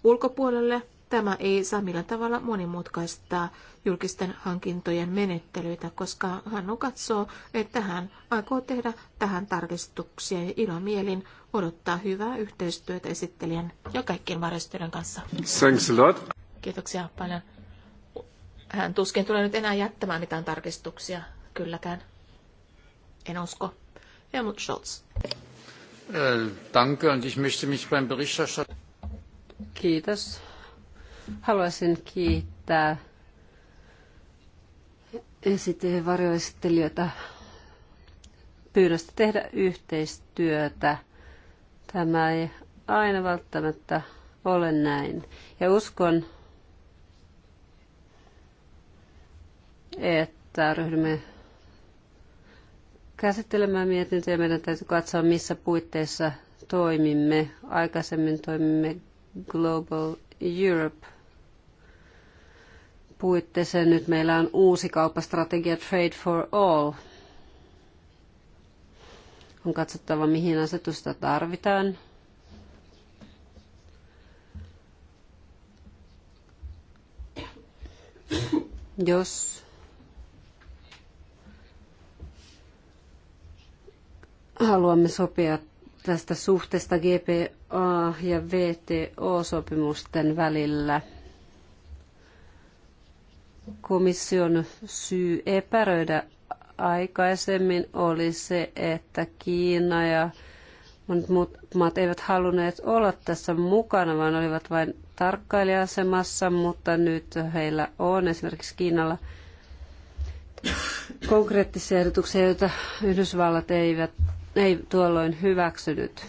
ulkopuolelle, Tämä ei saa millään tavalla monimutkaistaa julkisten hankintojen menettelyitä, koska Hannu katsoo, että hän aikoo tehdä tähän tarkistuksia ja ilomielin odottaa hyvää yhteistyötä esittelijän ja kaikkien varjostyön kanssa. Thanks a lot. Kiitoksia paljon. Hän tuskin tulee nyt enää jättämään mitään tarkistuksia, kylläkään. En usko. Helmut Scholz. Äh, danke und ich möchte mich beim Berichterstatter... Kiitos. Haluaisin kiittää esitteen varjoesittelijöitä pyydöstä tehdä yhteistyötä. Tämä ei aina välttämättä ole näin. Ja uskon, että ryhdymme käsittelemään mietintöjä. Meidän täytyy katsoa, missä puitteissa toimimme. Aikaisemmin toimimme Global Europe puitteeseen nyt meillä on uusi kauppastrategia Trade for All. On katsottava, mihin asetusta tarvitaan. Jos haluamme sopia tästä suhteesta GPA- ja VTO-sopimusten välillä – komission syy epäröidä aikaisemmin oli se, että Kiina ja monet muut maat eivät halunneet olla tässä mukana, vaan olivat vain tarkkailija-asemassa, mutta nyt heillä on esimerkiksi Kiinalla konkreettisia ehdotuksia, joita Yhdysvallat eivät, ei tuolloin hyväksynyt.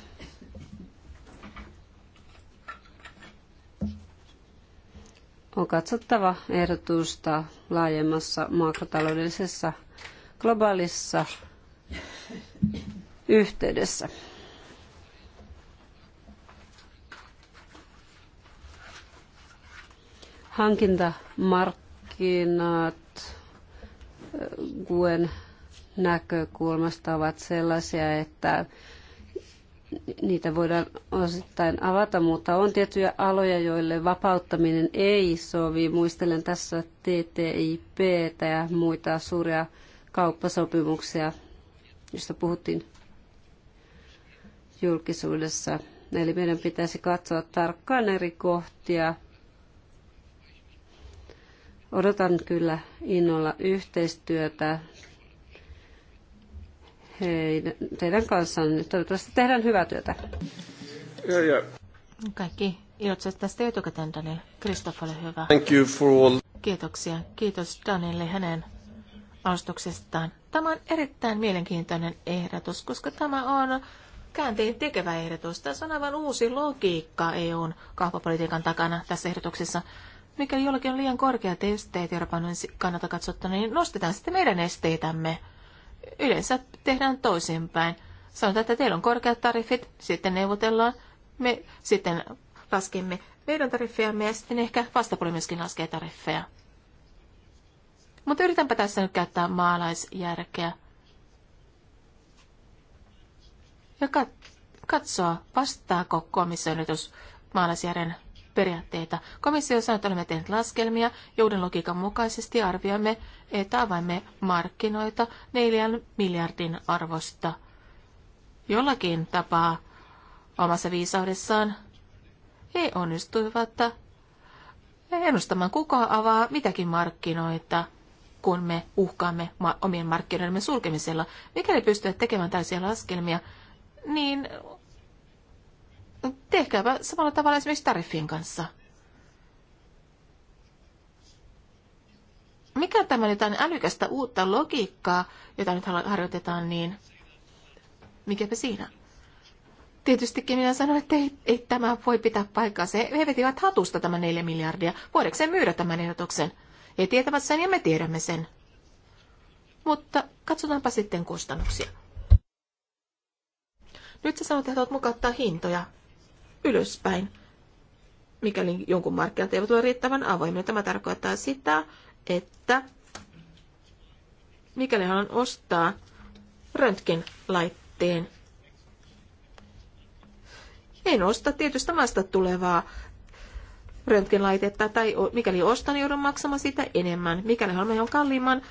on katsottava ehdotusta laajemmassa makrotaloudellisessa globaalissa yhteydessä. Hankintamarkkinat eh, Guen näkökulmasta ovat sellaisia, että niitä voidaan osittain avata, mutta on tiettyjä aloja, joille vapauttaminen ei sovi. Muistelen tässä TTIP ja muita suuria kauppasopimuksia, joista puhuttiin julkisuudessa. Eli meidän pitäisi katsoa tarkkaan eri kohtia. Odotan kyllä innolla yhteistyötä teidän kanssaan. Toivottavasti tehdään hyvää työtä. Ja, ja. Kaikki iloitsevat tästä etukäteen, Daniel. Kristoff, ole hyvä. Thank you for all. Kiitoksia. Kiitos Danielle hänen alustuksestaan. Tämä on erittäin mielenkiintoinen ehdotus, koska tämä on käänteen tekevä ehdotus. Tässä on aivan uusi logiikka EUn kauppapolitiikan takana tässä ehdotuksessa. Mikäli jollakin on liian korkeat esteet Euroopan kannalta katsottuna, niin nostetaan sitten meidän esteitämme – yleensä tehdään toisinpäin. Sanotaan, että teillä on korkeat tariffit, sitten neuvotellaan, me sitten laskemme meidän tariffeja ja sitten ehkä vastapuoli myöskin laskee tariffeja. Mutta yritänpä tässä nyt käyttää maalaisjärkeä ja katsoa, vastaako komissionytys maalaisjärjen periaatteita. Komissio sanoo, että olemme tehneet laskelmia ja uuden logiikan mukaisesti arvioimme, että avaimme markkinoita neljän miljardin arvosta. Jollakin tapaa omassa viisaudessaan he onnistuivat ennustamaan, kuka avaa mitäkin markkinoita kun me uhkaamme omien markkinoidemme sulkemisella. Mikäli pystyvät tekemään täysiä laskelmia, niin tehkääpä samalla tavalla esimerkiksi tariffien kanssa. Mikä tämä nyt on älykästä uutta logiikkaa, jota nyt harjoitetaan, niin mikäpä siinä? Tietystikin minä sanoin, että ei, ei tämä voi pitää paikkaa. Se he vetivät hatusta tämä neljä miljardia. Voidaanko myydä tämän ehdotuksen? He tietävät sen ja me tiedämme sen. Mutta katsotaanpa sitten kustannuksia. Nyt sä sanot, että haluat mukauttaa hintoja ylöspäin, mikäli jonkun markkinat eivät ole riittävän avoimia. Tämä tarkoittaa sitä, että mikäli haluan ostaa röntgenlaitteen, en osta tietystä maasta tulevaa röntgenlaitetta, tai mikäli ostan, joudun maksamaan sitä enemmän. Mikäli haluan jonkun kalliimman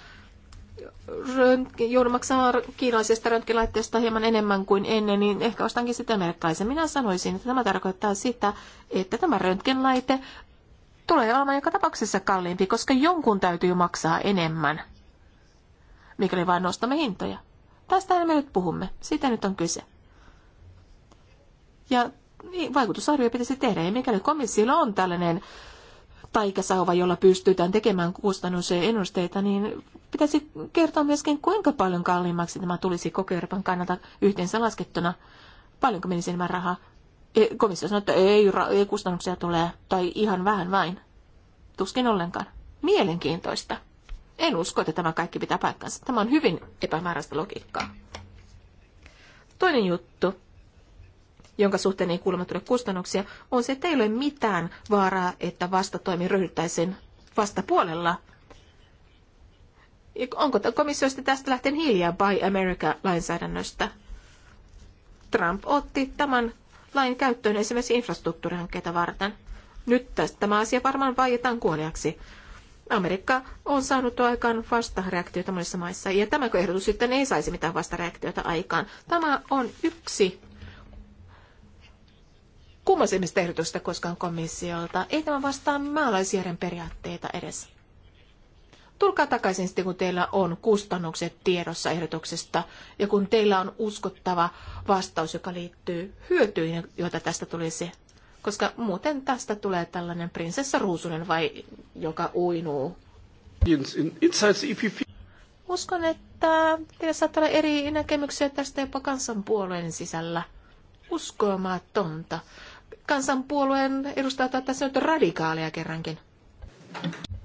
joudun maksamaan kiinalaisesta röntgenlaitteesta hieman enemmän kuin ennen, niin ehkä ostankin sitä merkkaisen. Minä sanoisin, että tämä tarkoittaa sitä, että tämä röntgenlaite tulee olemaan joka tapauksessa kalliimpi, koska jonkun täytyy maksaa enemmän, mikäli vain nostamme hintoja. Tästä me nyt puhumme. Siitä nyt on kyse. Ja niin, vaikutusarvio pitäisi tehdä, ja mikäli komissiolla on tällainen äh, taikasauva, jolla pystytään tekemään ennusteita, niin pitäisi kertoa myöskin, kuinka paljon kalliimmaksi tämä tulisi koko Euroopan kannalta yhteensä laskettuna. Paljonko menisi enemmän rahaa? E, komissio sanoi, että ei, ei kustannuksia tulee, tai ihan vähän vain. Tuskin ollenkaan. Mielenkiintoista. En usko, että tämä kaikki pitää paikkansa. Tämä on hyvin epämääräistä logiikkaa. Toinen juttu jonka suhteen ei kuulemma tule kustannuksia, on se, että ei ole mitään vaaraa, että vastatoimi ryhdyttäisiin vastapuolella. Onko komissiosta tästä lähten hiljaa Buy America-lainsäädännöstä? Trump otti tämän lain käyttöön esimerkiksi infrastruktuurihankkeita varten. Nyt tästä tämä asia varmaan vaietaan kuoliaksi. Amerikka on saanut aikaan vastareaktiota monissa maissa, ja tämä ehdotus sitten ei saisi mitään vastareaktiota aikaan. Tämä on yksi kummasimme ehdotuksista koskaan komissiolta. Ei tämä vastaa maalaisjärjen periaatteita edes. Tulkaa takaisin sitten, kun teillä on kustannukset tiedossa ehdotuksesta ja kun teillä on uskottava vastaus, joka liittyy hyötyihin, joita tästä tulisi. Koska muuten tästä tulee tällainen prinsessa ruusunen vai joka uinuu. E Uskon, että teillä saattaa olla eri näkemyksiä tästä jopa kansanpuolueen sisällä uskomatonta kansanpuolueen edustaja ovat tässä nyt radikaaleja kerrankin.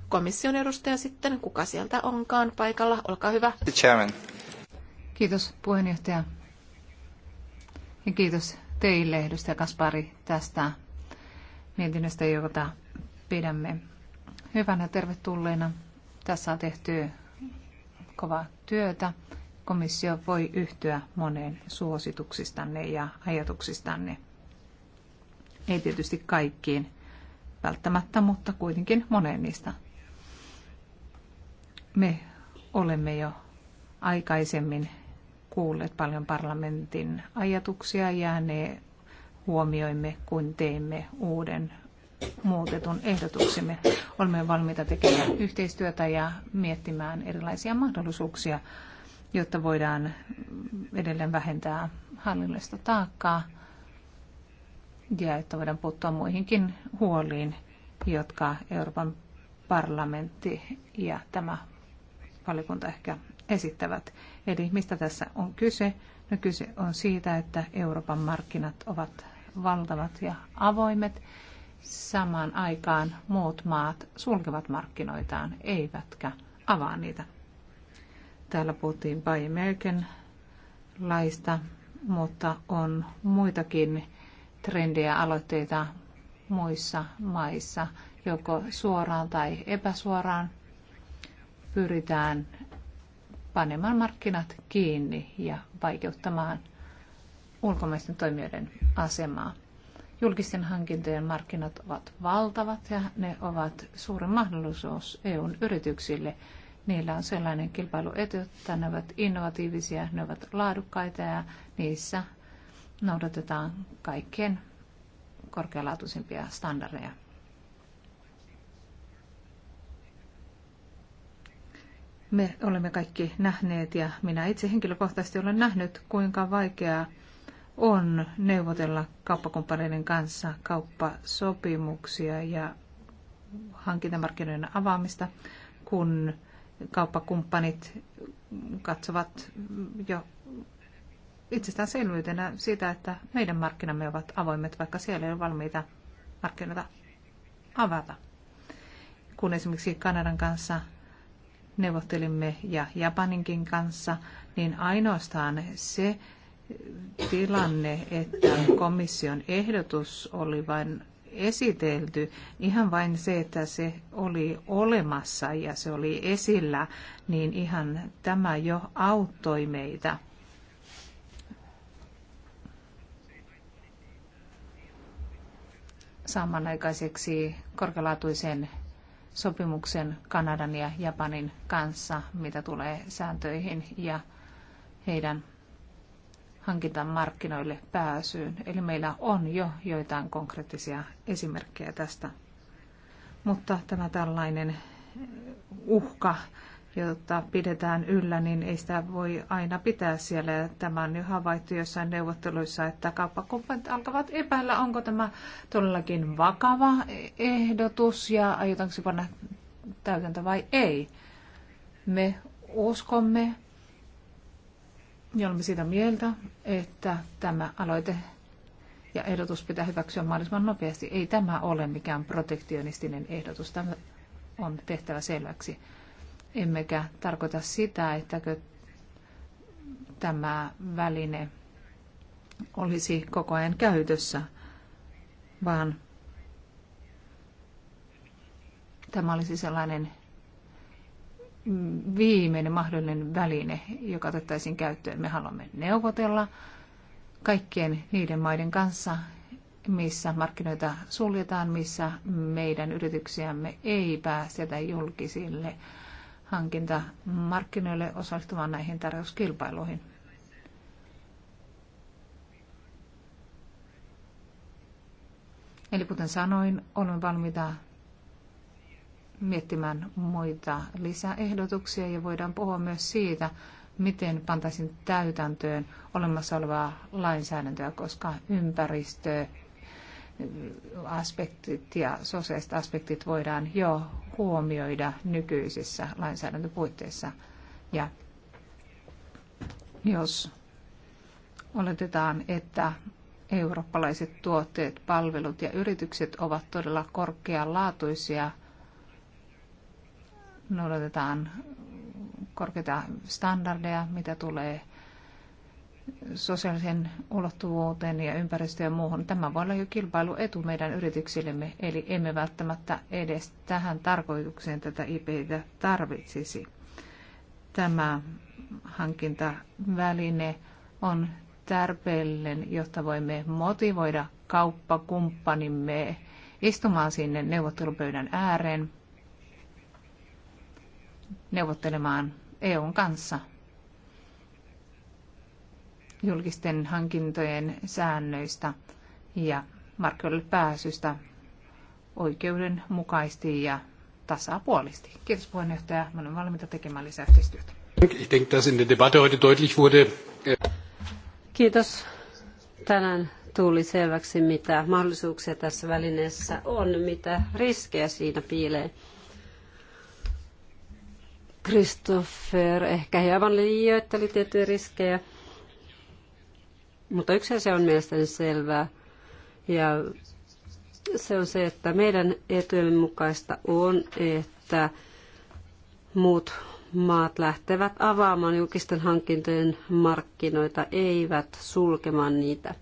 Komission edustaja sitten, kuka sieltä onkaan paikalla, olkaa hyvä. Chairman. Kiitos puheenjohtaja. Ja kiitos teille, edustaja Kaspari, tästä mietinnöstä, jota pidämme hyvänä tervetulleena. Tässä on tehty kovaa työtä. Komissio voi yhtyä moneen suosituksistanne ja ajatuksistanne. Ei tietysti kaikkiin välttämättä, mutta kuitenkin moneen niistä. Me olemme jo aikaisemmin kuulleet paljon parlamentin ajatuksia ja ne huomioimme, kun teemme uuden muutetun ehdotuksemme. Olemme valmiita tekemään yhteistyötä ja miettimään erilaisia mahdollisuuksia, jotta voidaan edelleen vähentää hallinnollista taakkaa – ja että voidaan puuttua muihinkin huoliin, jotka Euroopan parlamentti ja tämä valiokunta ehkä esittävät. Eli mistä tässä on kyse? No kyse on siitä, että Euroopan markkinat ovat valtavat ja avoimet. Samaan aikaan muut maat sulkevat markkinoitaan, eivätkä avaa niitä. Täällä puhuttiin Buy American laista, mutta on muitakin trendejä, aloitteita muissa maissa, joko suoraan tai epäsuoraan pyritään panemaan markkinat kiinni ja vaikeuttamaan ulkomaisten toimijoiden asemaa. Julkisten hankintojen markkinat ovat valtavat ja ne ovat suuri mahdollisuus EUn yrityksille. Niillä on sellainen kilpailuetu, että ne ovat innovatiivisia, ne ovat laadukkaita ja niissä noudatetaan kaikkien korkealaatuisimpia standardeja. Me olemme kaikki nähneet ja minä itse henkilökohtaisesti olen nähnyt, kuinka vaikeaa on neuvotella kauppakumppaneiden kanssa kauppasopimuksia ja hankintamarkkinoiden avaamista, kun kauppakumppanit katsovat jo itsestäänselvyytenä sitä, että meidän markkinamme ovat avoimet, vaikka siellä ei ole valmiita markkinoita avata. Kun esimerkiksi Kanadan kanssa neuvottelimme ja Japaninkin kanssa, niin ainoastaan se tilanne, että komission ehdotus oli vain esitelty, ihan vain se, että se oli olemassa ja se oli esillä, niin ihan tämä jo auttoi meitä aikaiseksi korkealaatuisen sopimuksen Kanadan ja Japanin kanssa, mitä tulee sääntöihin ja heidän hankintamarkkinoille pääsyyn. Eli meillä on jo joitain konkreettisia esimerkkejä tästä. Mutta tämä tällainen uhka jota pidetään yllä, niin ei sitä voi aina pitää siellä. Ja tämä on jo havaittu jossain neuvotteluissa, että kauppakumppanit alkavat epäillä, onko tämä todellakin vakava ehdotus ja aiotaanko se panna täytäntö vai ei. Me uskomme ja olemme sitä mieltä, että tämä aloite ja ehdotus pitää hyväksyä mahdollisimman nopeasti. Ei tämä ole mikään protektionistinen ehdotus. Tämä on tehtävä selväksi emmekä tarkoita sitä, että tämä väline olisi koko ajan käytössä, vaan tämä olisi sellainen viimeinen mahdollinen väline, joka otettaisiin käyttöön. Me haluamme neuvotella kaikkien niiden maiden kanssa, missä markkinoita suljetaan, missä meidän yrityksiämme ei päästetä julkisille hankinta markkinoille osallistumaan näihin tarjouskilpailuihin. Eli kuten sanoin, olemme valmiita miettimään muita lisäehdotuksia ja voidaan puhua myös siitä, miten pantaisin täytäntöön olemassa olevaa lainsäädäntöä, koska ympäristö, aspektit ja sosiaaliset aspektit voidaan jo huomioida nykyisissä lainsäädäntöpuitteissa. Ja jos oletetaan, että eurooppalaiset tuotteet, palvelut ja yritykset ovat todella korkealaatuisia, noudatetaan korkeita standardeja, mitä tulee sosiaalisen ulottuvuuteen ja ympäristöön ja muuhun. Tämä voi olla jo kilpailuetu meidän yrityksillemme, eli emme välttämättä edes tähän tarkoitukseen tätä IPtä tarvitsisi. Tämä hankintaväline on tarpeellinen, jotta voimme motivoida kauppakumppanimme istumaan sinne neuvottelupöydän ääreen neuvottelemaan EUn kanssa – julkisten hankintojen säännöistä ja markkinoille pääsystä oikeudenmukaisesti ja tasapuolisesti. Kiitos puheenjohtaja. Mä olen valmiita tekemään lisää yhteistyötä. Äh, Kiitos. Tänään tuli selväksi, mitä mahdollisuuksia tässä välineessä on, mitä riskejä siinä piilee. Christopher ehkä hieman liioitteli tiettyjä riskejä. Mutta yksi asia on mielestäni selvää, ja se on se, että meidän etujen mukaista on, että muut maat lähtevät avaamaan julkisten hankintojen markkinoita, eivät sulkemaan niitä.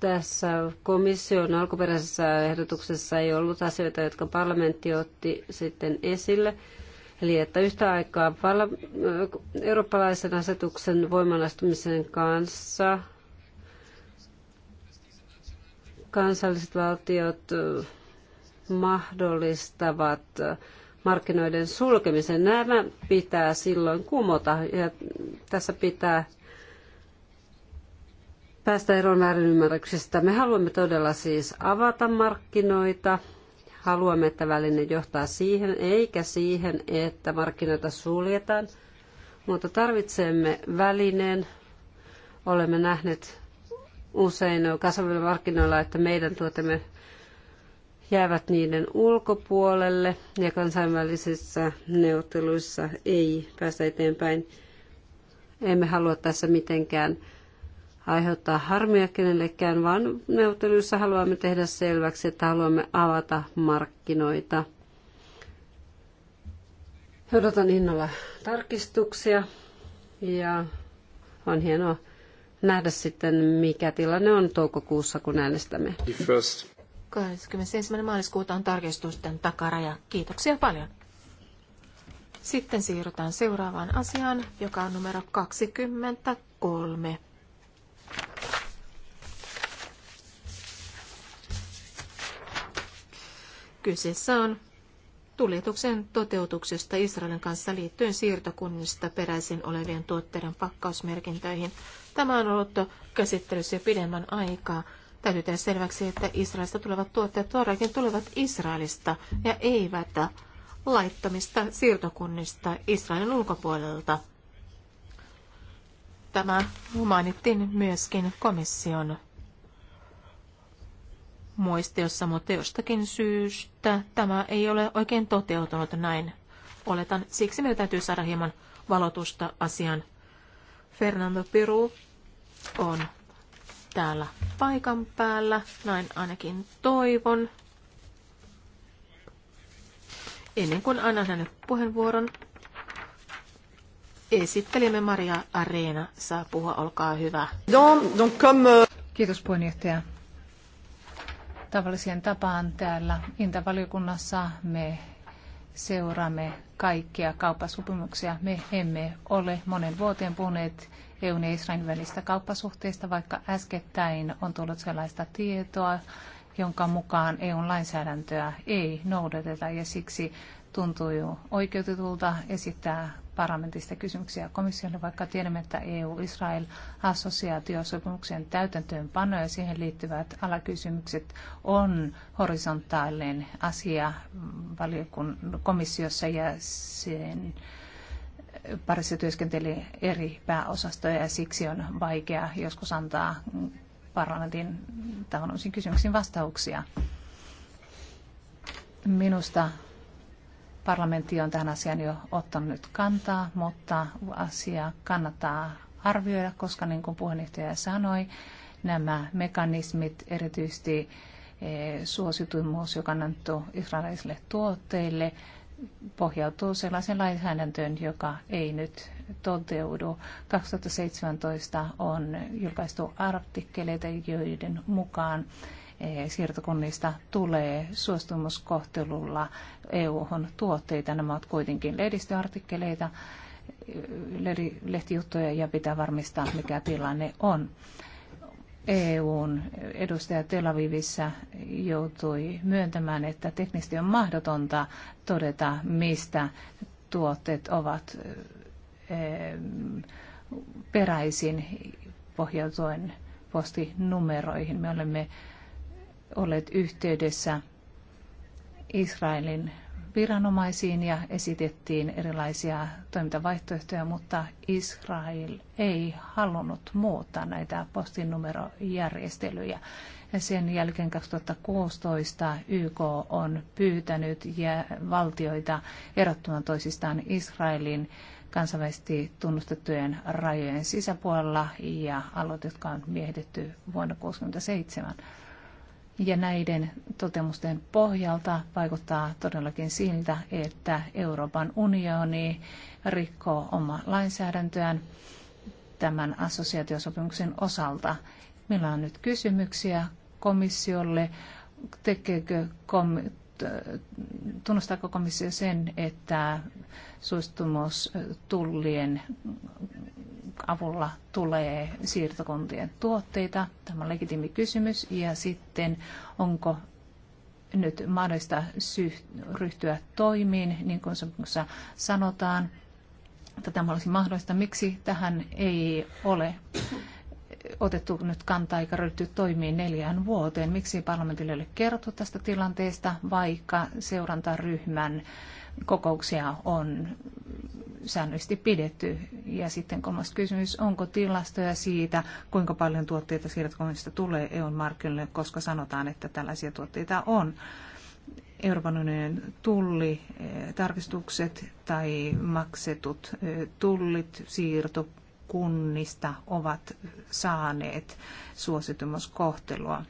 Tässä komission alkuperäisessä ehdotuksessa ei ollut asioita, jotka parlamentti otti sitten esille. Eli että yhtä aikaa eurooppalaisen asetuksen voimanastumisen kanssa kansalliset valtiot mahdollistavat markkinoiden sulkemisen. Nämä pitää silloin kumota ja tässä pitää päästä eroon väärinymmärryksistä. Me haluamme todella siis avata markkinoita haluamme, että väline johtaa siihen, eikä siihen, että markkinoita suljetaan, mutta tarvitsemme välineen. Olemme nähneet usein kasvavilla markkinoilla, että meidän tuotemme jäävät niiden ulkopuolelle ja kansainvälisissä neuvotteluissa ei päästä eteenpäin. Emme halua tässä mitenkään aiheuttaa harmia kenellekään, vaan neuvotteluissa haluamme tehdä selväksi, että haluamme avata markkinoita. Odotan innolla tarkistuksia ja on hienoa nähdä sitten, mikä tilanne on toukokuussa, kun äänestämme. 21. maaliskuuta on tarkistusten takaraja. Kiitoksia paljon. Sitten siirrytään seuraavaan asiaan, joka on numero 23. Kyseessä on tuljetuksen toteutuksesta Israelin kanssa liittyen siirtokunnista peräisin olevien tuotteiden pakkausmerkintöihin. Tämä on ollut käsittelyssä jo pidemmän aikaa. Täytyy tehdä selväksi, että Israelista tulevat tuotteet todellakin tulevat Israelista ja eivät laittomista siirtokunnista Israelin ulkopuolelta. Tämä mainittiin myöskin komission muistiossa, mutta jostakin syystä tämä ei ole oikein toteutunut näin. Oletan, siksi meidän täytyy saada hieman valotusta asian. Fernando Piru on täällä paikan päällä, näin ainakin toivon. Ennen kuin annan hänelle puheenvuoron, Esittelimme Maria Areena. Saa puhua, olkaa hyvä. Euh, Kiitos puheenjohtaja. Tavalliseen tapaan täällä Intavaliokunnassa me seuraamme kaikkia kauppasopimuksia. Me emme ole monen vuoteen puhuneet EUn ja Israelin välistä kauppasuhteista, vaikka äskettäin on tullut sellaista tietoa, jonka mukaan EUn lainsäädäntöä ei noudateta ja siksi tuntuu jo oikeutetulta esittää parlamentista kysymyksiä komissiolle, vaikka tiedämme, että EU-Israel-assosiaatiosopimuksen täytäntöönpano ja siihen liittyvät alakysymykset on horisontaalinen asia komissiossa ja sen parissa työskenteli eri pääosastoja ja siksi on vaikea joskus antaa parlamentin tavallisiin kysymyksiin vastauksia. Minusta Parlamentti on tähän asiaan jo ottanut kantaa, mutta asia kannattaa arvioida, koska niin kuin puheenjohtaja sanoi, nämä mekanismit, erityisesti eh, suosituimmuus, joka on annettu israelilaisille tuotteille, pohjautuu sellaiseen lainsäädäntöön, joka ei nyt toteudu. 2017 on julkaistu artikkeleita, joiden mukaan siirtokunnista tulee suostumuskohtelulla EU-hon tuotteita. Nämä ovat kuitenkin lehdistöartikkeleita, lehtijuttuja ja pitää varmistaa, mikä tilanne on. EUn edustaja Tel Avivissä joutui myöntämään, että teknisesti on mahdotonta todeta, mistä tuotteet ovat e, peräisin pohjautuen postinumeroihin. Me olemme olleet yhteydessä Israelin viranomaisiin ja esitettiin erilaisia toimintavaihtoehtoja, mutta Israel ei halunnut muuttaa näitä postinumerojärjestelyjä. Ja sen jälkeen 2016 YK on pyytänyt valtioita erottumaan toisistaan Israelin kansainvälisesti tunnustettujen rajojen sisäpuolella ja aloitetkaan on miehitetty vuonna 1967. Ja näiden totemusten pohjalta vaikuttaa todellakin siltä, että Euroopan unioni rikkoo oma lainsäädäntöään tämän assosiaatiosopimuksen osalta. Meillä on nyt kysymyksiä komissiolle. Tekeekö kom- tunnustaako komissio sen, että suostumus tullien avulla tulee siirtokuntien tuotteita? Tämä on legitiimi kysymys. Ja sitten, onko nyt mahdollista ryhtyä toimiin, niin kuin sanotaan, että tämä olisi mahdollista. Miksi tähän ei ole otettu nyt kantaa eikä ryhtyä toimiin neljään vuoteen? Miksi parlamentille ei ole kerrottu tästä tilanteesta, vaikka seurantaryhmän kokouksia on säännöllisesti pidetty. Ja sitten kolmas kysymys, onko tilastoja siitä, kuinka paljon tuotteita siirtokunnista tulee EUn markkinoille, koska sanotaan, että tällaisia tuotteita on. Euroopan unionin tullitarkistukset eh, tai maksetut eh, tullit siirtokunnista ovat saaneet suositumuskohtelua.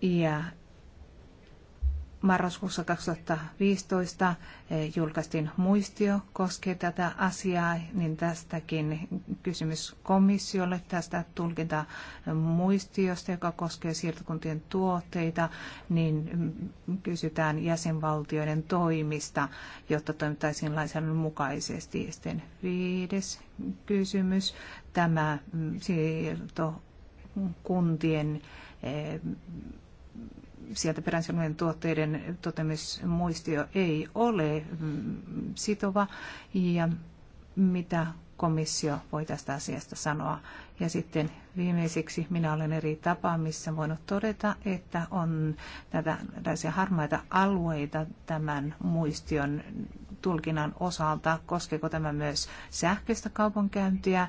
Ja marraskuussa 2015 e, julkaistiin muistio koskee tätä asiaa, niin tästäkin kysymys komissiolle tästä tulkinta muistiosta, joka koskee siirtokuntien tuotteita, niin kysytään jäsenvaltioiden toimista, jotta toimittaisiin lainsäädännön mukaisesti. Sitten viides kysymys, tämä mm, siirto kuntien e, sieltä peräisin tuotteiden totemismuistio ei ole mm, sitova ja mitä komissio voi tästä asiasta sanoa. Ja sitten viimeiseksi minä olen eri missä voinut todeta, että on näitä tällaisia harmaita alueita tämän muistion tulkinnan osalta. Koskeeko tämä myös sähköistä kaupankäyntiä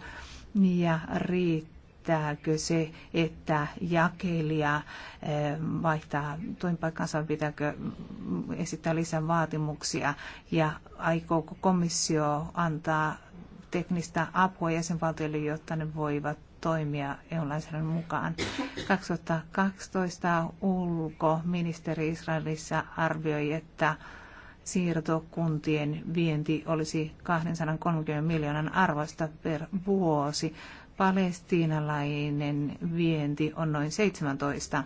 ja riittää? riittääkö se, että jakelija eh, vaihtaa toimipaikkansa, vai pitääkö esittää lisää vaatimuksia ja aikooko komissio antaa teknistä apua jäsenvaltioille, jotta ne voivat toimia EU-lainsäädännön mukaan. 2012 ulkoministeri Israelissa arvioi, että siirtokuntien vienti olisi 230 miljoonan arvosta per vuosi palestiinalainen vienti on noin 17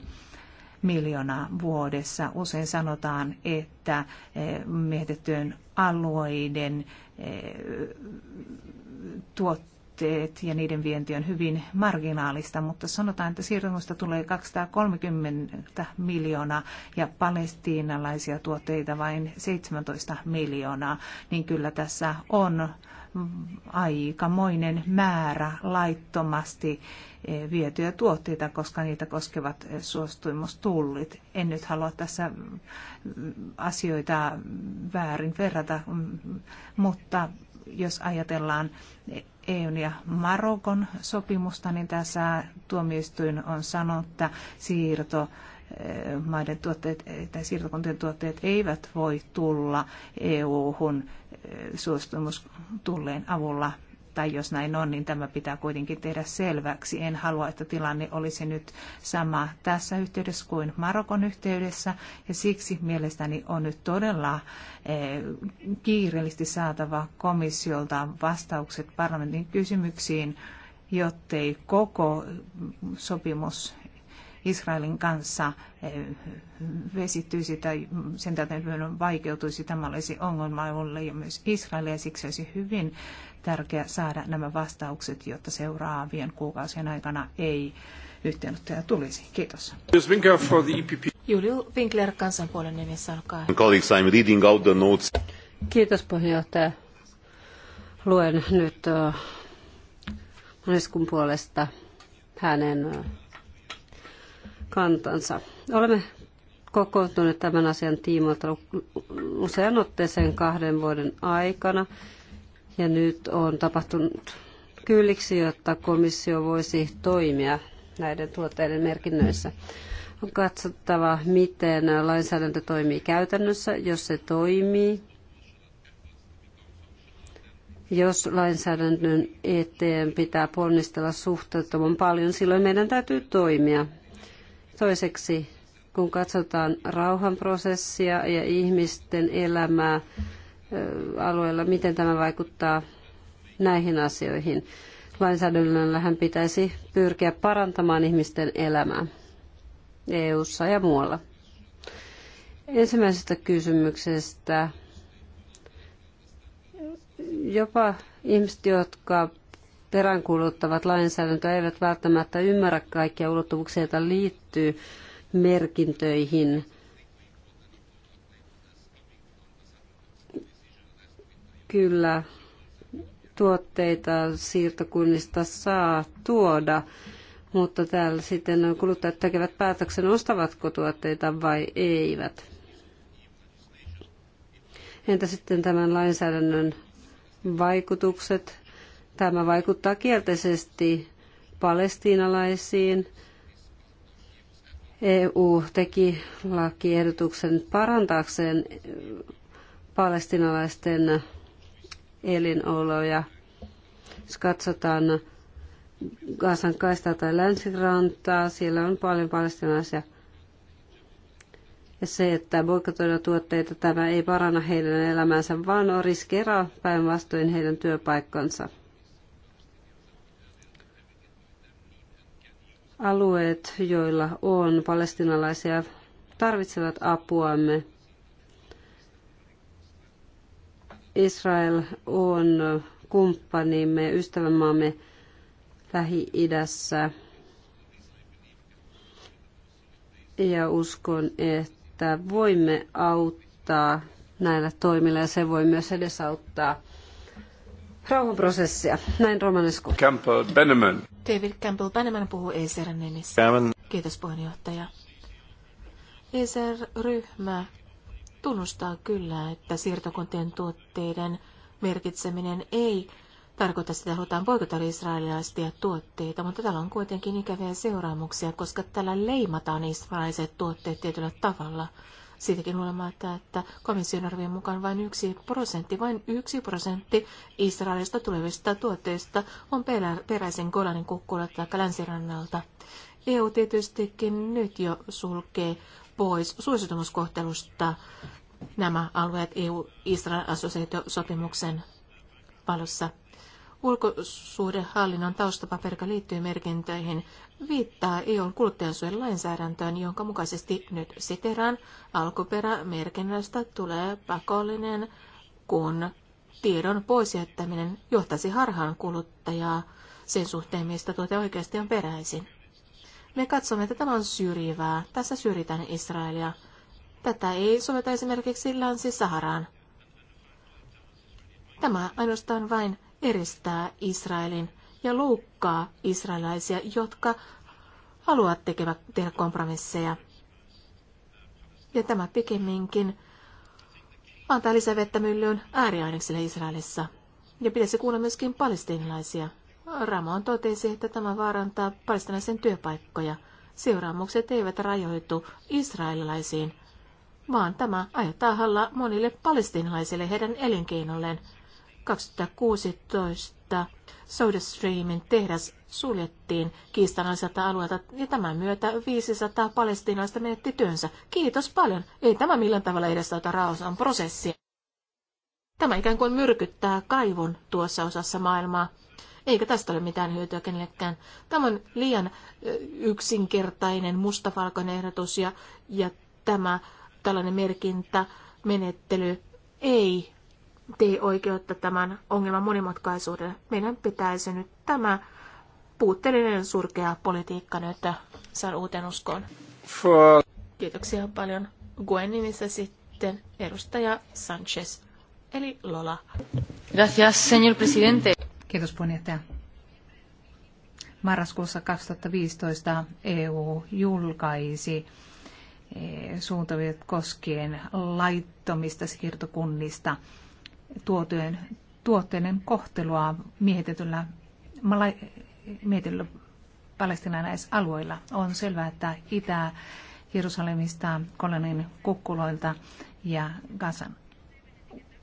miljoonaa vuodessa. Usein sanotaan, että eh, miehitettyjen alueiden eh, tuotteet ja niiden vienti on hyvin marginaalista, mutta sanotaan, että siirtymästä tulee 230 miljoonaa ja palestiinalaisia tuotteita vain 17 miljoonaa, niin kyllä tässä on aikamoinen määrä laittomasti eh, vietyjä tuotteita, koska niitä koskevat eh, suostuimustullit. En nyt halua tässä mm, asioita väärin verrata, mm, mutta jos ajatellaan EUn eh, e ja Marokon sopimusta, niin tässä tuomioistuin on sanonut, että siirto maiden tuotteet tai siirtokuntien tuotteet eivät voi tulla EU-hun eh, suostumus tulleen avulla tai jos näin on, niin tämä pitää kuitenkin tehdä selväksi. En halua, että tilanne olisi nyt sama tässä yhteydessä kuin Marokon yhteydessä, ja siksi mielestäni on nyt todella eh, kiireellisesti saatava komissiolta vastaukset parlamentin kysymyksiin, jottei koko sopimus Israelin kanssa eh, vesittyisi tai sen tätä vaikeutuisi. Tämä olisi ongelma EUlle ja myös Israelille ja siksi olisi hyvin tärkeää saada nämä vastaukset, jotta seuraavien kuukausien aikana ei yhteenottoja tulisi. Kiitos. Julio e Winkler kansanpuolen nimessä, alkaa. Colleagues, I'm reading out the notes. Kiitos puheenjohtaja. Luen nyt eh, Maneskun puolesta hänen eh, kantansa. Olemme kokoontuneet tämän asian tiimoilta usean otteeseen kahden vuoden aikana. Ja nyt on tapahtunut kylliksi, jotta komissio voisi toimia näiden tuotteiden merkinnöissä. On katsottava, miten lainsäädäntö toimii käytännössä, jos se toimii. Jos lainsäädännön eteen pitää ponnistella suhteettoman paljon, silloin meidän täytyy toimia. Toiseksi, kun katsotaan rauhanprosessia ja ihmisten elämää alueella, miten tämä vaikuttaa näihin asioihin. Lainsäädännöllähän pitäisi pyrkiä parantamaan ihmisten elämää EU-ssa ja muualla. Ensimmäisestä kysymyksestä jopa ihmiset, jotka peräänkuuluttavat lainsäädäntöä eivät välttämättä ymmärrä kaikkia ulottuvuuksia, joita liittyy merkintöihin. Kyllä tuotteita siirtokunnista saa tuoda, mutta täällä sitten kuluttajat tekevät päätöksen, ostavatko tuotteita vai eivät. Entä sitten tämän lainsäädännön vaikutukset Tämä vaikuttaa kielteisesti palestiinalaisiin. EU teki lakiehdotuksen parantaakseen palestinalaisten elinoloja. Jos katsotaan Gazan kaistaa tai länsirantaa, siellä on paljon palestinalaisia. Ja se, että boikotoida tuotteita, tämä ei paranna heidän elämänsä, vaan on riskeeraa päinvastoin heidän työpaikkansa. Alueet, joilla on palestinalaisia, tarvitsevat apuamme. Israel on kumppanimme, ystävämaamme Lähi-idässä. Ja uskon, että voimme auttaa näillä toimilla ja se voi myös edesauttaa rauhanprosessia. Näin Romanesku. Campbell David Campbell Bannerman puhuu ECRn nimissä. Kiitos puheenjohtaja. ECR-ryhmä tunnustaa kyllä, että siirtokuntien tuotteiden merkitseminen ei tarkoita sitä, että halutaan boikotella israelilaisia tuotteita, mutta tällä on kuitenkin ikäviä seuraamuksia, koska tällä leimataan israelilaiset tuotteet tietyllä tavalla siitäkin huolimatta, että komission arvion mukaan vain yksi prosentti, vain yksi prosentti Israelista tulevista tuotteista on peräisin Golanin kukkulat tai länsirannalta. EU tietystikin nyt jo sulkee pois suositumuskohtelusta nämä alueet EU-Israel-assosiaatiosopimuksen valossa ulkosuhdehallinnon taustapaperka liittyy merkintöihin, viittaa EUn kuluttajansuojan lainsäädäntöön, jonka mukaisesti nyt siteraan alkuperämerkinnästä tulee pakollinen, kun tiedon poisjättäminen johtaisi harhaan kuluttajaa sen suhteen, mistä tuote oikeasti on peräisin. Me katsomme, että tämä on syrjivää. Tässä syrjitään Israelia. Tätä ei soveta esimerkiksi Länsi-Saharaan. Tämä ainoastaan vain eristää Israelin ja loukkaa israelaisia, jotka haluavat tekevä, tehdä kompromisseja. Ja tämä pikemminkin antaa vettä myllyyn ääriaineksille Israelissa. Ja pitäisi kuulla myöskin palestiinalaisia. Ramon totesi, että tämä vaarantaa palestinaisen työpaikkoja. Seuraamukset eivät rajoitu israelilaisiin, vaan tämä aiheuttaa halla monille palestinilaisille heidän elinkeinolleen – 2016 SodaStreamin tehdas suljettiin kiistanaiselta alueelta ja tämän myötä 500 palestinaista menetti työnsä. Kiitos paljon. Ei tämä millään tavalla edestauta Raosan prosessia. Tämä ikään kuin myrkyttää kaivon tuossa osassa maailmaa. Eikä tästä ole mitään hyötyä kenellekään. Tämä on liian yksinkertainen mustavalkoinen ehdotus ja, ja tämä tällainen merkintämenettely ei tee oikeutta tämän ongelman monimutkaisuudelle. Meidän pitäisi nyt tämä puutteellinen surkea politiikka nyt saa uuteen uskoon. Kiitoksia paljon. Gwen nimissä sitten edustaja Sanchez, eli Lola. Gracias, señor presidente. Kiitos puheenjohtaja. Marraskuussa 2015 EU julkaisi eh, suuntaviot koskien laittomista siirtokunnista – Tuotteen tuotteiden kohtelua miehitetyllä, miehitetyllä palestinaisalueilla. On selvää, että Itä Jerusalemista, Kolonin kukkuloilta ja Gazan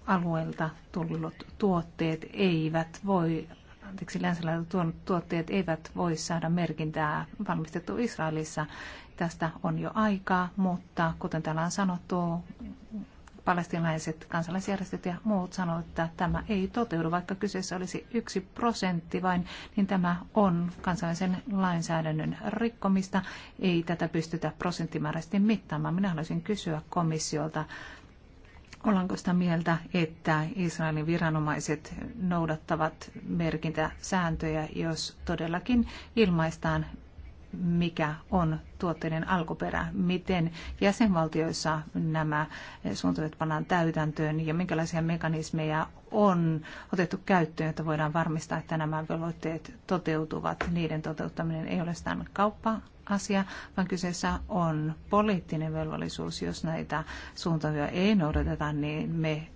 alueelta tullut tuotteet eivät voi, anteeksi, länsilaiset tuotteet eivät voi saada merkintää valmistettu Israelissa. Tästä on jo aikaa, mutta kuten täällä on sanottu, palestinaiset kansalaisjärjestöt ja muut sanovat, että tämä ei toteudu, vaikka kyseessä olisi yksi prosentti vain, niin tämä on kansallisen lainsäädännön rikkomista. Ei tätä pystytä prosenttimääräisesti mittaamaan. Minä haluaisin kysyä komissiolta, Ollaanko sitä mieltä, että Israelin viranomaiset noudattavat merkintäsääntöjä, jos todellakin ilmaistaan mikä on tuotteiden alkuperä, miten jäsenvaltioissa nämä suuntavat pannaan täytäntöön ja minkälaisia mekanismeja on otettu käyttöön, että voidaan varmistaa, että nämä velvoitteet toteutuvat. Niiden toteuttaminen ei ole sitä kauppa asia, vaan kyseessä on poliittinen velvollisuus. Jos näitä suuntavia ei noudateta, niin me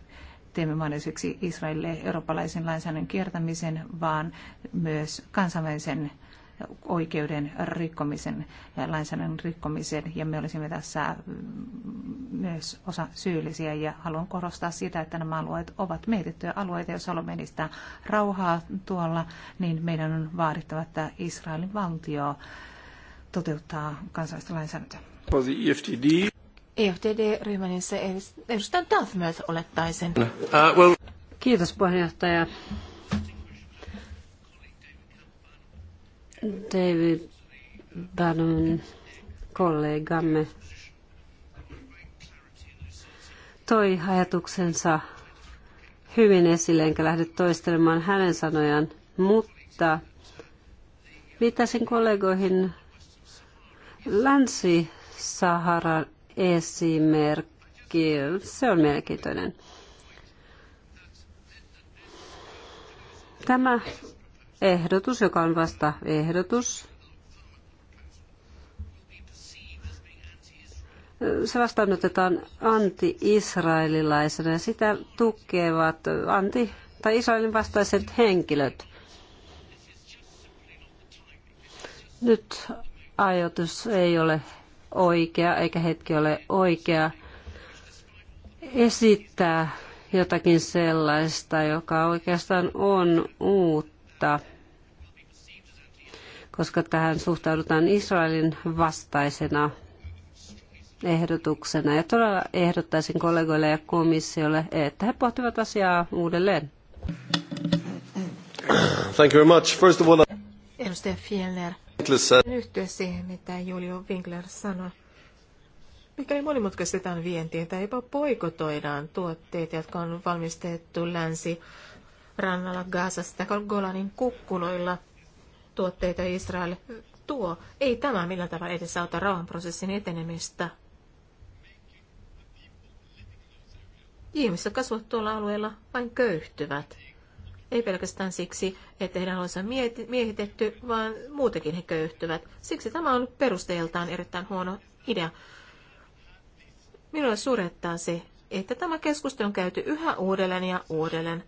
teemme mahdolliseksi Israelille eurooppalaisen lainsäädännön kiertämisen, vaan myös kansainvälisen oikeuden rikkomisen, lainsäädännön rikkomisen ja me olisimme tässä mm, myös osa syyllisiä ja haluan korostaa sitä, että nämä alueet ovat mietittyjä alueita, jos haluamme edistää rauhaa tuolla, niin meidän on vaadittava, että Israelin valtio toteuttaa kansallista lainsäädäntöä. EFTD. EFTD-ryhmän edustaja Dartmouth olettaisin. Uh, Kiitos puheenjohtaja. David Bannon kollegamme toi ajatuksensa hyvin esille, enkä lähde toistelemaan hänen sanojaan, mutta viittasin kollegoihin Länsi-Saharan esimerkki. Se on mielenkiintoinen. Tämä ehdotus, joka on vasta ehdotus, se vastaanotetaan anti-israelilaisena ja sitä tukevat anti- tai Israelin vastaiset henkilöt. Nyt ajoitus ei ole oikea eikä hetki ole oikea esittää jotakin sellaista, joka oikeastaan on uutta muuttaa, koska tähän suhtaudutaan Israelin vastaisena ehdotuksena. Ja todella ehdottaisin kollegoille ja komissiolle, että he pohtivat asiaa uudelleen. Thank you very much. First of all, Edustaja Fjellner. Yhtyä siihen, mitä Julio Winkler sanoi. Mikäli monimutkaistetaan vientiä tai jopa poikotoidaan tuotteita, jotka on valmistettu länsi rannalla Gazasta tai Golanin kukkuloilla tuotteita Israel tuo. Ei tämä millään tavalla edesauta rauhanprosessin etenemistä. Ihmiset kasvot tuolla alueella vain köyhtyvät. Ei pelkästään siksi, että heidän alueensa on miehitetty, vaan muutenkin he köyhtyvät. Siksi tämä on perusteeltaan erittäin huono idea. Minulle surettaa se, että tämä keskustelu on käyty yhä uudelleen ja uudelleen.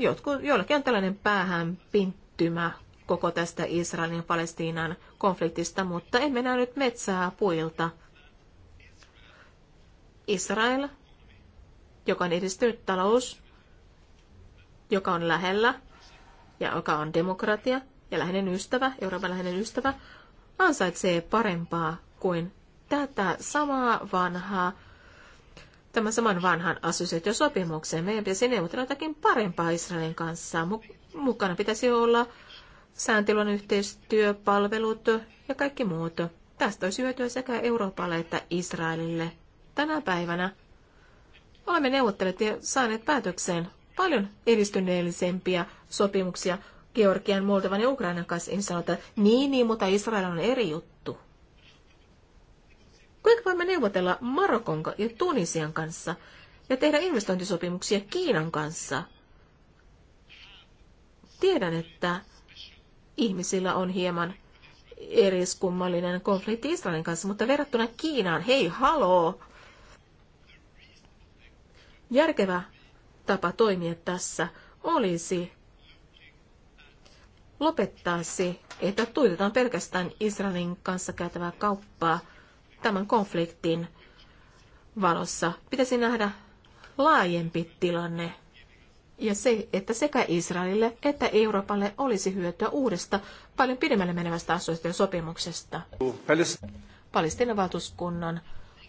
Jotkut, joillakin on tällainen päähän pinttymä koko tästä Israelin ja Palestiinan konfliktista, mutta emme näe nyt metsää puilta. Israel, joka on edistynyt talous, joka on lähellä ja joka on demokratia ja läheinen ystävä, Euroopan läheinen ystävä, ansaitsee parempaa kuin tätä samaa vanhaa tämän saman vanhan assosiaatiosopimuksen. Meidän pitäisi neuvotella jotakin parempaa Israelin kanssa. Mukana pitäisi olla sääntelyn yhteistyö, palvelut ja kaikki muut. Tästä olisi hyötyä sekä Euroopalle että Israelille. Tänä päivänä olemme neuvottelut ja saaneet päätökseen paljon edistyneellisempiä sopimuksia Georgian, Moldovan ja Ukrainan kanssa. En sano, että niin, niin, mutta Israel on eri juttu. Kuinka voimme neuvotella Marokon ja Tunisian kanssa ja tehdä investointisopimuksia Kiinan kanssa? Tiedän, että ihmisillä on hieman eriskummallinen konflikti Israelin kanssa, mutta verrattuna Kiinaan, hei haloo! Järkevä tapa toimia tässä olisi lopettaa se, että tuitetaan pelkästään Israelin kanssa käytävää kauppaa – tämän konfliktin valossa pitäisi nähdä laajempi tilanne ja se, että sekä Israelille että Euroopalle olisi hyötyä uudesta, paljon pidemmälle menevästä sopimuksesta. Palestinan valtuuskunnan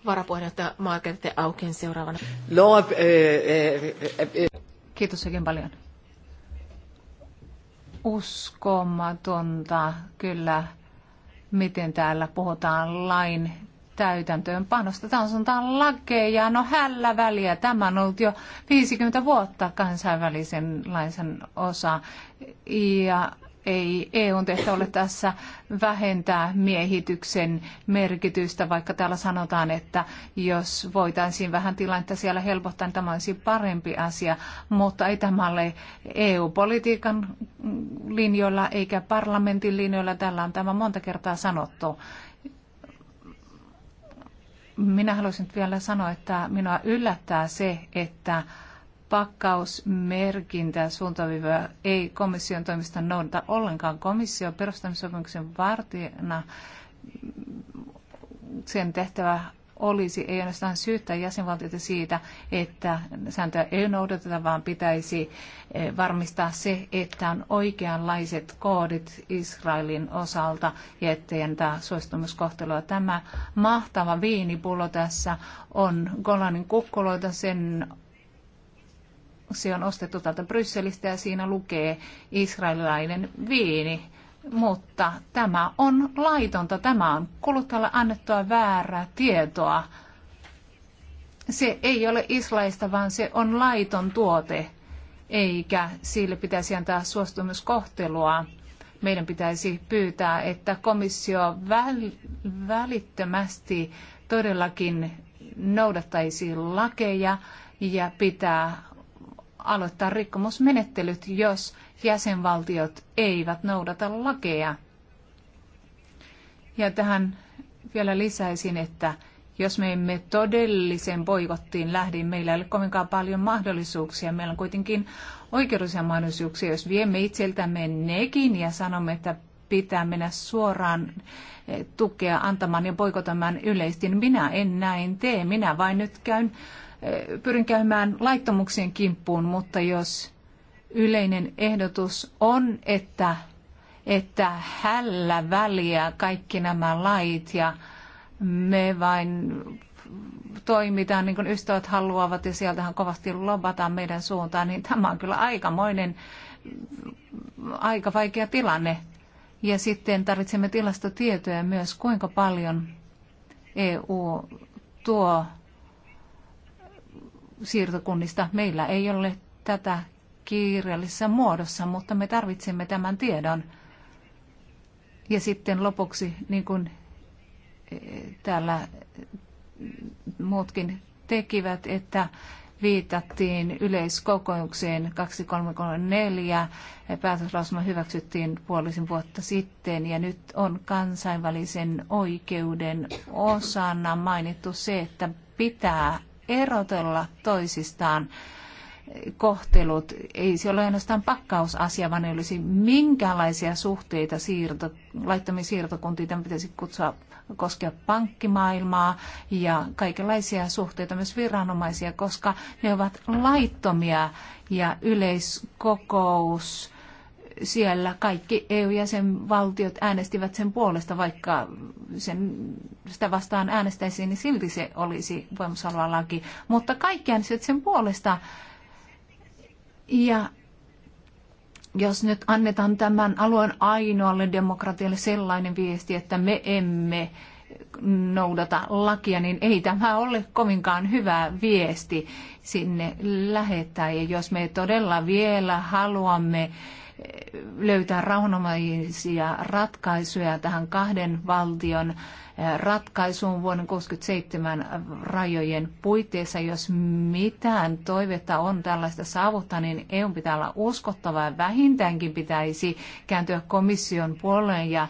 varapuheenjohtaja Margaret Auken seuraavana. No, äh, äh, äh, Kiitos oikein paljon. Uskomatonta kyllä, miten täällä puhutaan lain täytäntöönpanosta. Tämä on sanotaan lakeja, no hällä väliä. Tämä on ollut jo 50 vuotta kansainvälisen laisen osa. Ja ei EUn tehtävä ole tässä vähentää miehityksen merkitystä, vaikka täällä sanotaan, että jos voitaisiin vähän tilannetta siellä helpottaa, niin tämä olisi parempi asia, mutta ei tämä ole EU-politiikan linjoilla eikä parlamentin linjoilla. Tällä on tämä monta kertaa sanottu. Minä haluaisin vielä sanoa, että minua yllättää se, että pakkausmerkintä suuntaviivoja ei komission toimista noudata ollenkaan. Komissio perustamissopimuksen vartijana sen tehtävä olisi ei ainoastaan syyttää jäsenvaltioita siitä, että sääntöä ei noudateta, vaan pitäisi eh, varmistaa se, että on oikeanlaiset koodit Israelin osalta ja ettei antaa suostumuskohtelua. Tämä mahtava viinipulo tässä on Golanin kukkuloita, sen se on ostettu täältä Brysselistä ja siinä lukee israelilainen viini mutta tämä on laitonta. Tämä on kuluttajalle annettua väärää tietoa. Se ei ole islaista, vaan se on laiton tuote, eikä sille pitäisi antaa suostumuskohtelua. Meidän pitäisi pyytää, että komissio väl- välittömästi todellakin noudattaisi lakeja ja pitää aloittaa rikkomusmenettelyt, jos jäsenvaltiot eivät noudata lakeja. Ja tähän vielä lisäisin, että jos me emme todellisen boikottiin lähdin meillä ei ole kovinkaan paljon mahdollisuuksia. Meillä on kuitenkin oikeudellisia mahdollisuuksia, jos viemme itseltämme nekin ja sanomme, että pitää mennä suoraan eh, tukea antamaan ja boikotamaan yleisesti. Niin minä en näin tee. Minä vain nyt käyn pyrin käymään laittomuuksien kimppuun, mutta jos yleinen ehdotus on, että, että hällä väliä kaikki nämä lait ja me vain toimitaan niin kuin ystävät haluavat ja sieltähän kovasti lobataan meidän suuntaan, niin tämä on kyllä aikamoinen, aika vaikea tilanne. Ja sitten tarvitsemme tilastotietoja myös, kuinka paljon EU tuo siirtokunnista. Meillä ei ole tätä kirjallisessa muodossa, mutta me tarvitsemme tämän tiedon. Ja sitten lopuksi, niin kuin e, täällä muutkin tekivät, että viitattiin yleiskokoukseen 2334. Päätöslausuma hyväksyttiin puolisen vuotta sitten ja nyt on kansainvälisen oikeuden osana mainittu se, että pitää erotella toisistaan kohtelut. Ei se ole ainoastaan pakkausasia, vaan ei olisi minkälaisia suhteita siirto, laittomia siirtokuntia. Tämä pitäisi kutsua koskea pankkimaailmaa ja kaikenlaisia suhteita myös viranomaisia, koska ne ovat laittomia ja yleiskokous siellä kaikki EU-jäsenvaltiot äänestivät sen puolesta, vaikka sen, sitä vastaan äänestäisiin, niin silti se olisi voimassa oleva laki. Mutta kaikki äänestivät sen puolesta. Ja jos nyt annetaan tämän alueen ainoalle demokratialle sellainen viesti, että me emme noudata lakia, niin ei tämä ole kovinkaan hyvä viesti sinne lähettää. Ja jos me todella vielä haluamme löytää rauhanomaisia ratkaisuja tähän kahden valtion eh, ratkaisuun vuoden 1967 rajojen puitteissa. Jos mitään toivetta on tällaista saavuttaa, niin EU pitää olla uskottava ja vähintäänkin pitäisi kääntyä komission puoleen ja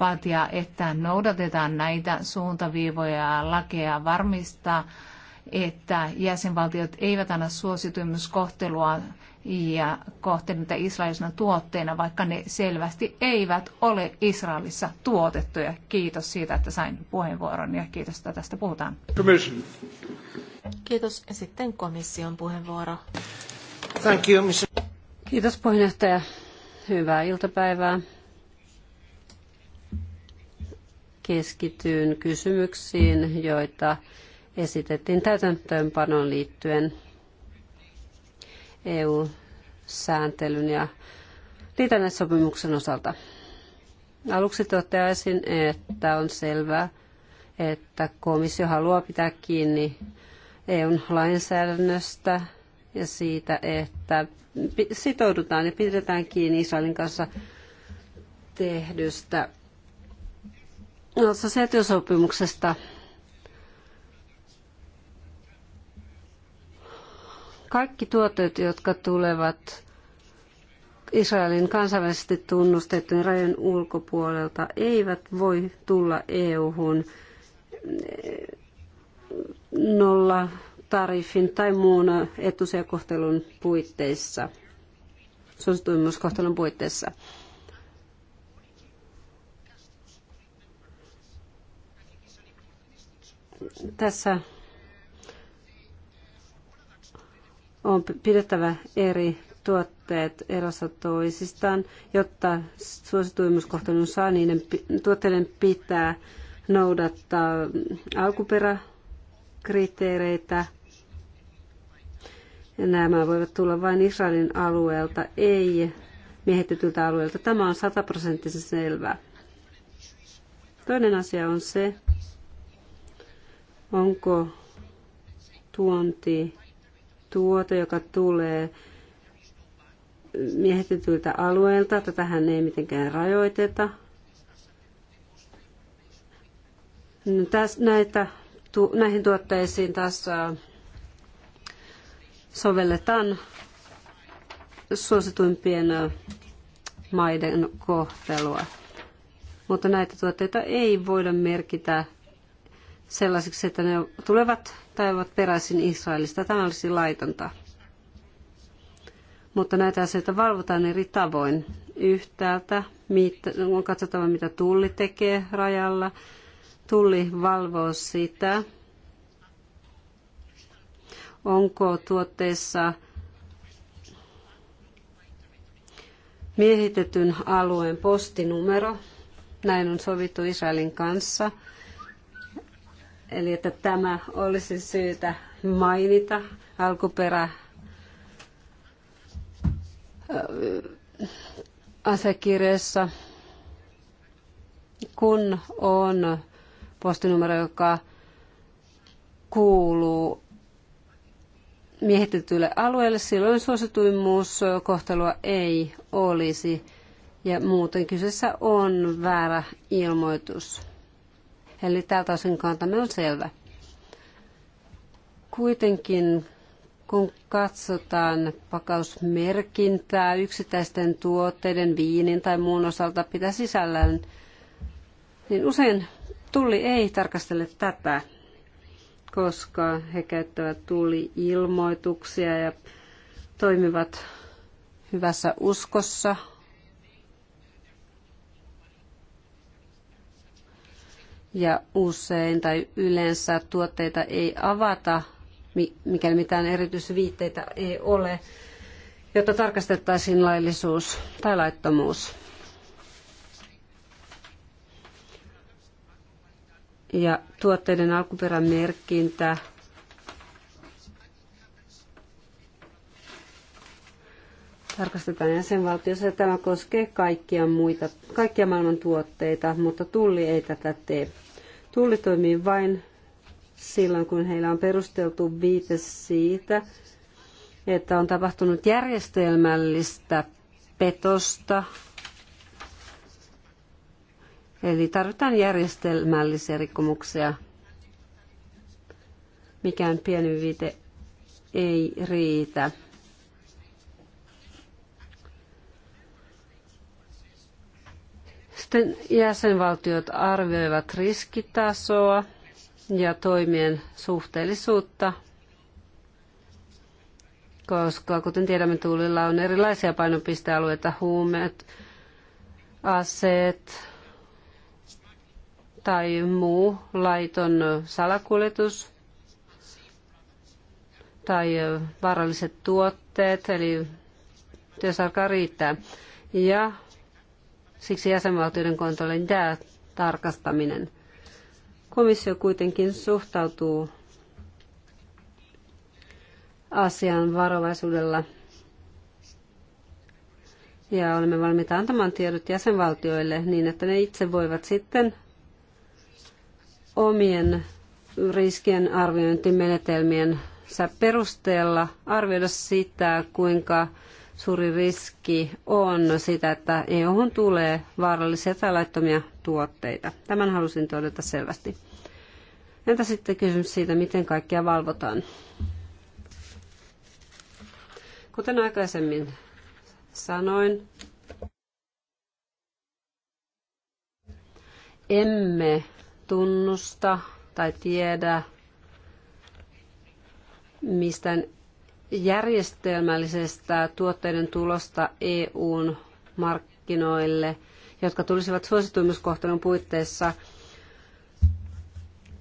vaatia, että noudatetaan näitä suuntaviivoja ja lakeja varmistaa, että jäsenvaltiot eivät anna suosituimmuskohtelua ja kohtele israelisena tuotteena, vaikka ne selvästi eivät ole Israelissa tuotettuja. Kiitos siitä, että sain puheenvuoron ja kiitos, että tästä puhutaan. Commission. Kiitos. Ja sitten komission puheenvuoro. Thank you, Mr. Kiitos puheenjohtaja. Hyvää iltapäivää. Keskityn kysymyksiin, joita esitettiin täytäntöönpanoon liittyen EU-sääntelyn ja liitännäissopimuksen osalta. Aluksi toteaisin, että on selvää, että komissio haluaa pitää kiinni eu lainsäädännöstä ja siitä, että sitoudutaan ja pidetään kiinni Israelin kanssa tehdystä sopimuksesta. Kaikki tuotteet, jotka tulevat Israelin kansainvälisesti tunnustettujen rajojen ulkopuolelta, eivät voi tulla EU-hun nolla tarifin tai muun etusijakohtelun puitteissa, suosituimmuuskohtelun puitteissa. Tässä On pidettävä eri tuotteet erossa toisistaan, jotta suosituimmuuskohtelun saa niiden tuotteiden pitää noudattaa alkuperäkriteereitä. Nämä voivat tulla vain Israelin alueelta, ei miehitetyltä alueelta. Tämä on sataprosenttisen selvää. Toinen asia on se, onko tuonti tuote, joka tulee miehitetyiltä alueilta. Tätähän ei mitenkään rajoiteta. No, täs, näitä, tu, näihin tuotteisiin taas sovelletaan suosituimpien maiden kohtelua. Mutta näitä tuotteita ei voida merkitä sellaisiksi, että ne tulevat tai ovat peräisin Israelista. Tämä olisi laitonta. Mutta näitä asioita valvotaan eri tavoin. Yhtäältä on katsottava, mitä tulli tekee rajalla. Tulli valvoo sitä, onko tuotteessa miehitetyn alueen postinumero. Näin on sovittu Israelin kanssa – Eli että tämä olisi syytä mainita alkuperä asiakirjassa, kun on postinumero, joka kuuluu miehitetylle alueelle, silloin kohtelua ei olisi. Ja muuten kyseessä on väärä ilmoitus. Eli tältä osin kantamme on selvä. Kuitenkin kun katsotaan pakausmerkintää yksittäisten tuotteiden, viinin tai muun osalta pitää sisällään, niin usein tulli ei tarkastele tätä, koska he käyttävät tulli-ilmoituksia ja toimivat hyvässä uskossa ja usein tai yleensä tuotteita ei avata, mikäli mitään erityisviitteitä ei ole, jotta tarkastettaisiin laillisuus tai laittomuus. Ja tuotteiden alkuperämerkintä tarkastetaan jäsenvaltiossa. Tämä koskee kaikkia, muita, kaikkia maailman tuotteita, mutta tulli ei tätä tee. Tulli toimii vain silloin, kun heillä on perusteltu viite siitä, että on tapahtunut järjestelmällistä petosta. Eli tarvitaan järjestelmällisiä rikkomuksia. Mikään pieni viite ei riitä. Sitten jäsenvaltiot arvioivat riskitasoa ja toimien suhteellisuutta, koska kuten tiedämme, tuulilla on erilaisia painopistealueita, huumeet, aseet tai muu laiton salakuljetus tai vaaralliset tuotteet, eli työsarkaa riittää. Ja siksi jäsenvaltioiden kontrollin jää tarkastaminen. Komissio kuitenkin suhtautuu asian varovaisuudella ja olemme valmiita antamaan tiedot jäsenvaltioille niin, että ne itse voivat sitten omien riskien arviointimenetelmien perusteella arvioida sitä, kuinka suuri riski on sitä, että EUhun tulee vaarallisia tai laittomia tuotteita. Tämän halusin todeta selvästi. Entä sitten kysymys siitä, miten kaikkea valvotaan? Kuten aikaisemmin sanoin, emme tunnusta tai tiedä mistään järjestelmällisestä tuotteiden tulosta EUn markkinoille, jotka tulisivat suosituimmuuskohtelun puitteissa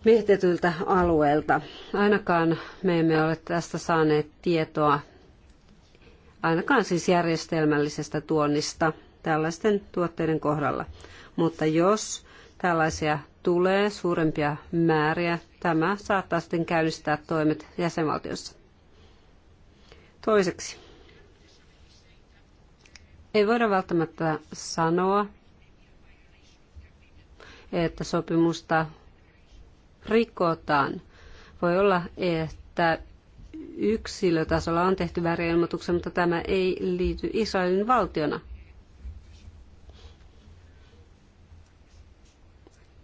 mietityiltä alueilta. Ainakaan me emme ole tästä saaneet tietoa, ainakaan siis järjestelmällisestä tuonnista tällaisten tuotteiden kohdalla. Mutta jos tällaisia tulee suurempia määriä, tämä saattaa sitten käynnistää toimet jäsenvaltiossa. Toiseksi, ei voida välttämättä sanoa, että sopimusta rikotaan. Voi olla, että yksilötasolla on tehty vääriä mutta tämä ei liity Israelin valtiona.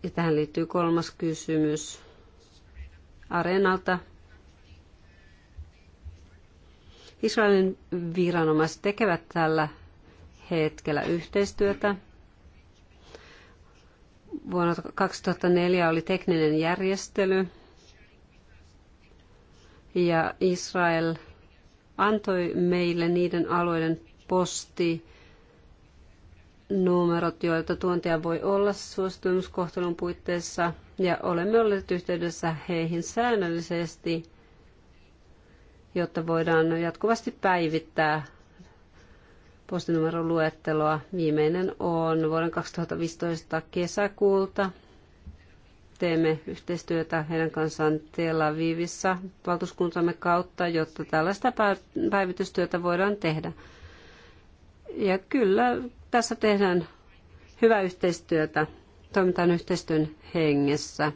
Ja tähän liittyy kolmas kysymys Areenalta – Israelin viranomaiset tekevät tällä hetkellä yhteistyötä. Vuonna 2004 oli tekninen järjestely ja Israel antoi meille niiden alueiden posti numerot, joilta tuontia voi olla suostumuskohtelun puitteissa, ja olemme olleet yhteydessä heihin säännöllisesti – jotta voidaan jatkuvasti päivittää postinumeroluetteloa. Viimeinen on vuoden 2015 kesäkuulta. Teemme yhteistyötä heidän kanssaan Tel Avivissa valtuuskuntamme kautta, jotta tällaista päivitystyötä voidaan tehdä. Ja kyllä tässä tehdään hyvää yhteistyötä, toimitaan yhteistyön hengessä.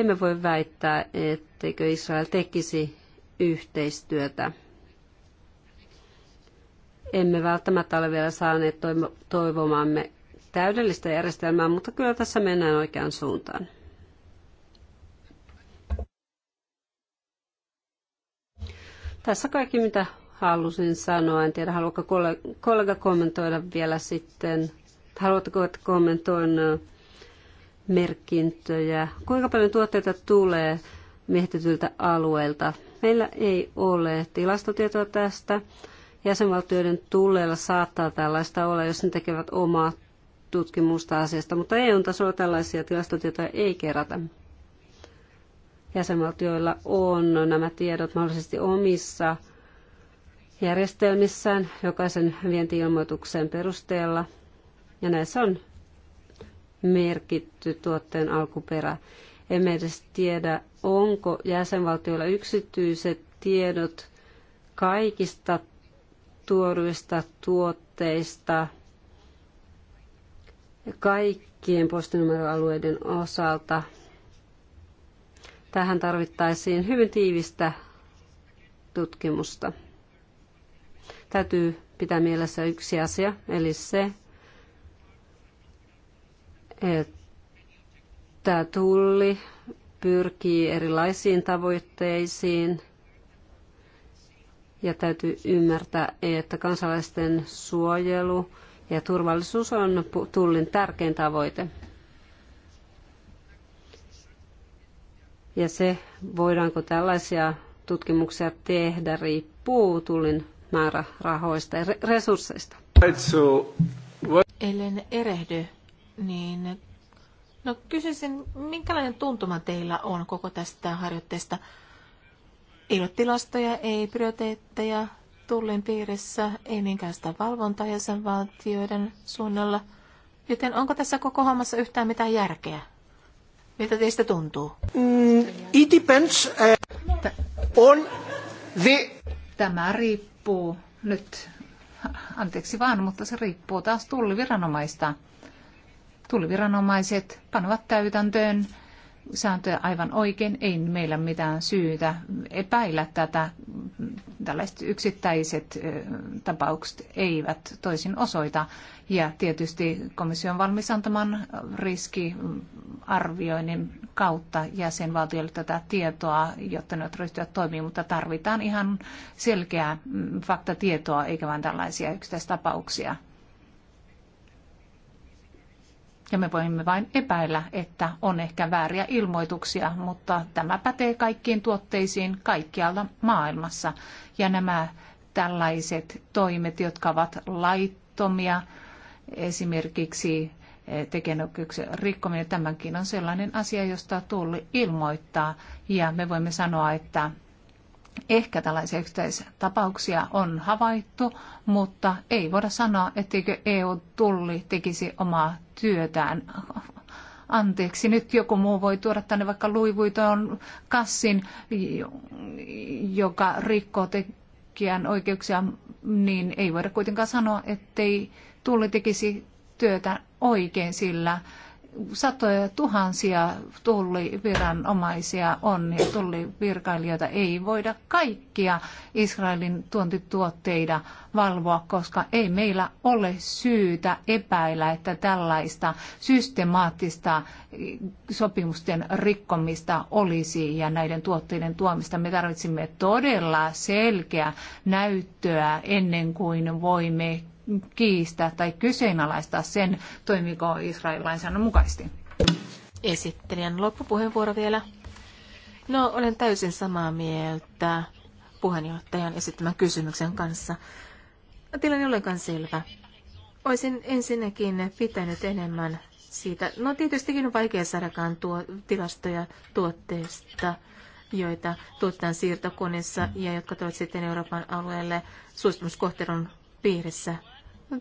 emme voi väittää, etteikö Israel tekisi yhteistyötä. Emme välttämättä ole vielä saaneet toivomaamme täydellistä järjestelmää, mutta kyllä tässä mennään oikeaan suuntaan. Tässä kaikki, mitä halusin sanoa. En tiedä, haluatko kollega kommentoida vielä sitten. Haluatko kommentoida merkintöjä. Kuinka paljon tuotteita tulee miehitetyiltä alueilta? Meillä ei ole tilastotietoa tästä. Jäsenvaltioiden tulleilla saattaa tällaista olla, jos ne tekevät omaa tutkimusta asiasta, mutta EU-tasolla tällaisia tilastotietoja ei kerätä. Jäsenvaltioilla on nämä tiedot mahdollisesti omissa järjestelmissään jokaisen vientiilmoituksen perusteella. Ja näissä on merkitty tuotteen alkuperä. Emme edes tiedä, onko jäsenvaltioilla yksityiset tiedot kaikista tuoduista tuotteista kaikkien postinumeroalueiden osalta. Tähän tarvittaisiin hyvin tiivistä tutkimusta. Täytyy pitää mielessä yksi asia, eli se, että tulli pyrkii erilaisiin tavoitteisiin ja täytyy ymmärtää, että kansalaisten suojelu ja turvallisuus on tullin tärkein tavoite. Ja se, voidaanko tällaisia tutkimuksia tehdä, riippuu tullin määrärahoista ja resursseista. Ellen erehdy, niin no kysyisin, minkälainen tuntuma teillä on koko tästä harjoitteesta? Ei ole tilastoja, ei prioriteetteja tullin piirissä, ei minkäänlaista valvontaa jäsenvaltioiden suunnalla. Joten onko tässä koko hommassa yhtään mitään järkeä? Mitä teistä tuntuu? Mm, it depends uh, on the... Tämä riippuu nyt, anteeksi vaan, mutta se riippuu taas tulliviranomaista. viranomaista tulliviranomaiset panovat täytäntöön sääntöjä aivan oikein. Ei meillä mitään syytä epäillä tätä. Tällaiset yksittäiset tapaukset eivät toisin osoita. Ja tietysti komissio on valmis antamaan riskiarvioinnin kautta jäsenvaltioille tätä tietoa, jotta ne ryhtyvät toimimaan, mutta tarvitaan ihan selkeää mm, faktatietoa, eikä vain tällaisia yksittäistapauksia ja me voimme vain epäillä, että on ehkä vääriä ilmoituksia, mutta tämä pätee kaikkiin tuotteisiin kaikkialla maailmassa. Ja nämä tällaiset toimet, jotka ovat laittomia, esimerkiksi eh, tekenokyksen rikkominen, tämänkin on sellainen asia, josta tulli ilmoittaa. Ja me voimme sanoa, että Ehkä tällaisia yksittäistapauksia on havaittu, mutta ei voida sanoa, etteikö EU-tulli tekisi omaa työtään. Anteeksi, nyt joku muu voi tuoda tänne vaikka luivuiton kassin, joka rikkoo tekijän oikeuksia, niin ei voida kuitenkaan sanoa, ettei tulli tekisi työtä oikein, sillä satoja tuhansia tulliviranomaisia on ja tullivirkailijoita ei voida kaikkia Israelin tuontituotteita valvoa, koska ei meillä ole syytä epäillä, että tällaista systemaattista sopimusten rikkomista olisi ja näiden tuotteiden tuomista. Me tarvitsemme todella selkeää näyttöä ennen kuin voimme kiistää tai kyseenalaistaa sen, toimiko Israelin lainsäädännön mukaisesti. Esittelijän loppupuheenvuoro vielä. No, olen täysin samaa mieltä puheenjohtajan esittämän kysymyksen kanssa. Tilanne ollenkaan selvä. Olisin ensinnäkin pitänyt enemmän siitä. No tietystikin on vaikea saadakaan tuo, tilastoja tuotteista, joita tuotetaan siirtokunnissa ja jotka tulevat sitten Euroopan alueelle suostumuskohtelun piirissä.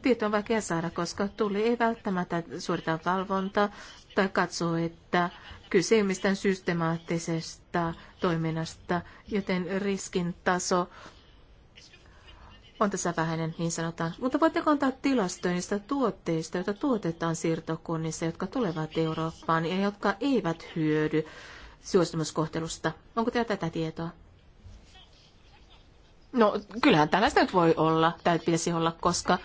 Tieto on vaikea saada, koska tuli ei välttämättä suorita valvontaa tai katsoa, että kyse systemaattisesta toiminnasta, joten riskin taso on tässä vähäinen, niin sanotaan. Mutta voitteko antaa tilastoja niistä tuotteista, joita tuotetaan siirtokunnissa, jotka tulevat Eurooppaan ja jotka eivät hyödy suostumuskohtelusta? Onko teillä tätä tietoa? No, kyllähän tällaista nyt voi olla, tai pitäisi olla, koska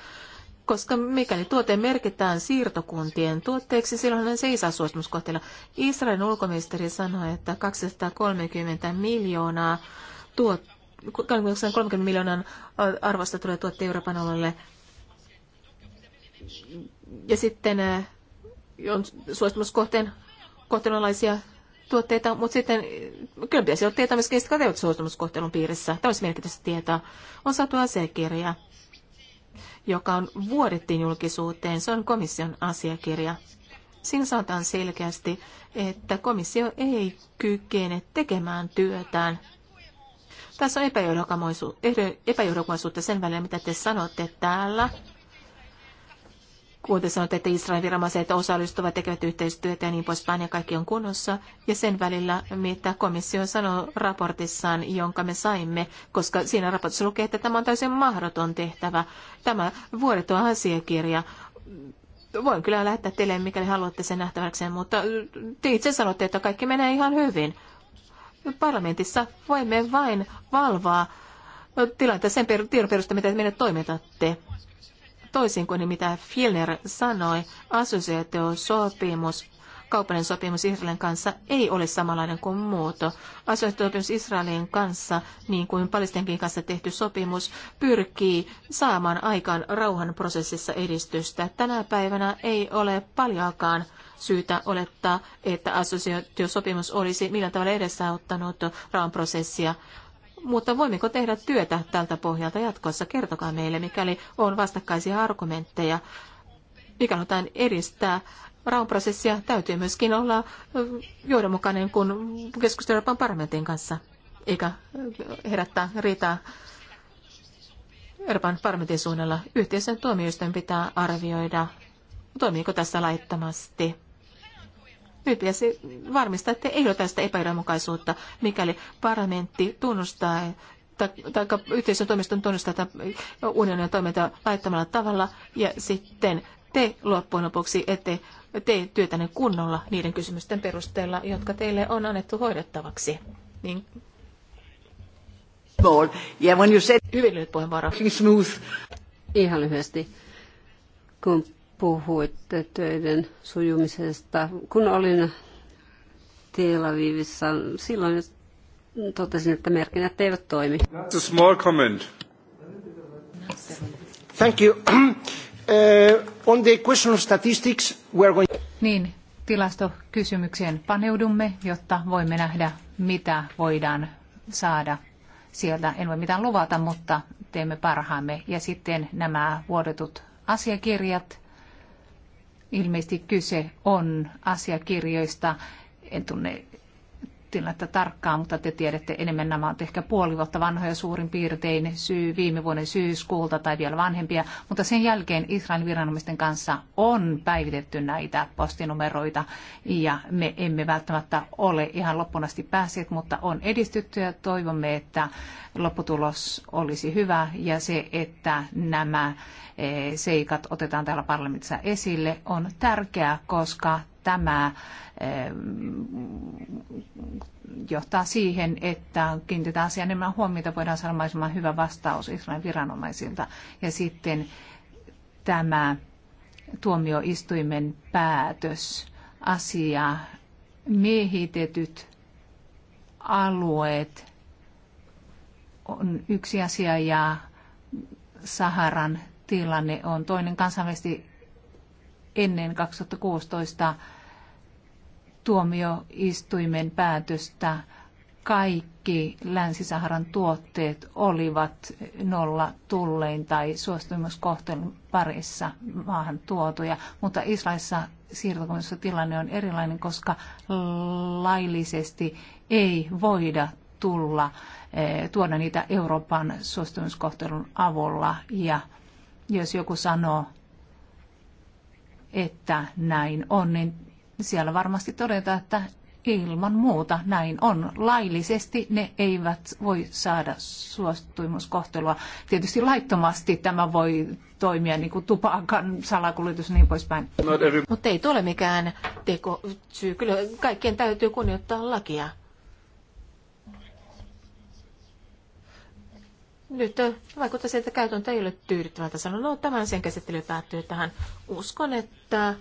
koska mikäli tuote merkitään siirtokuntien tuotteeksi, silloin se ei saa suostumuskohteella. Israelin ulkoministeri sanoi, että 230 miljoonaa tuot, 30 miljoonan arvosta tulee tuotte Euroopan alueelle. Ja sitten eh, on suostumuskohteen kohtelunlaisia tuotteita, mutta sitten eh, kyllä pitäisi olla tietää myöskin, jotka suostumuskohtelun piirissä. Tämä olisi merkitystä tietoa. On saatu asiakirja joka on vuodettiin julkisuuteen. Se on komission asiakirja. Siinä sanotaan selkeästi, että komissio ei kykene tekemään työtään. Tässä on epäjohdonmukaisuutta sen välillä, mitä te sanotte täällä uutisoinut, että Israelin viranomaiset osallistuvat, tekevät yhteistyötä ja niin poispäin, ja kaikki on kunnossa. Ja sen välillä, mitä komissio sanoo raportissaan, jonka me saimme, koska siinä raportissa lukee, että tämä on täysin mahdoton tehtävä. Tämä vuodeton asiakirja voin kyllä lähettää teille, mikäli haluatte sen nähtäväksi, mutta te itse sanotte, että kaikki menee ihan hyvin. Parlamentissa voimme vain valvaa tilanteen sen tiedon perusteella, mitä meidän toimitatte. Toisin kuin mitä Filner sanoi, assosiaatiosopimus, kaupallinen sopimus Israelin kanssa ei ole samanlainen kuin muoto. Assosiaatiosopimus Israelin kanssa, niin kuin Palestinkin kanssa tehty sopimus, pyrkii saamaan aikaan rauhanprosessissa edistystä. Tänä päivänä ei ole paljaakaan syytä olettaa, että assosiaatiosopimus olisi millään tavalla edesauttanut rauhanprosessia. Mutta voimmeko tehdä työtä tältä pohjalta jatkossa? Kertokaa meille, mikäli on vastakkaisia argumentteja. Mikä on edistää rauhanprosessia, täytyy myöskin olla johdonmukainen, kun keskustellaan Euroopan parlamentin kanssa, eikä herättää riitaa Euroopan parlamentin suunnalla. Yhteisön tuomioistuin pitää arvioida, toimiiko tässä laittomasti nyt pitäisi varmistaa, että ei ole tästä epäjohdonmukaisuutta, mikäli parlamentti tunnustaa tai yhteisön toimiston tunnustaa unionin toimintaa laittamalla tavalla ja sitten te loppujen lopuksi ette tee työtänne kunnolla niiden kysymysten perusteella, jotka teille on annettu hoidettavaksi. Niin Yeah, when you said... Hyvin lyhyt puheenvuoro. Smooth. Ihan lyhyesti. Kun puhuitte töiden sujumisesta. Kun olin Tel Avivissa, silloin totesin, että merkinnät eivät toimi. That's a small comment. Thank you. Uh, on the question of statistics, we are going... Niin, tilastokysymykseen paneudumme, jotta voimme nähdä, mitä voidaan saada sieltä. En voi mitään luvata, mutta teemme parhaamme. Ja sitten nämä vuodetut asiakirjat Ilmeisesti kyse on asiakirjoista, en tunne tilannetta tarkkaan, mutta te tiedätte enemmän. Nämä ovat ehkä puoli vuotta vanhoja suurin piirtein syy, viime vuoden syyskuulta tai vielä vanhempia, mutta sen jälkeen Israelin viranomaisten kanssa on päivitetty näitä postinumeroita ja me emme välttämättä ole ihan loppuun asti päässeet, mutta on edistytty ja toivomme, että lopputulos olisi hyvä ja se, että nämä eh, seikat otetaan täällä parlamentissa esille on tärkeää, koska tämä eh, johtaa siihen, että kiinnitetään asiaan enemmän huomiota, voidaan saada mahdollisimman hyvä vastaus Israelin viranomaisilta. Ja sitten tämä tuomioistuimen päätös, asia, miehitetyt alueet on yksi asia ja Saharan tilanne on toinen kansainvälisesti ennen 2016 tuomioistuimen päätöstä kaikki Länsi-Saharan tuotteet olivat nolla tullein tai suostumuskohtelun parissa maahan tuotuja, mutta Israelissa siirtokunnassa tilanne on erilainen, koska laillisesti ei voida tulla, eh, tuoda niitä Euroopan suostumuskohtelun avulla ja jos joku sanoo, että näin on, niin siellä varmasti todetaan, että ilman muuta näin on. Laillisesti ne eivät voi saada suostumuskohtelua. Tietysti laittomasti tämä voi toimia niin kuin tupakan salakuljetus ja niin poispäin. Mutta ei tule mikään teko syy. Kyllä kaikkien täytyy kunnioittaa lakia. nyt vaikuttaa siltä, että käytäntö ei ole tyydyttävältä sanonut. No, tämän sen käsittely päättyy tähän. Uskon, että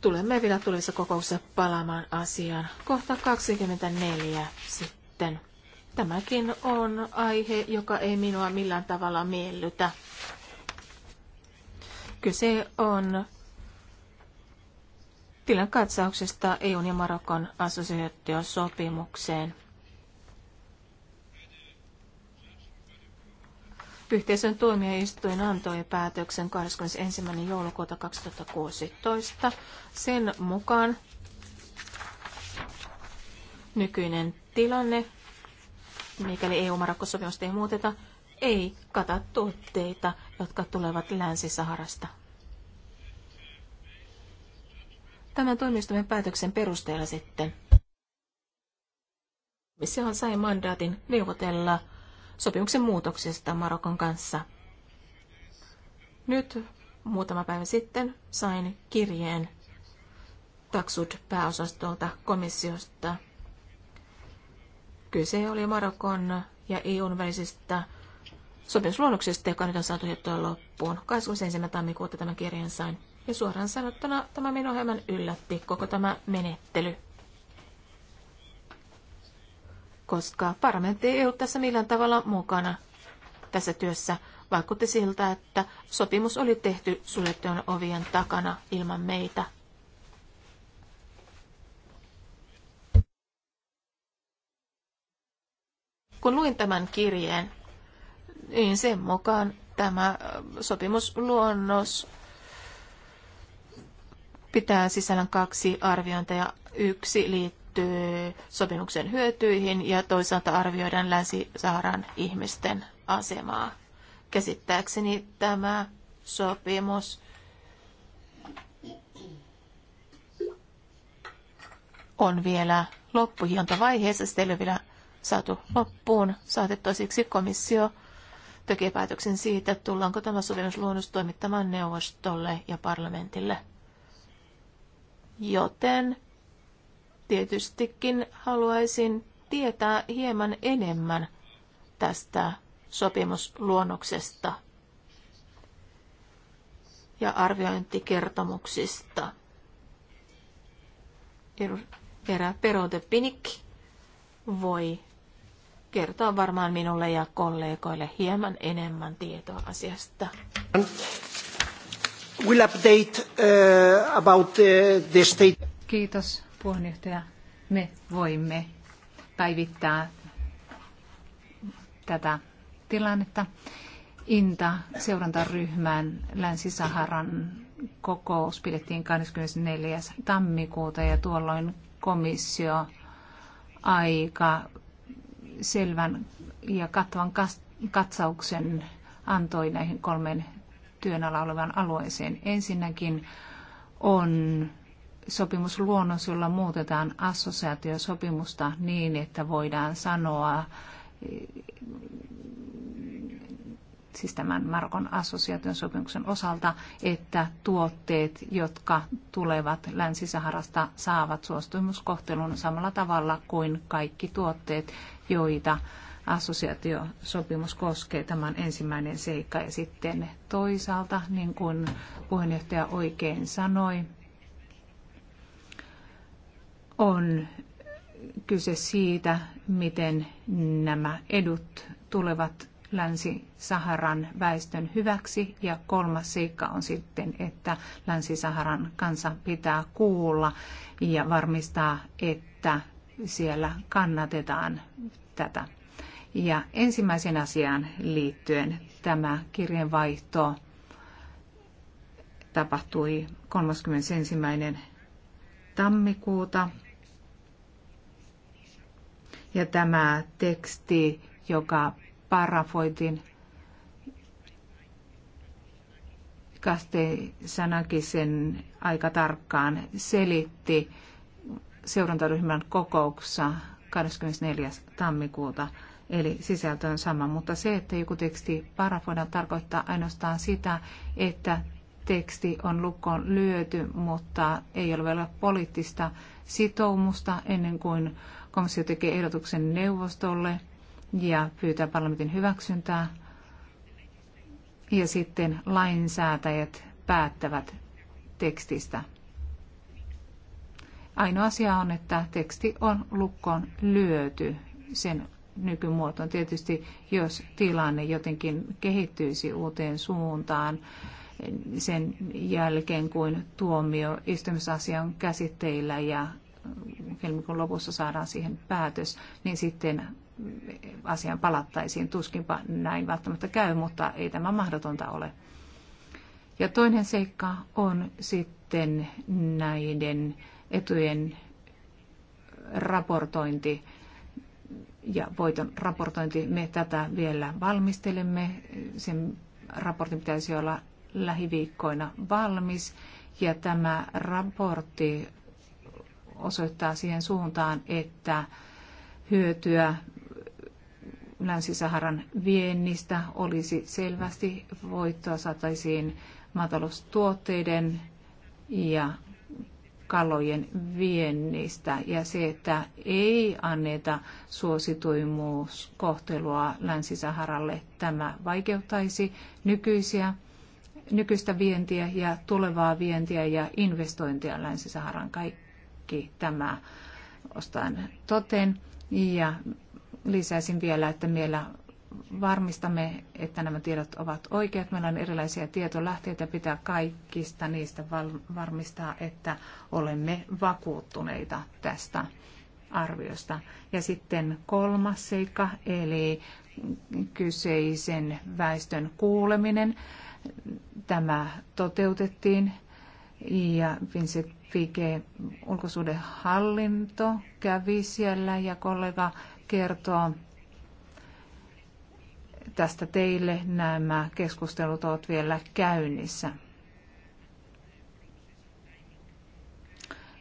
tulemme vielä tulevissa kokouksessa palaamaan asiaan. Kohta 24 sitten. Tämäkin on aihe, joka ei minua millään tavalla miellytä. Kyse on tilan katsauksesta EUn ja Marokon assosiaatiosopimukseen. Yhteisön tuomioistuin antoi päätöksen 21. joulukuuta 2016. Sen mukaan nykyinen tilanne, mikäli EU-Marokko-sopimusta ei muuteta, ei kata tuotteita, jotka tulevat Länsi-Saharasta. Tämän toimistomen päätöksen perusteella sitten. Se on sai mandaatin neuvotella sopimuksen muutoksesta Marokon kanssa. Nyt muutama päivä sitten sain kirjeen Taksud pääosastolta komissiosta. Kyse oli Marokon ja EUn välisestä sopimusluonnoksesta, joka nyt on saatu hiottua loppuun. 21. tammikuuta tämän kirjan sain. Ja suoraan sanottuna tämä minun hieman yllätti, koko tämä menettely koska parlamentti ei ollut tässä millään tavalla mukana tässä työssä. Vaikutti siltä, että sopimus oli tehty suljettujen ovien takana ilman meitä. Kun luin tämän kirjeen, niin sen mukaan tämä sopimusluonnos pitää sisällään kaksi arviointia. Yksi liittyy liittyy sopimuksen hyötyihin ja toisaalta arvioidaan Länsi-Saharan ihmisten asemaa. Käsittääkseni tämä sopimus on vielä loppuhiontavaiheessa. Sitä ei ole vielä saatu loppuun. Saatettaisiksi komissio tekee päätöksen siitä, tullaanko tämä sopimusluonnos toimittamaan neuvostolle ja parlamentille. Joten Tietystikin haluaisin tietää hieman enemmän tästä sopimusluonnoksesta ja arviointikertomuksista. Erä Perote Pinik voi kertoa varmaan minulle ja kollegoille hieman enemmän tietoa asiasta. We'll update, uh, about, uh, the state. Kiitos puheenjohtaja, me voimme päivittää tätä tilannetta. INTA-seurantaryhmän Länsi-Saharan kokous pidettiin 24. tammikuuta ja tuolloin komissio aika selvän ja kattavan katsauksen antoi näihin kolmen työn alla olevan alueeseen. Ensinnäkin on sopimusluonnos, jolla muutetaan assosiaatiosopimusta niin, että voidaan sanoa, siis tämän Markon assosiaation sopimuksen osalta, että tuotteet, jotka tulevat Länsi-Saharasta, saavat suostumuskohtelun samalla tavalla kuin kaikki tuotteet, joita assosiaatiosopimus koskee. Tämä on ensimmäinen seikka. Ja sitten toisaalta, niin kuin puheenjohtaja oikein sanoi, on kyse siitä, miten nämä edut tulevat Länsi-Saharan väestön hyväksi. Ja kolmas seikka on sitten, että Länsi-Saharan kansa pitää kuulla ja varmistaa, että siellä kannatetaan tätä. Ja ensimmäisen asiaan liittyen tämä kirjeenvaihto tapahtui 31. tammikuuta ja tämä teksti, joka parafoitin Kaste Sanakisen aika tarkkaan selitti seurantaryhmän kokouksessa 24. tammikuuta. Eli sisältö on sama, mutta se, että joku teksti parafoidaan, tarkoittaa ainoastaan sitä, että teksti on lukkoon lyöty, mutta ei ole vielä poliittista sitoumusta ennen kuin Komissio tekee ehdotuksen neuvostolle ja pyytää parlamentin hyväksyntää. Ja sitten lainsäätäjät päättävät tekstistä. Ainoa asia on, että teksti on lukkoon lyöty sen nykymuotoon. Tietysti jos tilanne jotenkin kehittyisi uuteen suuntaan sen jälkeen, kuin tuomioistumisasia on käsitteillä ja helmikuun lopussa saadaan siihen päätös, niin sitten asiaan palattaisiin. Tuskinpa näin välttämättä käy, mutta ei tämä mahdotonta ole. Ja toinen seikka on sitten näiden etujen raportointi ja voiton raportointi. Me tätä vielä valmistelemme. Sen raportin pitäisi olla lähiviikkoina valmis. Ja tämä raportti osoittaa siihen suuntaan, että hyötyä Länsi-Saharan viennistä olisi selvästi voittoa saataisiin maataloustuotteiden ja kalojen viennistä ja se, että ei anneta suosituimuuskohtelua Länsi-Saharalle, tämä vaikeuttaisi nykyisiä, nykyistä vientiä ja tulevaa vientiä ja investointia Länsi-Saharan. Kaikki kaikki tämä ostaan toteen. Ja lisäisin vielä, että meillä varmistamme, että nämä tiedot ovat oikeat. Meillä on erilaisia tietolähteitä, pitää kaikista niistä varmistaa, että olemme vakuuttuneita tästä arviosta. Ja sitten kolmas seikka, eli kyseisen väestön kuuleminen. Tämä toteutettiin ja Vincent Fike, ulkosuudenhallinto, kävi siellä ja kollega kertoo tästä teille. Nämä keskustelut ovat vielä käynnissä.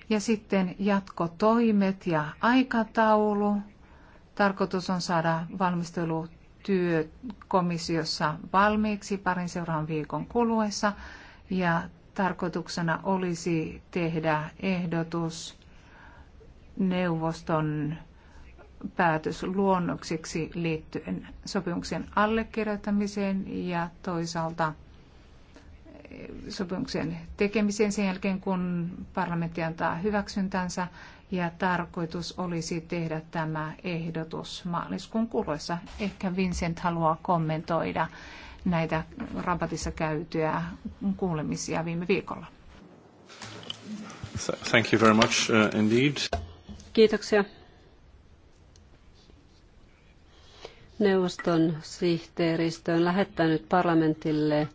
Ja sitten jatkotoimet ja aikataulu. Tarkoitus on saada valmistelutyö komissiossa valmiiksi parin seuraavan viikon kuluessa. Ja tarkoituksena olisi tehdä ehdotus neuvoston päätösluonnokseksi liittyen sopimuksen allekirjoittamiseen ja toisaalta eh, sopimuksen tekemiseen sen jälkeen, kun parlamentti antaa hyväksyntänsä ja tarkoitus olisi tehdä tämä ehdotus maaliskuun kuluessa. Ehkä Vincent haluaa kommentoida näitä Rabatissa käytyjä kuulemisia viime viikolla. Thank you very much uh, indeed. Kiitoksia. Neuvoston sihteeristö on lähettänyt parlamentille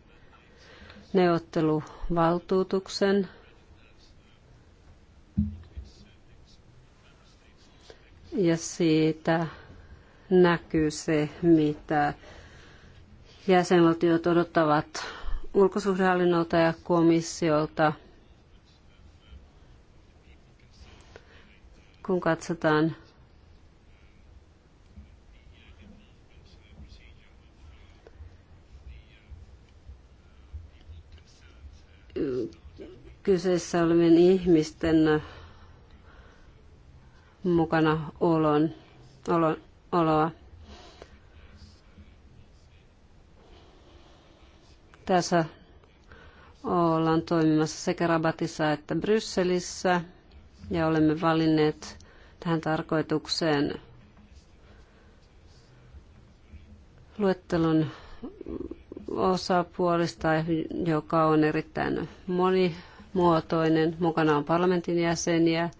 neuvotteluvaltuutuksen ja siitä näkyy se, mitä jäsenvaltiot odottavat ulkosuhdehallinnolta ja komissiolta, kun katsotaan kyseessä olevien ihmisten mukana olon, olo, oloa. Tässä ollaan toimimassa sekä Rabatissa että Brysselissä ja olemme valinneet tähän tarkoitukseen luettelon osapuolista, joka on erittäin monimuotoinen. Mukana on parlamentin jäseniä,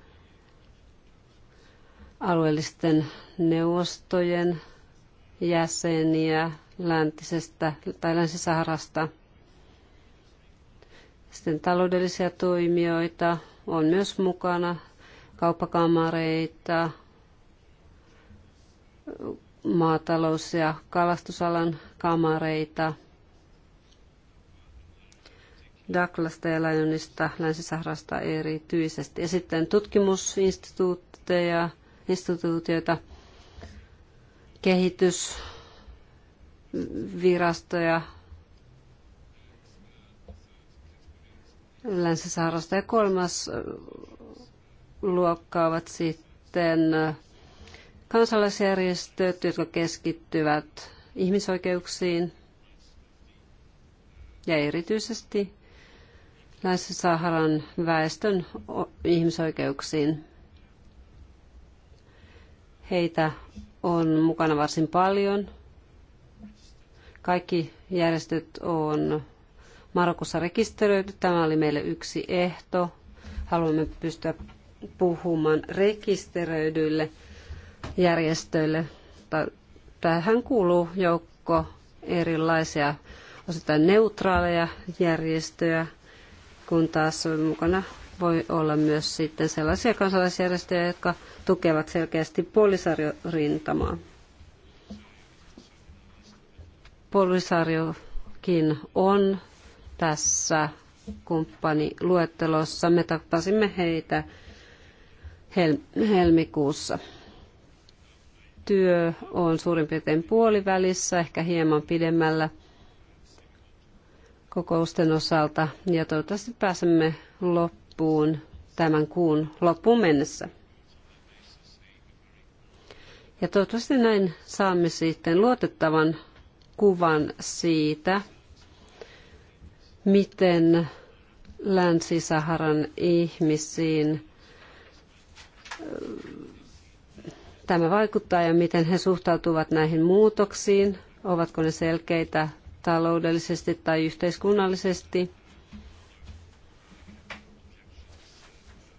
alueellisten neuvostojen jäseniä, läntisestä tai länsisaharasta. Sitten taloudellisia toimijoita on myös mukana, kauppakamareita, maatalous- ja kalastusalan kamareita, Douglasta ja Lionista, Länsi-Saharasta erityisesti. Ja sitten tutkimusinstituutteja, instituutioita, kehitys, virastoja Länsi-Saharasta ja kolmas luokka ovat sitten kansalaisjärjestöt, jotka keskittyvät ihmisoikeuksiin ja erityisesti Länsi-Saharan väestön ihmisoikeuksiin. Heitä on mukana varsin paljon kaikki järjestöt on Marokossa rekisteröity. Tämä oli meille yksi ehto. Haluamme pystyä puhumaan rekisteröidyille järjestöille. Tähän kuuluu joukko erilaisia osittain neutraaleja järjestöjä, kun taas mukana voi olla myös sitten sellaisia kansalaisjärjestöjä, jotka tukevat selkeästi puolisarintamaa polisariokin on tässä kumppaniluettelossa. Me tapasimme heitä hel- helmikuussa. Työ on suurin piirtein puolivälissä, ehkä hieman pidemmällä kokousten osalta ja toivottavasti pääsemme loppuun tämän kuun loppuun mennessä. Ja toivottavasti näin saamme sitten luotettavan kuvan siitä, miten Länsi-Saharan ihmisiin äh, tämä vaikuttaa ja miten he suhtautuvat näihin muutoksiin, ovatko ne selkeitä taloudellisesti tai yhteiskunnallisesti,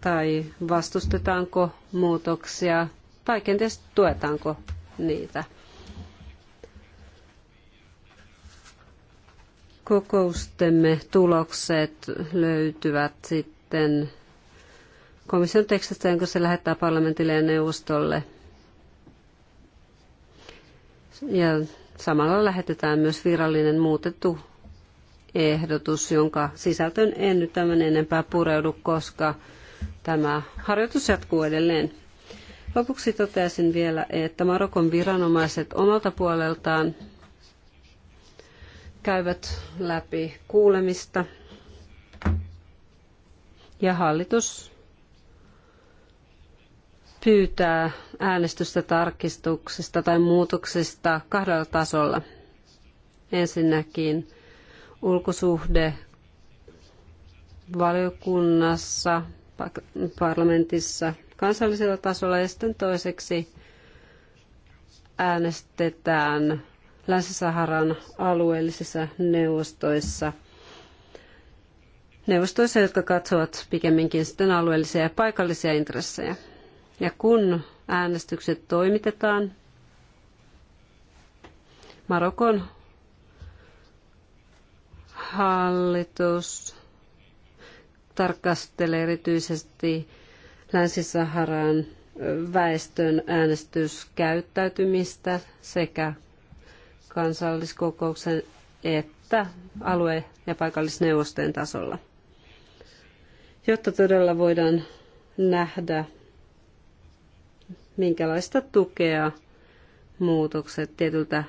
tai vastustetaanko muutoksia, tai kenties tuetaanko niitä. kokoustemme tulokset löytyvät sitten komission tekstistä, jonka se lähettää parlamentille ja neuvostolle. Ja samalla lähetetään myös virallinen muutettu ehdotus, jonka sisältöön en nyt tämän enempää pureudu, koska tämä harjoitus jatkuu edelleen. Lopuksi toteaisin vielä, että Marokon viranomaiset omalta puoleltaan käyvät läpi kuulemista ja hallitus pyytää äänestystä tarkistuksista tai muutoksista kahdella tasolla. Ensinnäkin ulkosuhde valiokunnassa, parlamentissa kansallisella tasolla ja sitten toiseksi äänestetään Länsi-Saharan alueellisissa neuvostoissa. Neuvostoissa, jotka katsovat pikemminkin sitten alueellisia ja paikallisia intressejä. Ja kun äänestykset toimitetaan, Marokon hallitus tarkastelee erityisesti Länsi-Saharan väestön äänestyskäyttäytymistä sekä kansalliskokouksen että alue- ja paikallisneuvostojen tasolla, jotta todella voidaan nähdä, minkälaista tukea muutokset tietyltä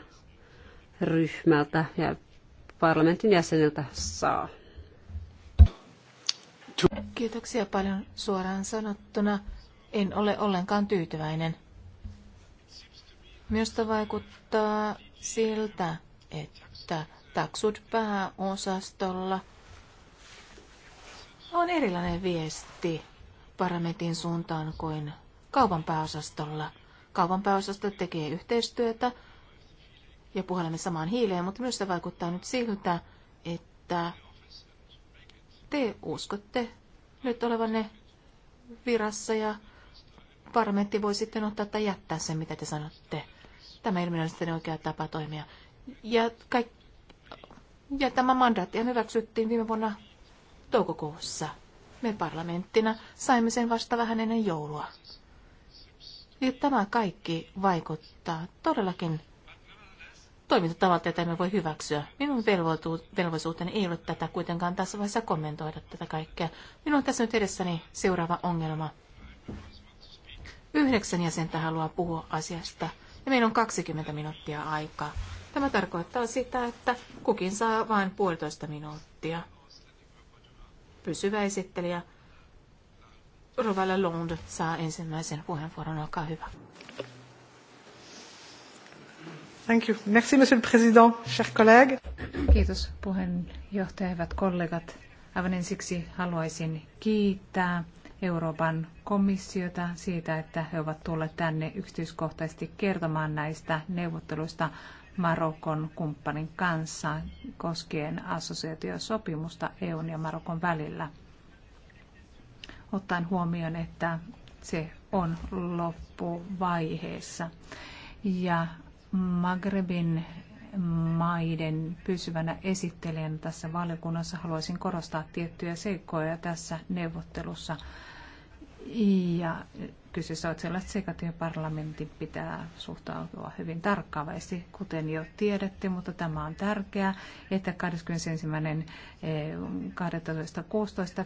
ryhmältä ja parlamentin jäseniltä saa. Kiitoksia paljon suoraan sanottuna. En ole ollenkaan tyytyväinen. Minusta vaikuttaa siltä, että taksut pääosastolla on erilainen viesti parametin suuntaan kuin kaupan pääosastolla. Kaupan pääosasto tekee yhteistyötä ja puhalemme samaan hiileen, mutta se vaikuttaa nyt siltä, että te uskotte nyt olevanne virassa ja parlamentti voi sitten ottaa tai jättää sen, mitä te sanotte. Tämä ei sitten oikea tapa toimia. Ja, kaik... ja tämä mandaatti hyväksyttiin viime vuonna toukokuussa. Me parlamenttina saimme sen vasta vähän ennen joulua. Ja tämä kaikki vaikuttaa todellakin toimintatavalta, jota emme voi hyväksyä. Minun velvollisuuteni ei ole tätä kuitenkaan tässä vaiheessa kommentoida tätä kaikkea. Minun on tässä nyt edessäni seuraava ongelma. Yhdeksän jäsentä haluaa puhua asiasta ja meillä on 20 minuuttia aikaa. Tämä tarkoittaa sitä, että kukin saa vain puolitoista minuuttia. Pysyvä esittelijä Rovalla Lund saa ensimmäisen puheenvuoron. Olkaa hyvä. Thank you. Merci, monsieur le président, chers collègues. Kiitos puheenjohtaja, hyvät kollegat. Aivan ensiksi haluaisin kiittää Euroopan komissiota siitä, että he ovat tulleet tänne yksityiskohtaisesti kertomaan näistä neuvotteluista Marokon kumppanin kanssa koskien assosiaatiosopimusta EUn ja Marokon välillä. Ottaen huomioon, että se on loppuvaiheessa. Ja Magrebin maiden pysyvänä esittelijänä tässä valiokunnassa haluaisin korostaa tiettyjä seikkoja tässä neuvottelussa. Ja kyseessä ovat sellaista seikat, joihin parlamentin pitää suhtautua hyvin tarkkaavasti, kuten jo tiedätte, mutta tämä on tärkeää, että 21.12.16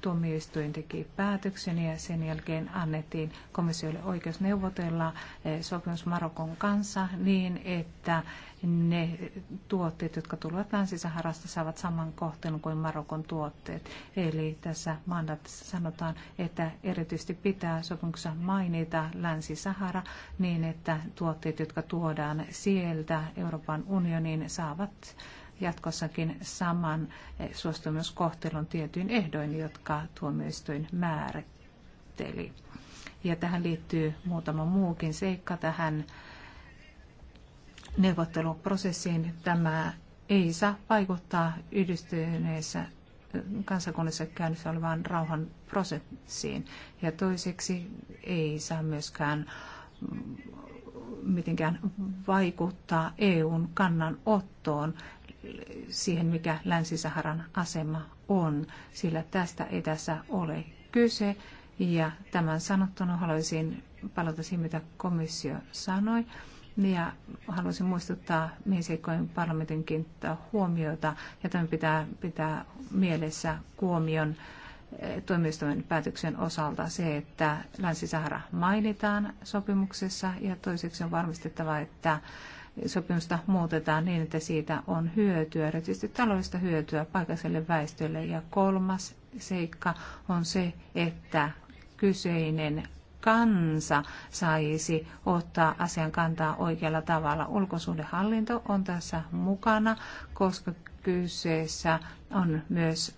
tuomioistuin teki päätöksen ja sen jälkeen annettiin komissiolle oikeus neuvotella eh, sopimus Marokon kanssa niin, että ne tuotteet, jotka tulevat Länsi-Saharasta, saavat saman kohtelun kuin Marokon tuotteet. Eli tässä mandaatissa sanotaan, että erityisesti pitää sopimuksessa mainita Länsi-Sahara niin, että tuotteet, jotka tuodaan sieltä Euroopan unioniin, saavat jatkossakin saman eh, suostumuskohtelun tietyin ehdoin, jotka tuomioistuin määritteli. Ja tähän liittyy muutama muukin seikka tähän neuvotteluprosessiin. Tämä ei saa vaikuttaa yhdistyneessä eh, kansakunnassa käynnissä olevaan rauhan prosessiin. Ja toiseksi ei saa myöskään mm, mitenkään vaikuttaa EUn kannanottoon siihen, mikä Länsi-Saharan asema on, sillä tästä ei tässä ole kyse. Ja tämän sanottuna haluaisin palata siihen, mitä komissio sanoi. Ja haluaisin muistuttaa, mihin parlamentin kiinnittää huomiota, ja tämä pitää pitää mielessä huomion eh, toimistojen päätöksen osalta se, että Länsi-Sahara mainitaan sopimuksessa, ja toiseksi on varmistettava, että sopimusta muutetaan niin, että siitä on hyötyä, erityisesti taloudellista hyötyä paikalliselle väestölle. Ja kolmas seikka on se, että kyseinen kansa saisi ottaa asian kantaa oikealla tavalla. Ulkosuhdehallinto on tässä mukana, koska kyseessä on myös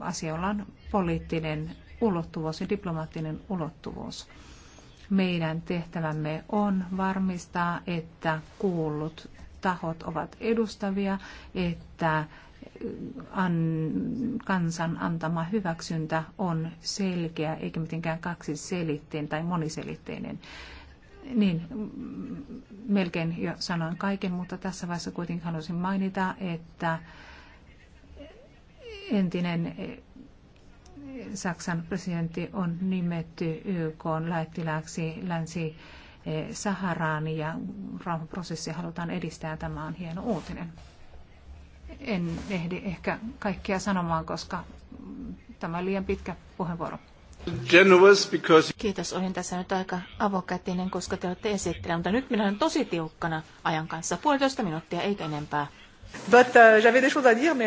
asiolla on poliittinen ulottuvuus ja diplomaattinen ulottuvuus. Meidän tehtävämme on varmistaa, että kuullut tahot ovat edustavia, että eh, an, kansan antama hyväksyntä on selkeä, eikä mitenkään kaksiselitteinen tai moniselitteinen. Niin, melkein jo sanoin kaiken, mutta tässä vaiheessa kuitenkin haluaisin mainita, että entinen Saksan presidentti on nimetty YK lähettiläksi länsi Saharaan ja rauhanprosessi halutaan edistää. Tämä on hieno uutinen. En ehdi ehkä kaikkea sanomaan, koska tämä on liian pitkä puheenvuoro. Kiitos, olin tässä nyt aika avokätinen, koska te olette esittelemään, mutta nyt minä olen tosi tiukkana ajan kanssa, puolitoista minuuttia eikä enempää. But,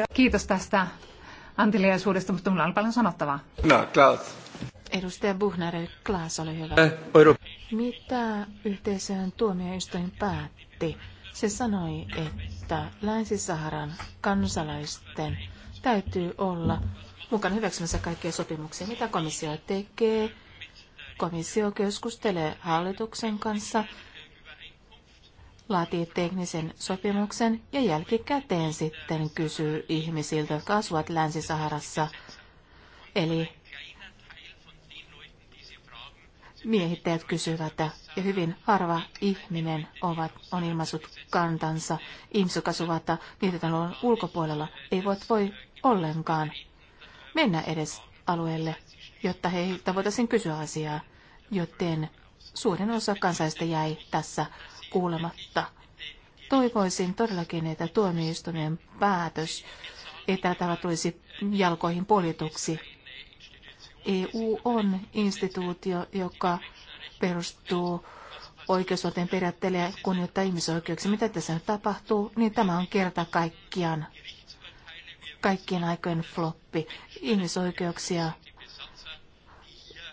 uh, Kiitos tästä anteliaisuudesta, mutta minulla on paljon sanottavaa. No, Klaus. Edustaja Buchner, Klaas, ole hyvä. Eh, Mitä yhteisön tuomioistuin päätti? Se sanoi, että Länsi-Saharan kansalaisten täytyy olla mukana hyväksymässä kaikkia sopimuksia, mitä komissio tekee. Komissio keskustelee hallituksen kanssa laatii teknisen sopimuksen ja jälkikäteen sitten kysyy ihmisiltä, jotka asuvat Länsi-Saharassa. Eli miehittäjät kysyvät, ja hyvin harva ihminen ovat, on ilmaisut kantansa. Ihmiset, jotka asuvat miehitytalon ulkopuolella, voi, voi ollenkaan mennä edes alueelle, jotta heiltä voitaisiin kysyä asiaa, joten suurin osa kansaista jäi tässä kuulematta. Toivoisin todellakin, että tuomioistuimen päätös että tämä tulisi jalkoihin poljetuksi. EU on instituutio, joka perustuu oikeusvaltion periaatteelle ja kunnioittaa ihmisoikeuksia. Mitä tässä nyt tapahtuu, niin tämä on kerta kaikkiaan kaikkien aikojen floppi. Ihmisoikeuksia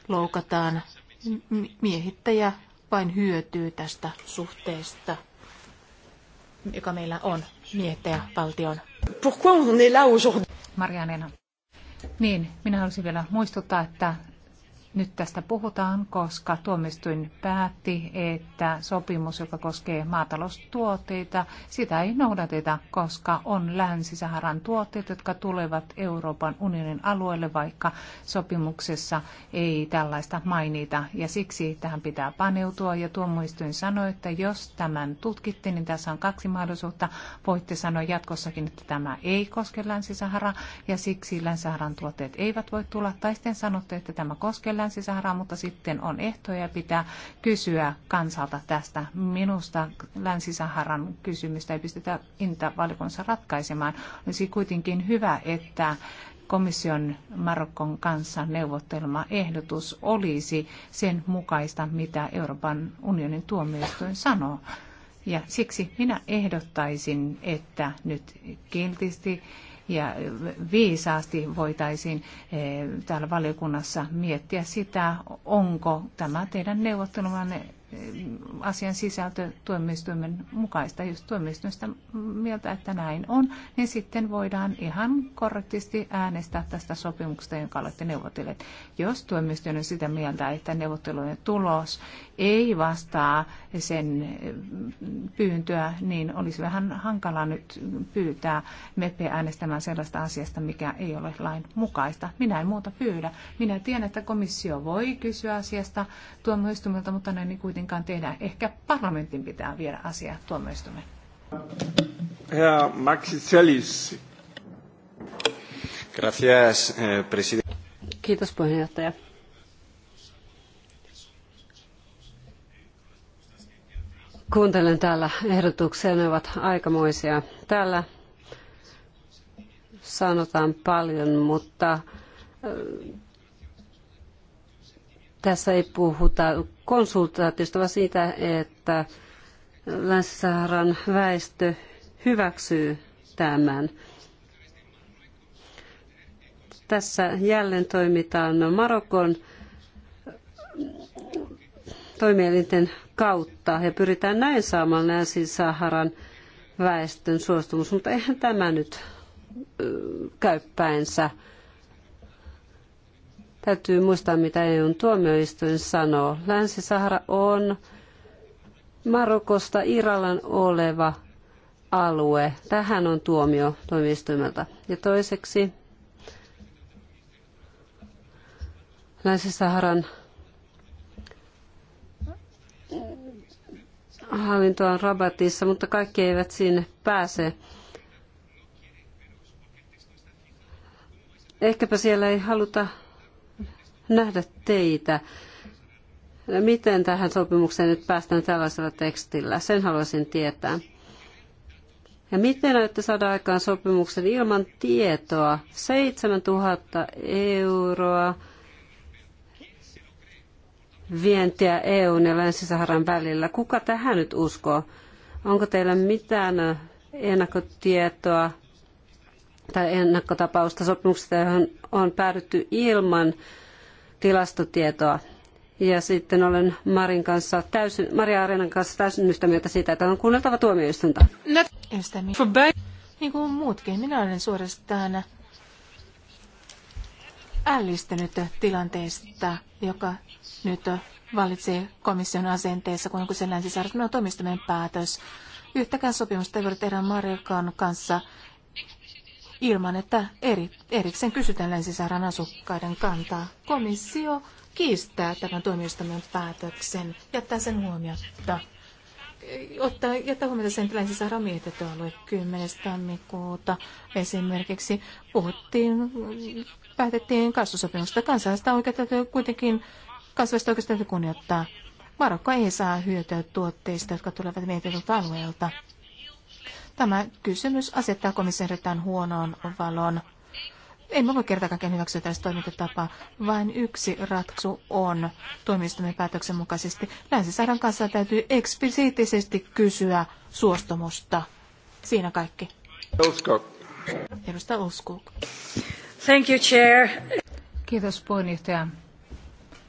loukataan, miehittäjä vain hyötyy tästä suhteesta, joka meillä on ja valtion. Pourquoi on est là aujourd'hui? Marianena. Niin, minä haluaisin vielä muistuttaa, että nyt tästä puhutaan, koska tuomistuin päätti, että sopimus, joka koskee maataloustuotteita, sitä ei noudateta, koska on Länsi-Saharan tuotteet, jotka tulevat Euroopan unionin alueelle, vaikka sopimuksessa ei tällaista mainita. Ja siksi tähän pitää paneutua. Ja tuomistuin sanoi, että jos tämän tutkitte, niin tässä on kaksi mahdollisuutta. Voitte sanoa jatkossakin, että tämä ei koske Länsi-Saharaa ja siksi Länsi-Saharan tuotteet eivät voi tulla. Tai sitten sanotte, että tämä koskee länsi mutta sitten on ehtoja pitää kysyä kansalta tästä. Minusta länsi kysymystä ei pystytä inta ratkaisemaan. Olisi kuitenkin hyvä, että komission Marokkon kanssa neuvottelema ehdotus olisi sen mukaista, mitä Euroopan unionin tuomioistuin sanoo. Ja siksi minä ehdottaisin, että nyt kiltisti ja viisaasti voitaisiin eh, täällä valiokunnassa miettiä sitä, onko tämä teidän neuvottelumanne eh, asian sisältö tuomioistuimen mukaista. Jos tuomioistuimesta mieltä, että näin on, niin sitten voidaan ihan korrektisti äänestää tästä sopimuksesta, jonka olette neuvotelleet. Jos tuomioistuin on sitä mieltä, että neuvottelujen tulos ei vastaa sen pyyntöä, niin olisi vähän hankala nyt pyytää mepe äänestämään sellaista asiasta, mikä ei ole lain mukaista. Minä en muuta pyydä. Minä tiedän, että komissio voi kysyä asiasta tuomioistumilta, mutta näin ei kuitenkaan tehdä. Ehkä parlamentin pitää viedä asia tuomioistuimeen. Herra Maxi Gracias, eh, presidente. Kiitos puheenjohtaja. kuuntelen täällä ehdotuksia, ne ovat aikamoisia. Täällä sanotaan paljon, mutta tässä ei puhuta konsultaatiosta, vaan siitä, että Länsi-Saharan väestö hyväksyy tämän. Tässä jälleen toimitaan Marokon toimielinten kautta ja pyritään näin saamaan Länsi-Saharan väestön suostumus, mutta eihän tämä nyt käy päinsä. Täytyy muistaa, mitä EUn tuomioistuin sanoo. Länsi-Sahara on Marokosta Iralan oleva alue. Tähän on tuomio tuomioistuimelta. Ja toiseksi Länsi-Saharan hallintoa Rabatissa, mutta kaikki eivät sinne pääse. Ehkäpä siellä ei haluta nähdä teitä. Miten tähän sopimukseen nyt päästään tällaisella tekstillä? Sen haluaisin tietää. Ja miten näette saada aikaan sopimuksen ilman tietoa? 7000 euroa vientiä EUn ja Länsi-Saharan välillä. Kuka tähän nyt uskoo? Onko teillä mitään äh, ennakkotietoa tai ennakkotapausta sopimuksesta, johon on päädytty ilman tilastotietoa? Ja sitten olen Marin kanssa täysin, Maria Areenan kanssa täysin yhtä mieltä siitä, että on kuunneltava tuomioistunta. Niin kuin muutkin, minä olen suorastaan ällistynyt tilanteesta, joka nyt vallitsee komission asenteessa, kun onko se länsisaarastunnan toimistomien päätös. Yhtäkään sopimusta ei voida tehdä Marjokan kanssa ilman, että eri, erikseen kysytään länsisaaran asukkaiden kantaa. Komissio kiistää tämän tuomioistuimen päätöksen, jättää sen huomiota. Ottaa, jättää huomiota sen, että länsisaaran alue 10. tammikuuta esimerkiksi puhuttiin, päätettiin kasvusopimusta. Kansalaista oikeutta kuitenkin kansainvälistä oikeastaan kunnioittaa. Marokko ei saa hyötyä tuotteista, jotka tulevat mietityltä alueelta. Tämä kysymys asettaa komissaaritaan huonoon valon. En voi kerta kaikkiaan hyväksyä tällaista toimintatapaa. Vain yksi ratkaisu on tuomioistuimen päätöksen mukaisesti. Länsisairaan kanssa täytyy eksplisiittisesti kysyä suostumusta. Siinä kaikki. Usko. Edustaja Uskuk. Thank you, Chair. Kiitos puheenjohtaja.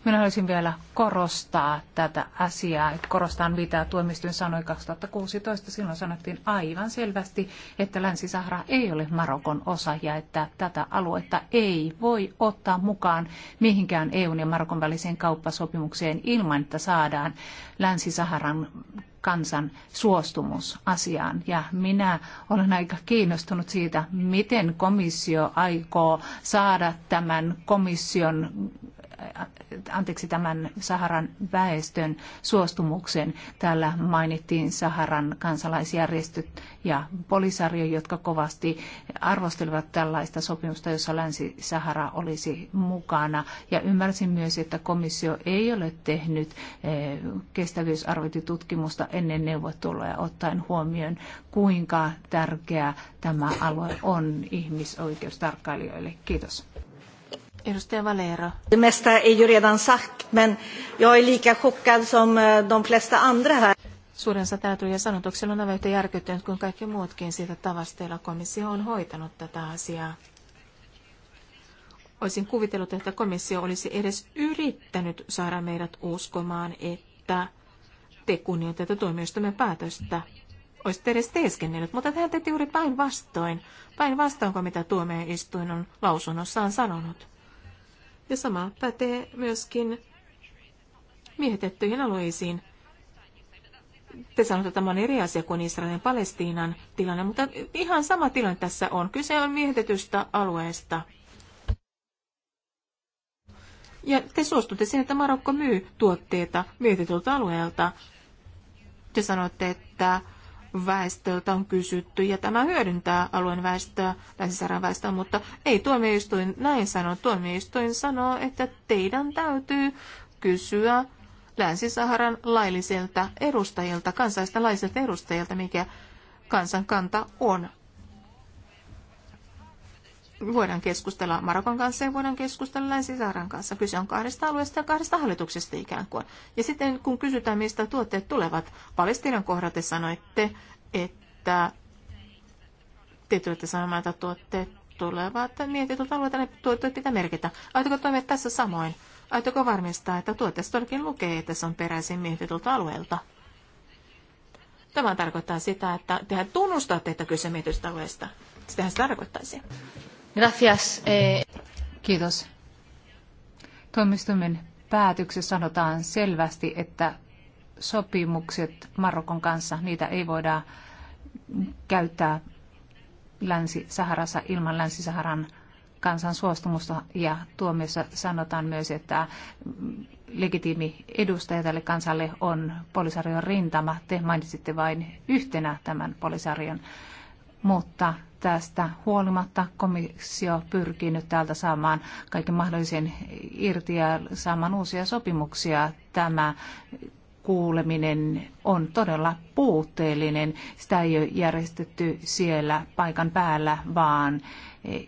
Minä haluaisin vielä korostaa tätä asiaa. Korostan, mitä tuomistuin sanoi 2016. Silloin sanottiin aivan selvästi, että Länsi-Sahara ei ole Marokon osa ja että tätä aluetta ei voi ottaa mukaan mihinkään EUn ja Marokon väliseen kauppasopimukseen ilman, että saadaan Länsi-Saharan kansan suostumus asiaan. Ja minä olen aika kiinnostunut siitä, miten komissio aikoo saada tämän komission anteeksi, tämän Saharan väestön suostumuksen. Täällä mainittiin Saharan kansalaisjärjestöt ja polisarjo, jotka kovasti arvostelivat tällaista sopimusta, jossa Länsi-Sahara olisi mukana. Ja ymmärsin myös, että komissio ei ole tehnyt eh, kestävyysarviointitutkimusta ennen neuvotteluja ottaen huomioon, kuinka tärkeä tämä alue on ihmisoikeustarkkailijoille. Kiitos. Edustaja Valero. Det mesta är ju redan sagt, men jag är lika chockad som eh, de flesta andra här. Suurin osa sanotuksella on aivan yhtä järkyttynyt kuin kaikki muutkin siitä tavasta, jolla komissio on hoitanut tätä asiaa. Olisin kuvitellut, että komissio olisi edes yrittänyt saada meidät uskomaan, että te kunnioitatte tuomioistuimen päätöstä. Olisitte edes teeskennellyt, mutta tähän teette juuri päinvastoin. Päinvastoin kuin mitä tuomioistuin on lausunnossaan sanonut. Ja sama pätee myöskin miehetettyihin alueisiin. Te sanotte, että tämä on eri asia kuin Israelin ja Palestiinan tilanne, mutta ihan sama tilanne tässä on. Kyse on miehetetystä alueesta. Ja te suostutte siihen, että Marokko myy tuotteita miehitetyltä alueelta. Te sanotte, että väestöltä on kysytty, ja tämä hyödyntää alueen väestöä, länsi väestöä, mutta ei tuomioistuin näin sano. Tuomioistuin sanoo, että teidän täytyy kysyä Länsi-Saharan laillisilta edustajilta, kansaista laisilta edustajilta, mikä kansan kanta on. Voidaan keskustella Marokon kanssa ja voidaan keskustella Länsi-Saharan kanssa. Kyse on kahdesta alueesta ja kahdesta hallituksesta ikään kuin. Ja sitten kun kysytään, mistä tuotteet tulevat, Palestinan kohdalla te sanoitte, että te tulette sanomaan, että tuotteet tulevat mietityt alueet, ne tuotteet pitää merkitä. Aitoko toimia tässä samoin? Aitoko varmistaa, että tuotteessa todellakin lukee, että se on peräisin miehitetyltä alueelta? Tämä tarkoittaa sitä, että tehän tunnustatte, että kyse miehitystä alueesta. Sitähän se tarkoittaisi. Gracias. Eh. Kiitos. Toimistumen päätöksessä sanotaan selvästi, että sopimukset Marokon kanssa, niitä ei voida käyttää Länsi-Saharassa ilman Länsi-Saharan kansan suostumusta ja tuomiossa sanotaan myös, että legitiimi edustaja tälle kansalle on polisarion rintama. Te mainitsitte vain yhtenä tämän polisarion, mutta tästä huolimatta komissio pyrkii nyt täältä saamaan kaiken mahdollisen irti ja saamaan uusia sopimuksia. Tämä kuuleminen on todella puutteellinen. Sitä ei ole järjestetty siellä paikan päällä, vaan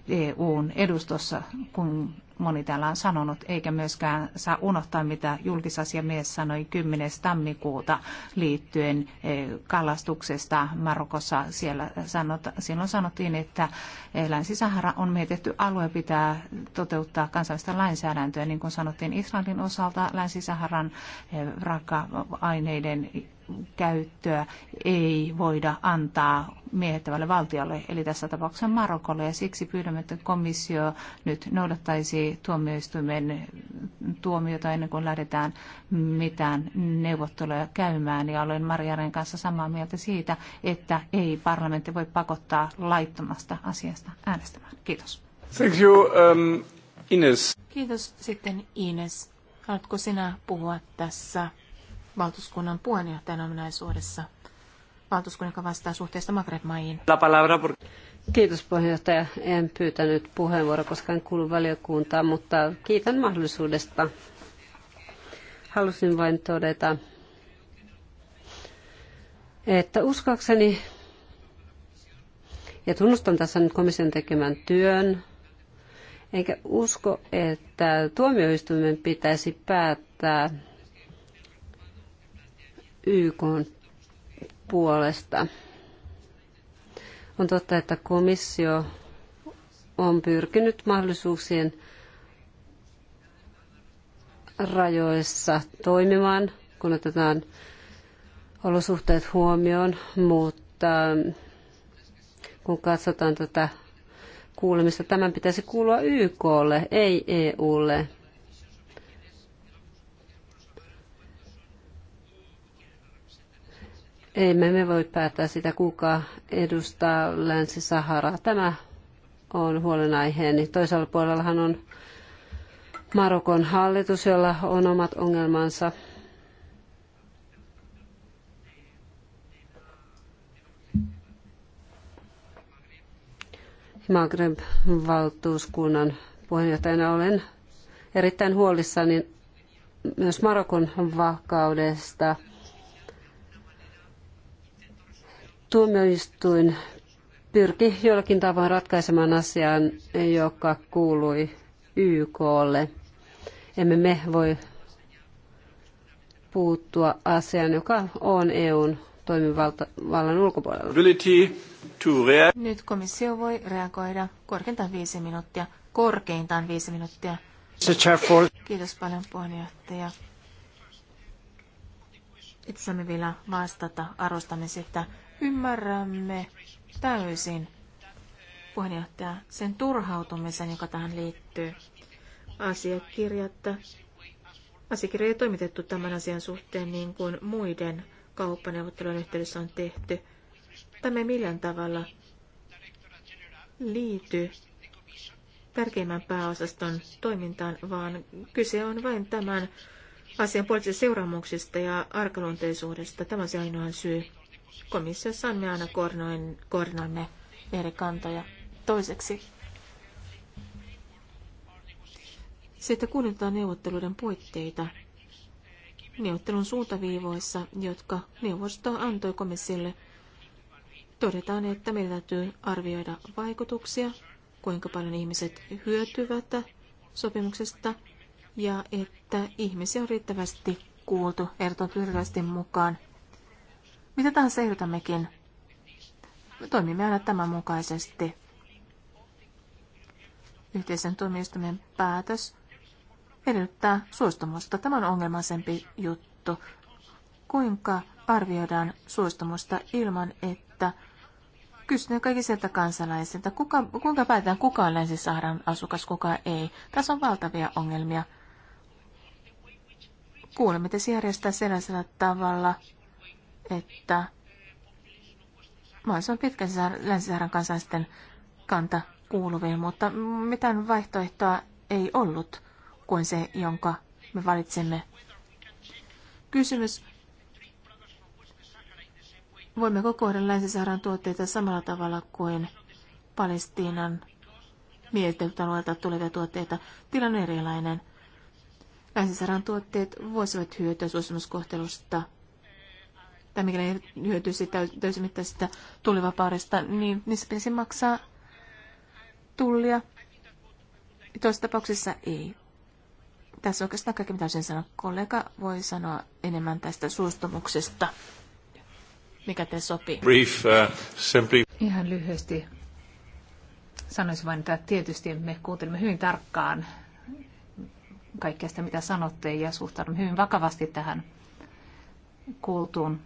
EUn e edustossa, kun moni täällä on sanonut, eikä myöskään saa unohtaa, mitä julkisasiamies sanoi 10. tammikuuta liittyen eh, kalastuksesta Marokossa. Siellä sanota, silloin sanottiin, että eh, Länsi-Sahara on mietitty alue, pitää toteuttaa kansainvälistä lainsäädäntöä, niin kuin sanottiin Israelin osalta Länsi-Saharan eh, raaka-aineiden käyttöä ei voida antaa miehittävälle valtiolle, eli tässä tapauksessa Marokolle, ja siksi pyydämme, että komissio nyt noudattaisi tuomioistuimen tuomiota ennen kuin lähdetään mitään neuvotteluja käymään, ja olen Marjaren kanssa samaa mieltä siitä, että ei parlamentti voi pakottaa laittomasta asiasta äänestämään. Kiitos. Thank you, um, Ines. Kiitos sitten Ines. Haluatko sinä puhua tässä valtuuskunnan puheenjohtajan ominaisuudessa. Valtuuskunnan, joka vastaa suhteesta magreb maihin Kiitos puheenjohtaja. En pyytänyt puheenvuoroa, koska en kuulu valiokuntaan, mutta kiitän mahdollisuudesta. Halusin vain todeta, että uskakseni ja tunnustan tässä nyt komission tekemän työn, enkä usko, että tuomioistuimen pitäisi päättää YK puolesta. On totta, että komissio on pyrkinyt mahdollisuuksien rajoissa toimimaan, kun otetaan olosuhteet huomioon, mutta äh, kun katsotaan tätä kuulemista, tämän pitäisi kuulua YKlle, ei EUlle. Emme me voi päättää sitä, kuka edustaa Länsi-Saharaa. Tämä on huolenaiheeni. Toisella puolellahan on Marokon hallitus, jolla on omat ongelmansa. Maghreb-valtuuskunnan puheenjohtajana olen erittäin huolissani myös Marokon vakaudesta – Tuomioistuin pyrki jollakin tavoin ratkaisemaan asian, joka kuului YKlle. Emme me voi puuttua asiaan, joka on EUn toimivallan ulkopuolella. Nyt komissio voi reagoida korkeintaan viisi minuuttia. Korkeintaan viisi minuuttia. Kiitos paljon puheenjohtaja. Itse saamme vielä vastata. Arvostamme sitä Ymmärrämme täysin puheenjohtaja sen turhautumisen, joka tähän liittyy. Asiakirjat, asiakirja ei toimitettu tämän asian suhteen niin kuin muiden kauppaneuvottelujen yhteydessä on tehty. Tämä ei millään tavalla liity tärkeimmän pääosaston toimintaan, vaan kyse on vain tämän asian poliittisista seuraamuksista ja arkaluonteisuudesta. Tämä on se ainoa syy. Komissiossa me aina koordinoimme eri kantoja. Toiseksi että kuunnellaan neuvotteluiden puitteita neuvottelun suuntaviivoissa, jotka neuvosto antoi komissiolle. Todetaan, että meillä täytyy arvioida vaikutuksia, kuinka paljon ihmiset hyötyvät sopimuksesta ja että ihmisiä on riittävästi kuultu, ehdoton mukaan mitä tahansa ehdotammekin, toimimme aina tämän mukaisesti. Yhteisen tuomioistuimen päätös edellyttää suostumusta. Tämä on ongelmaisempi juttu. Kuinka arvioidaan suostumusta ilman, että kysytään kaikiselta kansalaisilta, kuka, kuinka päätetään, kuka on länsi asukas, kuka ei. Tässä on valtavia ongelmia. Kuulemme se järjestää sellaisella tavalla, että mahdollisimman pitkän länsisaharan kansalaisten kanta kuuluviin, mutta mitään vaihtoehtoa ei ollut kuin se, jonka me valitsemme. Kysymys. Voimme kokoida länsisaharan tuotteita samalla tavalla kuin Palestiinan miehiteltä tulevia tuotteita? Tilanne on erilainen. Länsisaharan tuotteet voisivat hyötyä suosimuskohtelusta? tai ei hyötyisi täysimittaisesta tullivapaudesta, niin niissä pitäisi maksaa tullia. Toisessa tapauksessa ei. Tässä oikeastaan kaikki, mitä olisin sanoa. Kollega voi sanoa enemmän tästä suostumuksesta, mikä te sopii. Brief, uh, simply... Ihan lyhyesti sanoisin vain, että tietysti me kuuntelimme hyvin tarkkaan kaikkea sitä, mitä sanotte, ja suhtaudumme hyvin vakavasti tähän kuultuun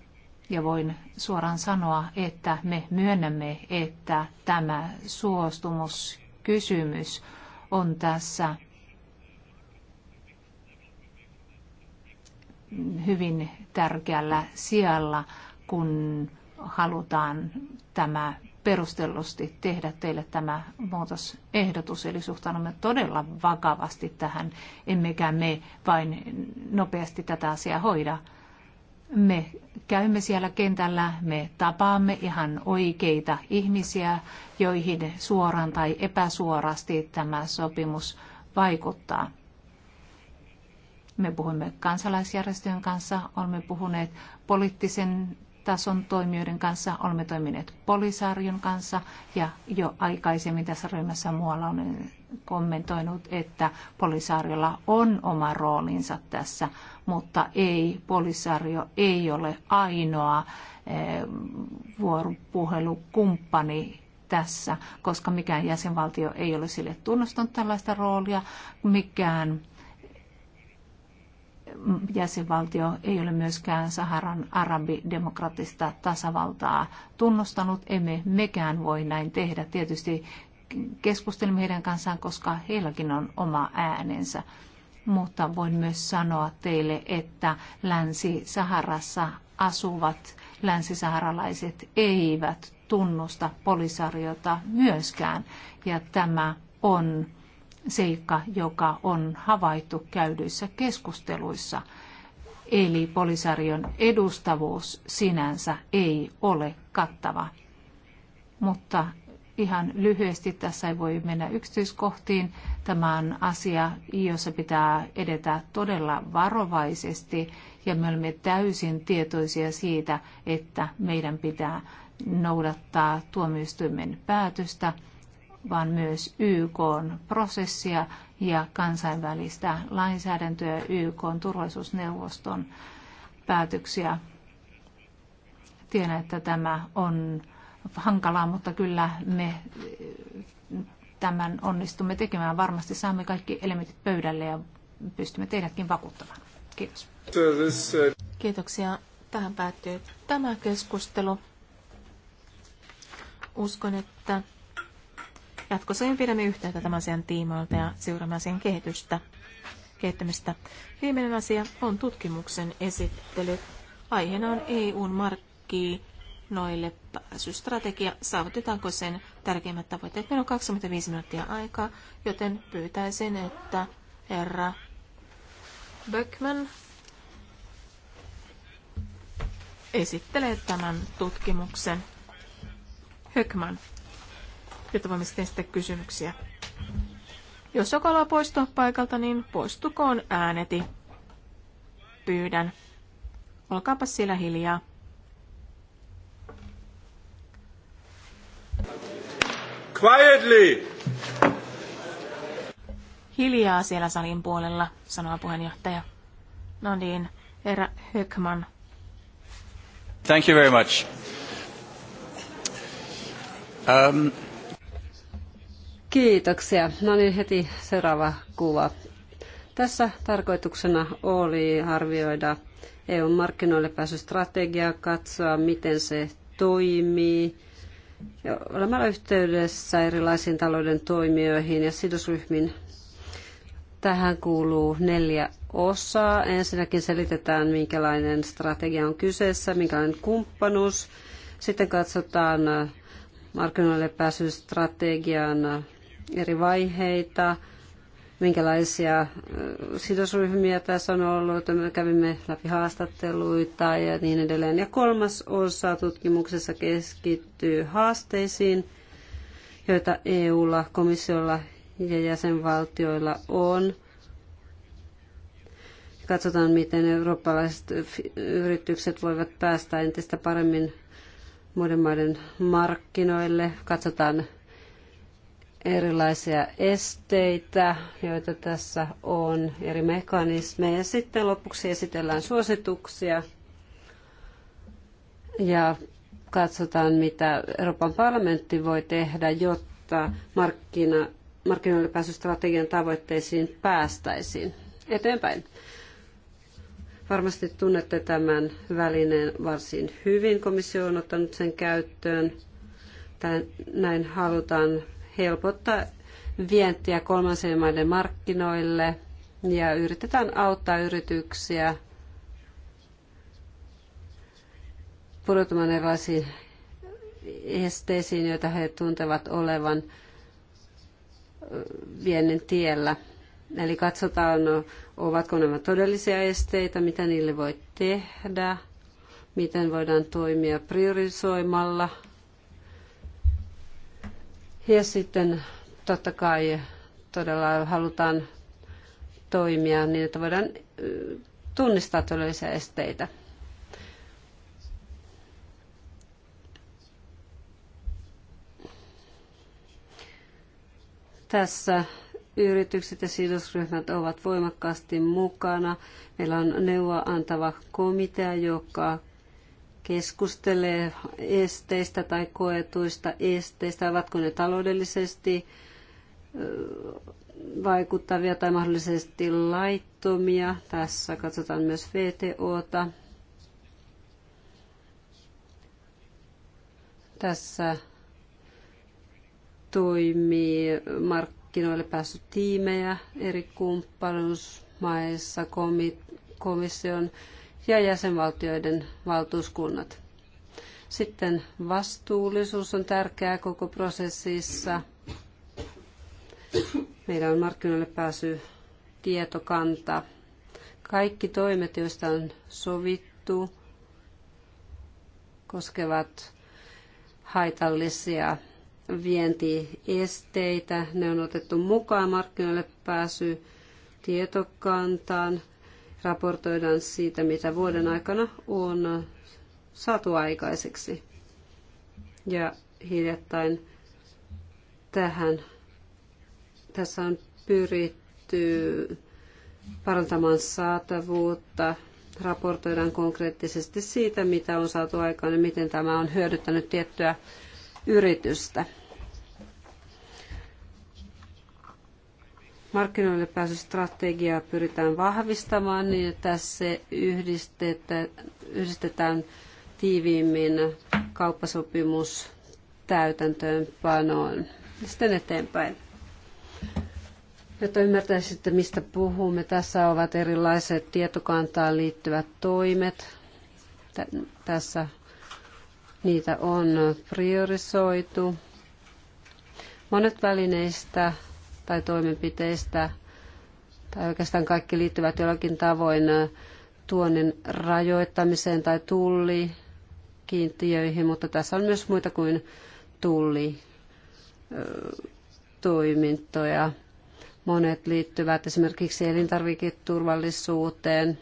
ja voin suoraan sanoa, että me myönnämme, että tämä suostumuskysymys on tässä hyvin tärkeällä sijalla, kun halutaan tämä perustellusti tehdä teille tämä muutosehdotus, eli suhtaudumme todella vakavasti tähän, emmekä me vain nopeasti tätä asiaa hoida. Me käymme siellä kentällä, me tapaamme ihan oikeita ihmisiä, joihin suoraan tai epäsuorasti tämä sopimus vaikuttaa. Me puhumme kansalaisjärjestöjen kanssa, olemme puhuneet poliittisen tason toimijoiden kanssa, olemme toimineet polisarjon kanssa ja jo aikaisemmin tässä ryhmässä muualla on kommentoinut, että polisarjolla on oma roolinsa tässä mutta ei, Polisario ei ole ainoa eh, vuoropuhelukumppani tässä, koska mikään jäsenvaltio ei ole sille tunnustanut tällaista roolia, mikään jäsenvaltio ei ole myöskään Saharan arabidemokratista tasavaltaa tunnustanut. Emme mekään voi näin tehdä. Tietysti keskustelemme heidän kanssaan, koska heilläkin on oma äänensä mutta voin myös sanoa teille, että Länsi-Saharassa asuvat länsisaharalaiset eivät tunnusta polisariota myöskään. Ja tämä on seikka, joka on havaittu käydyissä keskusteluissa. Eli polisarion edustavuus sinänsä ei ole kattava. Mutta ihan lyhyesti, tässä ei voi mennä yksityiskohtiin. Tämä on asia, jossa pitää edetä todella varovaisesti ja me olemme täysin tietoisia siitä, että meidän pitää noudattaa tuomioistuimen päätöstä, vaan myös YK prosessia ja kansainvälistä lainsäädäntöä YK turvallisuusneuvoston päätöksiä. Tiedän, että tämä on hankalaa, mutta kyllä me eh, tämän onnistumme tekemään. Varmasti saamme kaikki elementit pöydälle ja pystymme teidätkin vakuuttamaan. Kiitos. Kiitoksia. Tähän päättyy tämä keskustelu. Uskon, että jatkossa pidämme yhteyttä tämän asian tiimoilta ja seuraamme asian kehitystä, kehittämistä. Viimeinen asia on tutkimuksen esittely. Aiheena on EUn markkinoille pääsystrategia, saavutetaanko sen tärkeimmät tavoitteet. Meillä on 25 minuuttia aikaa, joten pyytäisin, että herra Böckman esittelee tämän tutkimuksen. Höckman, jotta voimme sitten esittää kysymyksiä. Jos joku haluaa poistua paikalta, niin poistukoon ääneti. Pyydän. Olkaapa siellä hiljaa. Quietly! Hiljaa siellä salin puolella, sanoo puheenjohtaja. No niin, herra Hökman. Thank you very much. Um... Kiitoksia. No niin, heti seuraava kuva. Tässä tarkoituksena oli arvioida eu markkinoille pääsystrategiaa, katsoa miten se toimii, olemalla yhteydessä erilaisiin talouden toimijoihin ja sidosryhmiin. Tähän kuuluu neljä osaa. Ensinnäkin selitetään, minkälainen strategia on kyseessä, minkälainen kumppanuus. Sitten katsotaan markkinoille pääsystrategian eri vaiheita, minkälaisia äh, sidosryhmiä tässä on ollut. Me kävimme läpi haastatteluita ja niin edelleen. Ja kolmas osa tutkimuksessa keskittyy haasteisiin, joita EUlla, komissiolla ja jäsenvaltioilla on. Katsotaan, miten eurooppalaiset yritykset voivat päästä entistä paremmin muiden maiden markkinoille. Katsotaan erilaisia esteitä, joita tässä on, eri mekanismeja. Ja sitten lopuksi esitellään suosituksia ja katsotaan, mitä Euroopan parlamentti voi tehdä, jotta markkina, markkinoille pääsystrategian tavoitteisiin päästäisiin eteenpäin. Varmasti tunnette tämän välineen varsin hyvin. Komissio on ottanut sen käyttöön. Tän, näin halutaan helpottaa vientiä kolmansien maiden markkinoille ja yritetään auttaa yrityksiä pureutumaan erilaisiin esteisiin, joita he tuntevat olevan viennin tiellä. Eli katsotaan, ovatko nämä todellisia esteitä, mitä niille voi tehdä, miten voidaan toimia priorisoimalla ja sitten totta kai todella halutaan toimia niin, että voidaan tunnistaa todellisia esteitä. Tässä yritykset ja sidosryhmät ovat voimakkaasti mukana. Meillä on neuvoa antava komitea, joka keskustelee esteistä tai koetuista esteistä, ovatko ne taloudellisesti vaikuttavia tai mahdollisesti laittomia. Tässä katsotaan myös VTOta. Tässä toimii markkinoille päässyt tiimejä eri kumppanuusmaissa, komission ja jäsenvaltioiden valtuuskunnat. Sitten vastuullisuus on tärkeää koko prosessissa. Meillä on markkinoille pääsy tietokanta. Kaikki toimet, joista on sovittu, koskevat haitallisia vientiesteitä. Ne on otettu mukaan markkinoille pääsy tietokantaan raportoidaan siitä, mitä vuoden aikana on saatu aikaiseksi. Ja hiljattain tähän tässä on pyritty parantamaan saatavuutta, raportoidaan konkreettisesti siitä, mitä on saatu aikaan ja miten tämä on hyödyttänyt tiettyä yritystä. markkinoille pääsystrategiaa pyritään vahvistamaan niin, että se yhdistetään tiiviimmin kauppasopimus täytäntöönpanoon. Sitten eteenpäin. Jotta ymmärtäisitte, mistä puhumme, tässä ovat erilaiset tietokantaan liittyvät toimet. Tässä niitä on priorisoitu. Monet välineistä tai toimenpiteistä, tai oikeastaan kaikki liittyvät jollakin tavoin tuonnin rajoittamiseen tai tulli kiintiöihin, mutta tässä on myös muita kuin tulli toimintoja. Monet liittyvät esimerkiksi elintarviketurvallisuuteen.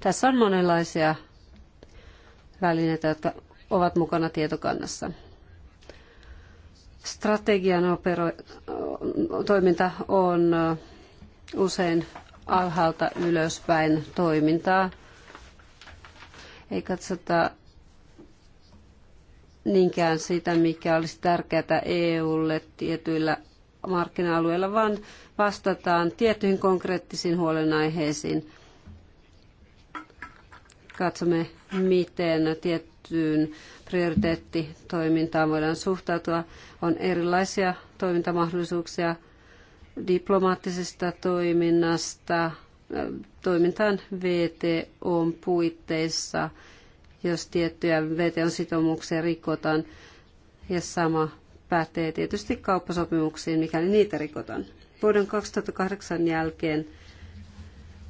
Tässä on monenlaisia välineitä, jotka ovat mukana tietokannassa strategian opero- toiminta on usein alhaalta ylöspäin toimintaa. Ei katsota niinkään sitä, mikä olisi tärkeää EUlle tietyillä markkina-alueilla, vaan vastataan tiettyihin konkreettisiin huolenaiheisiin. Katsomme, miten tiettyyn prioriteettitoimintaan voidaan suhtautua. On erilaisia toimintamahdollisuuksia diplomaattisesta toiminnasta toimintaan VTOn puitteissa, jos tiettyjä VTOn sitoumuksia rikotaan. Ja sama pätee tietysti kauppasopimuksiin, mikäli niitä rikotaan. Vuoden 2008 jälkeen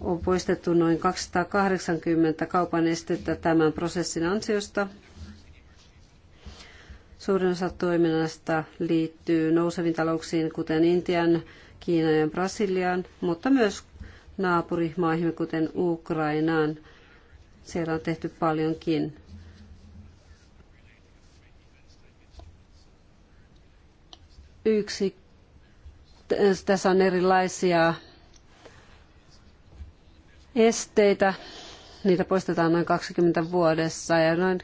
on poistettu noin 280 kaupan estettä tämän prosessin ansiosta Suurin osa toiminnasta liittyy nouseviin talouksiin, kuten Intian, Kiinan ja Brasiliaan, mutta myös naapurimaihin, kuten Ukrainaan. Siellä on tehty paljonkin. Yksi, tässä on erilaisia esteitä. Niitä poistetaan noin 20 vuodessa ja noin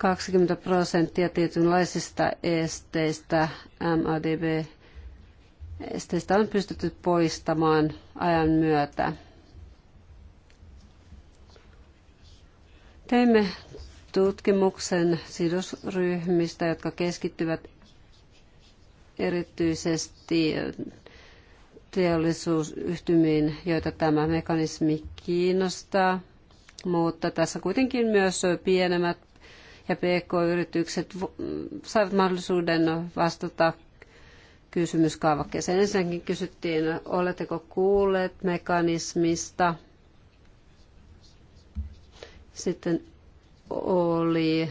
20 prosenttia tietynlaisista esteistä, MADB-esteistä on pystytty poistamaan ajan myötä. Teimme tutkimuksen sidosryhmistä, jotka keskittyvät erityisesti teollisuusyhtymiin, joita tämä mekanismi kiinnostaa. Mutta tässä kuitenkin myös pienemmät ja PK-yritykset saivat mahdollisuuden vastata kysymyskaavakkeeseen. Ensinnäkin kysyttiin, oletteko kuulleet mekanismista. Sitten oli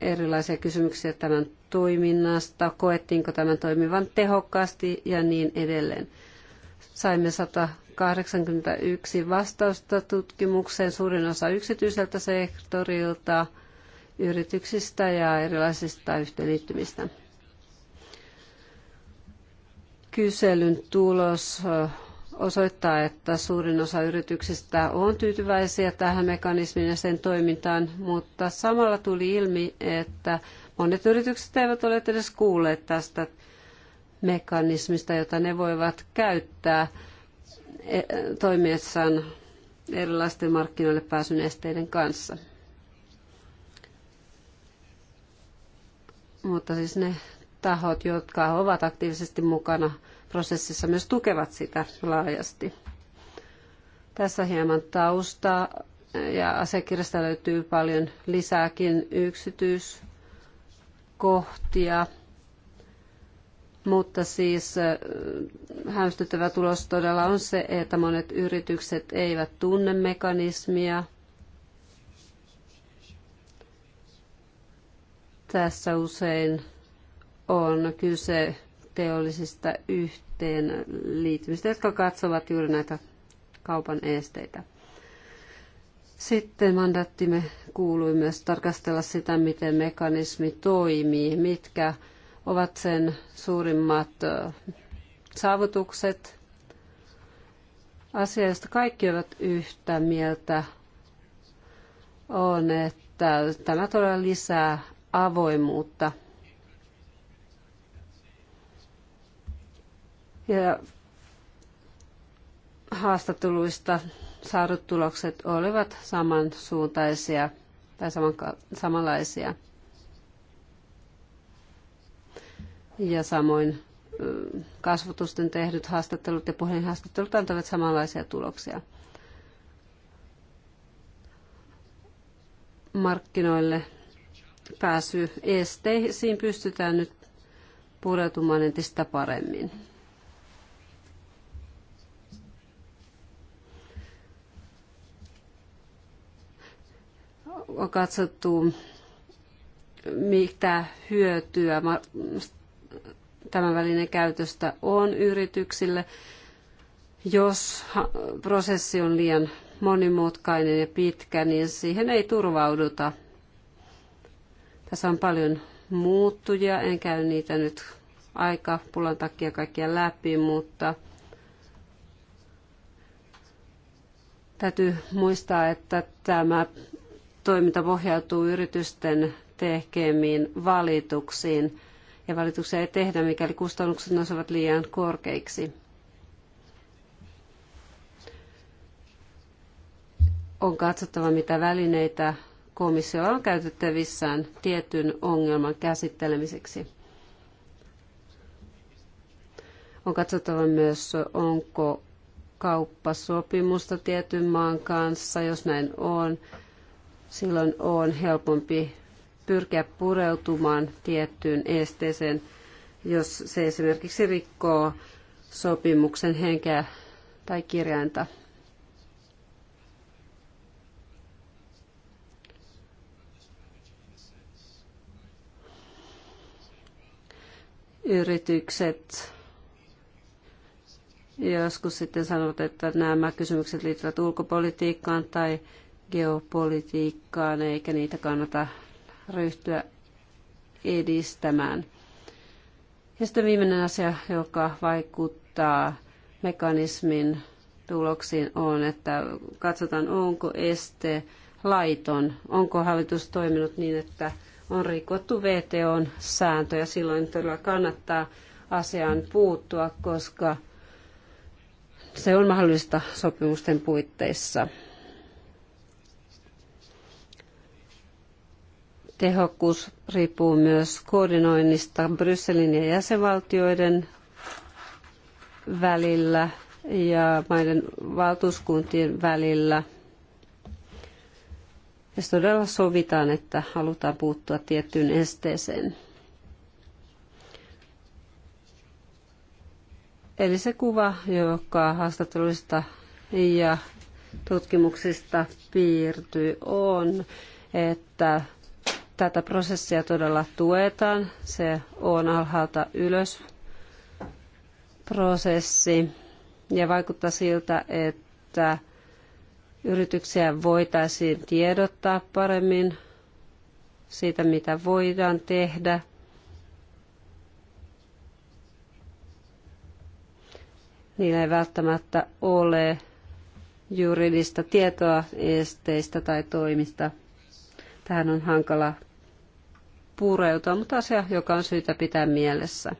erilaisia kysymyksiä tämän toiminnasta, koettiinko tämän toimivan tehokkaasti ja niin edelleen. Saimme 181 vastausta tutkimukseen, suurin osa yksityiseltä sektorilta – yrityksistä ja erilaisista yhteenliittymistä. Kyselyn tulos osoittaa, että suurin osa yrityksistä on tyytyväisiä tähän mekanismiin ja sen toimintaan, mutta samalla tuli ilmi, että monet yritykset eivät ole edes kuulleet tästä mekanismista, jota ne voivat käyttää e, e, toimiessaan erilaisten markkinoille pääsyn esteiden kanssa. mutta siis ne tahot, jotka ovat aktiivisesti mukana prosessissa, myös tukevat sitä laajasti. Tässä hieman taustaa ja asiakirjasta löytyy paljon lisääkin yksityiskohtia. Mutta siis hämmästyttävä tulos todella on se, että monet yritykset eivät tunne mekanismia – Tässä usein on kyse teollisista yhteenliittymistä, jotka katsovat juuri näitä kaupan esteitä. Sitten mandaattimme kuului myös tarkastella sitä, miten mekanismi toimii, mitkä ovat sen suurimmat saavutukset. Asia, josta kaikki ovat yhtä mieltä, on, että tämä todella lisää avoimuutta. Ja haastatteluista saadut tulokset olivat samansuuntaisia tai samanlaisia. Ja samoin kasvotusten tehdyt haastattelut ja puhelinhaastattelut antavat samanlaisia tuloksia. Markkinoille pääsy esteisiin pystytään nyt pureutumaan entistä paremmin. On katsottu, mitä hyötyä tämän välinen käytöstä on yrityksille, jos prosessi on liian monimutkainen ja pitkä, niin siihen ei turvauduta – tässä on paljon muuttujia, en käy niitä nyt aika pulan takia kaikkia läpi, mutta täytyy muistaa, että tämä toiminta pohjautuu yritysten tekemiin valituksiin ja valituksia ei tehdä, mikäli kustannukset nousevat liian korkeiksi. On katsottava, mitä välineitä komissiolla on käytettävissään tietyn ongelman käsittelemiseksi. On katsottava myös, onko kauppasopimusta tietyn maan kanssa. Jos näin on, silloin on helpompi pyrkiä pureutumaan tiettyyn esteeseen, jos se esimerkiksi rikkoo sopimuksen henkeä tai kirjainta. yritykset joskus sitten sanovat, että nämä kysymykset liittyvät ulkopolitiikkaan tai geopolitiikkaan, eikä niitä kannata ryhtyä edistämään. Ja sitten viimeinen asia, joka vaikuttaa mekanismin tuloksiin, on, että katsotaan, onko este laiton, onko hallitus toiminut niin, että on rikottu VTOn sääntöjä. Silloin todella kannattaa asiaan puuttua, koska se on mahdollista sopimusten puitteissa. Tehokkuus riippuu myös koordinoinnista Brysselin ja jäsenvaltioiden välillä ja maiden valtuuskuntien välillä – jos todella sovitaan, että halutaan puuttua tiettyyn esteeseen. Eli se kuva, joka haastatteluista ja tutkimuksista piirtyy, on, että tätä prosessia todella tuetaan. Se on alhaalta ylös prosessi ja vaikuttaa siltä, että Yrityksiä voitaisiin tiedottaa paremmin siitä, mitä voidaan tehdä. Niillä ei välttämättä ole juridista tietoa esteistä tai toimista. Tähän on hankala pureutua, mutta asia, joka on syytä pitää mielessä.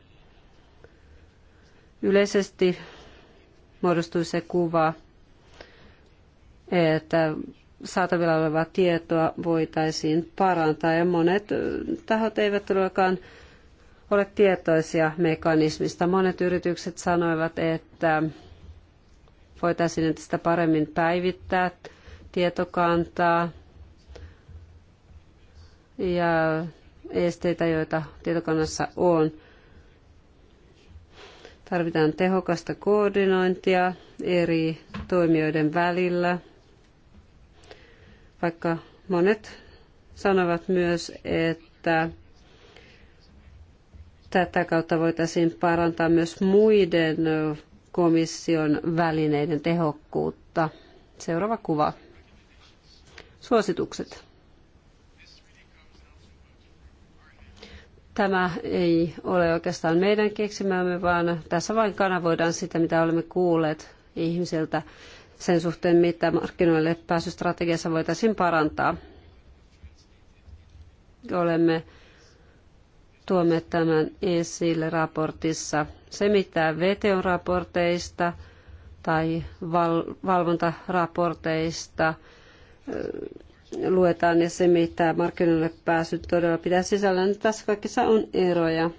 Yleisesti muodostui se kuva, että saatavilla olevaa tietoa voitaisiin parantaa ja monet tahot eivät todellakaan ole tietoisia mekanismista. Monet yritykset sanoivat, että voitaisiin entistä paremmin päivittää tietokantaa ja esteitä, joita tietokannassa on. Tarvitaan tehokasta koordinointia eri toimijoiden välillä – vaikka monet sanovat myös, että tätä kautta voitaisiin parantaa myös muiden komission välineiden tehokkuutta. Seuraava kuva. Suositukset. Tämä ei ole oikeastaan meidän keksimämme, vaan tässä vain kanavoidaan sitä, mitä olemme kuulleet ihmisiltä sen suhteen, mitä markkinoille pääsystrategiassa voitaisiin parantaa. Olemme tuomme tämän esille raportissa. Se, mitä VTO-raporteista tai val- valvontaraporteista luetaan ja se, mitä markkinoille pääsy todella pitää sisällään, niin tässä kaikessa on eroja.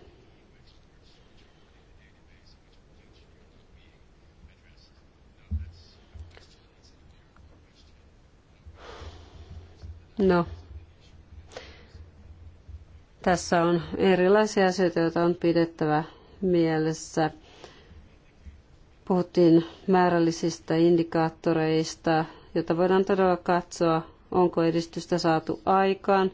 No, tässä on erilaisia asioita, joita on pidettävä mielessä. Puhuttiin määrällisistä indikaattoreista, joita voidaan todella katsoa, onko edistystä saatu aikaan,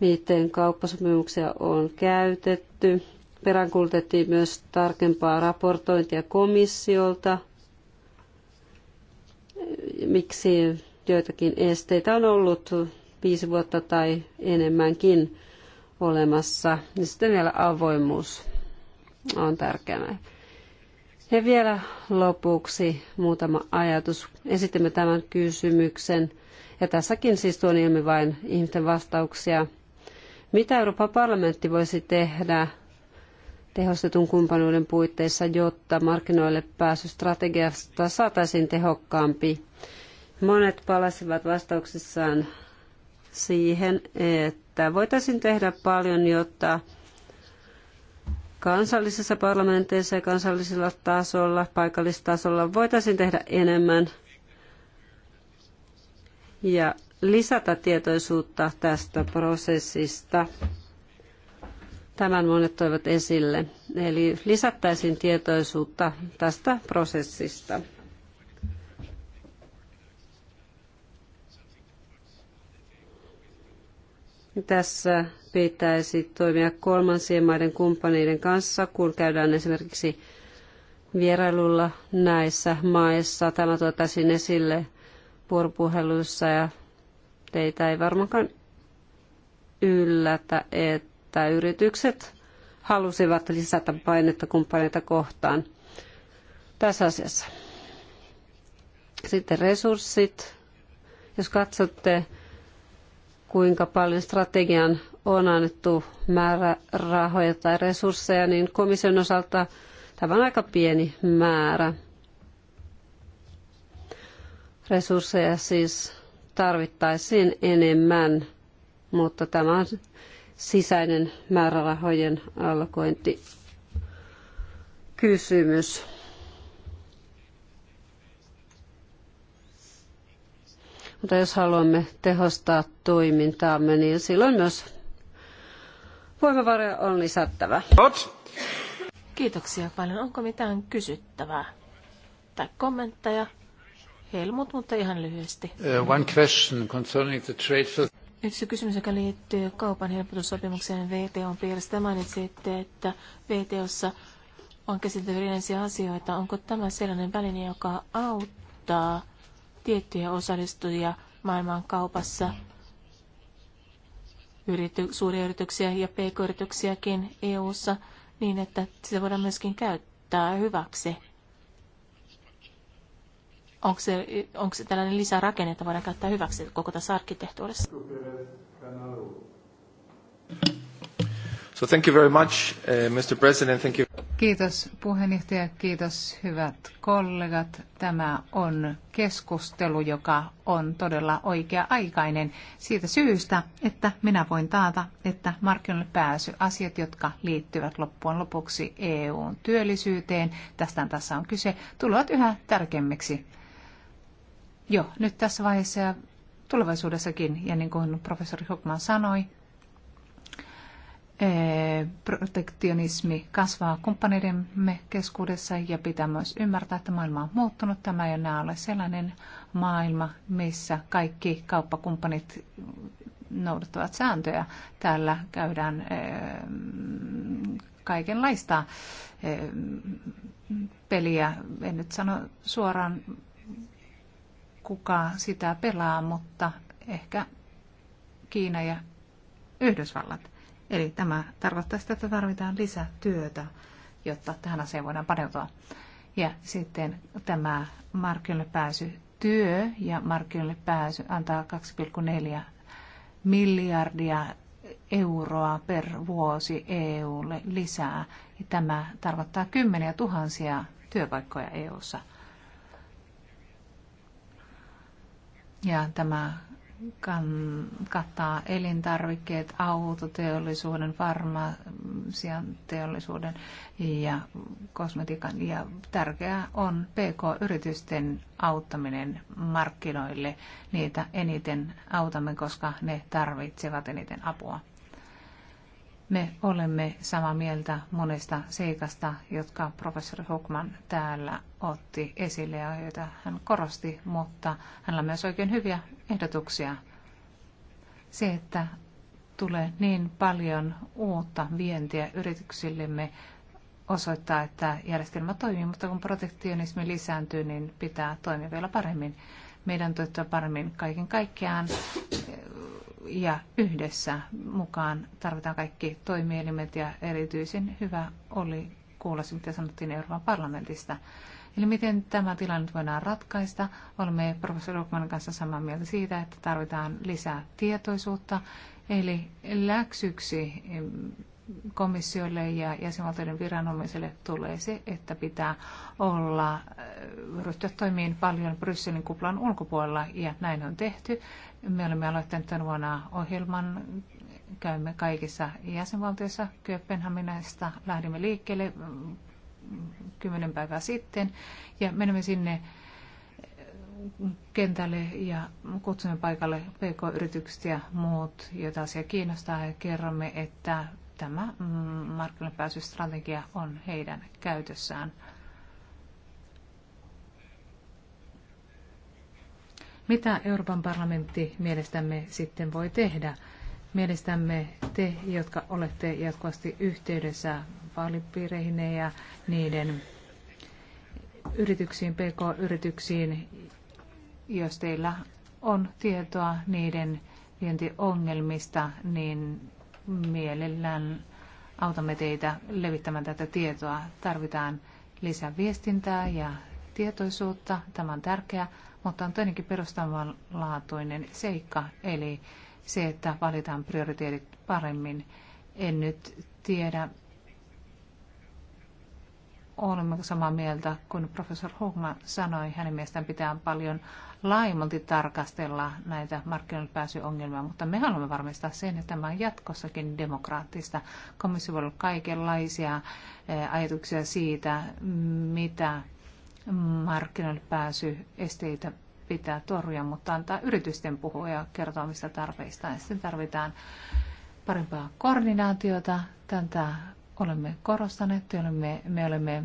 miten kauppasopimuksia on käytetty. Peräänkuulutettiin myös tarkempaa raportointia komissiolta, miksi joitakin esteitä on ollut viisi vuotta tai enemmänkin olemassa. niin sitten vielä avoimuus on tärkeää. Ja vielä lopuksi muutama ajatus. Esitimme tämän kysymyksen, ja tässäkin siis tuon ilmi vain ihmisten vastauksia. Mitä Euroopan parlamentti voisi tehdä tehostetun kumppanuuden puitteissa, jotta markkinoille pääsystrategiasta saataisiin tehokkaampi Monet palasivat vastauksissaan siihen, että voitaisiin tehdä paljon, jotta kansallisissa parlamenteissa ja kansallisella tasolla, paikallistasolla voitaisiin tehdä enemmän ja lisätä tietoisuutta tästä prosessista. Tämän monet toivat esille. Eli lisättäisiin tietoisuutta tästä prosessista. Tässä pitäisi toimia kolmansien maiden kumppaneiden kanssa, kun käydään esimerkiksi vierailulla näissä maissa. Tämä tuotaisiin esille vuoropuheluissa ja teitä ei varmaankaan yllätä, että yritykset halusivat lisätä painetta kumppaneita kohtaan tässä asiassa. Sitten resurssit. Jos katsotte kuinka paljon strategian on annettu määrä tai resursseja, niin komission osalta tämä on aika pieni määrä. Resursseja siis tarvittaisiin enemmän, mutta tämä on sisäinen määrärahojen allokointi kysymys. Mutta jos haluamme tehostaa toimintaamme, niin silloin myös voimavaroja on lisättävä. Kiitoksia paljon. Onko mitään kysyttävää tai kommentteja? Helmut, mutta ihan lyhyesti. Uh, one question concerning the trade for... Yksi kysymys, joka liittyy kaupan helpotussopimukseen VTOn piirissä. Te mainitsitte, että VTOssa on käsitelty erilaisia asioita. Onko tämä sellainen väline, joka auttaa tiettyjä osallistujia maailmankaupassa, yrity, suuria yrityksiä ja pk-yrityksiäkin EU-ssa, niin että sitä voidaan myöskin käyttää hyväksi. Onko se, onko se tällainen lisärakenne, että voidaan käyttää hyväksi koko tässä arkkitehtuurissa? So thank you very much, uh, Mr. President. Thank you. Kiitos puheenjohtaja, kiitos hyvät kollegat. Tämä on keskustelu, joka on todella oikea-aikainen siitä syystä, että minä voin taata, että markkinoille pääsy, asiat, jotka liittyvät loppuun lopuksi EUn työllisyyteen, tästä tässä on kyse, tulevat yhä tärkeämmiksi. Joo, nyt tässä vaiheessa ja tulevaisuudessakin, ja niin kuin professori Huckman sanoi, Eh, protektionismi kasvaa kumppaneidemme keskuudessa ja pitää myös ymmärtää, että maailma on muuttunut. Tämä ei enää ole sellainen maailma, missä kaikki kauppakumppanit noudattavat sääntöjä. Täällä käydään eh, kaikenlaista eh, peliä. En nyt sano suoraan, kuka sitä pelaa, mutta ehkä Kiina ja Yhdysvallat. Eli tämä tarkoittaa sitä, että tarvitaan lisätyötä, jotta tähän asiaan voidaan paneutua. Ja sitten tämä markkinoille pääsy työ ja markkinoille pääsy antaa 2,4 miljardia euroa per vuosi EUlle lisää. Ja tämä tarkoittaa kymmeniä tuhansia työpaikkoja EUssa. Ja tämä kattaa elintarvikkeet, autoteollisuuden, farmasian teollisuuden ja kosmetiikan. Ja tärkeää on PK-yritysten auttaminen markkinoille. Niitä eniten autamme, koska ne tarvitsevat eniten apua. Me olemme samaa mieltä monesta seikasta, jotka professori Hukman täällä otti esille ja joita hän korosti, mutta hänellä on myös oikein hyviä ehdotuksia. Se, että tulee niin paljon uutta vientiä yrityksillemme, osoittaa, että järjestelmä toimii, mutta kun protektionismi lisääntyy, niin pitää toimia vielä paremmin. Meidän toimittaa paremmin kaiken kaikkiaan ja yhdessä mukaan tarvitaan kaikki toimielimet ja erityisen hyvä oli kuulla se, mitä sanottiin Euroopan parlamentista. Eli miten tämä tilanne voidaan ratkaista? Olemme professori Lukmanin kanssa samaa mieltä siitä, että tarvitaan lisää tietoisuutta. Eli läksyksi komissiolle ja jäsenvaltioiden viranomaisille tulee se, että pitää olla ryhtyä toimiin paljon Brysselin kuplan ulkopuolella ja näin on tehty. Me olemme aloittaneet vuonna ohjelman. Käymme kaikissa jäsenvaltioissa Kööpenhaminasta. Lähdimme liikkeelle mm, kymmenen päivää sitten ja menemme sinne mm, kentälle ja kutsumme paikalle PK-yritykset ja muut, joita asia kiinnostaa ja kerromme, että tämä mm, markkinapääsystrategia on heidän käytössään. Mitä Euroopan parlamentti mielestämme sitten voi tehdä? Mielestämme te, jotka olette jatkuvasti yhteydessä vaalipiireihin ja niiden yrityksiin, pk-yrityksiin, jos teillä on tietoa niiden vientiongelmista, niin mielellään autamme teitä levittämään tätä tietoa. Tarvitaan lisää viestintää ja tietoisuutta. Tämä on tärkeää, mutta on tietenkin perustavanlaatuinen seikka, eli se, että valitaan prioriteetit paremmin. En nyt tiedä, olemmeko samaa mieltä kuin professor Hogma sanoi, hänen mielestään pitää paljon laajemmalti tarkastella näitä markkinoille pääsyongelmia, mutta me haluamme varmistaa sen, että tämä on jatkossakin demokraattista. Komissio voi olla kaikenlaisia eh, ajatuksia siitä, mitä markkinoille pääsy esteitä pitää torjua, mutta antaa yritysten puhua ja kertoa mistä tarpeista. Sitten tarvitaan parempaa koordinaatiota. Tätä olemme korostaneet. Olemme, me olemme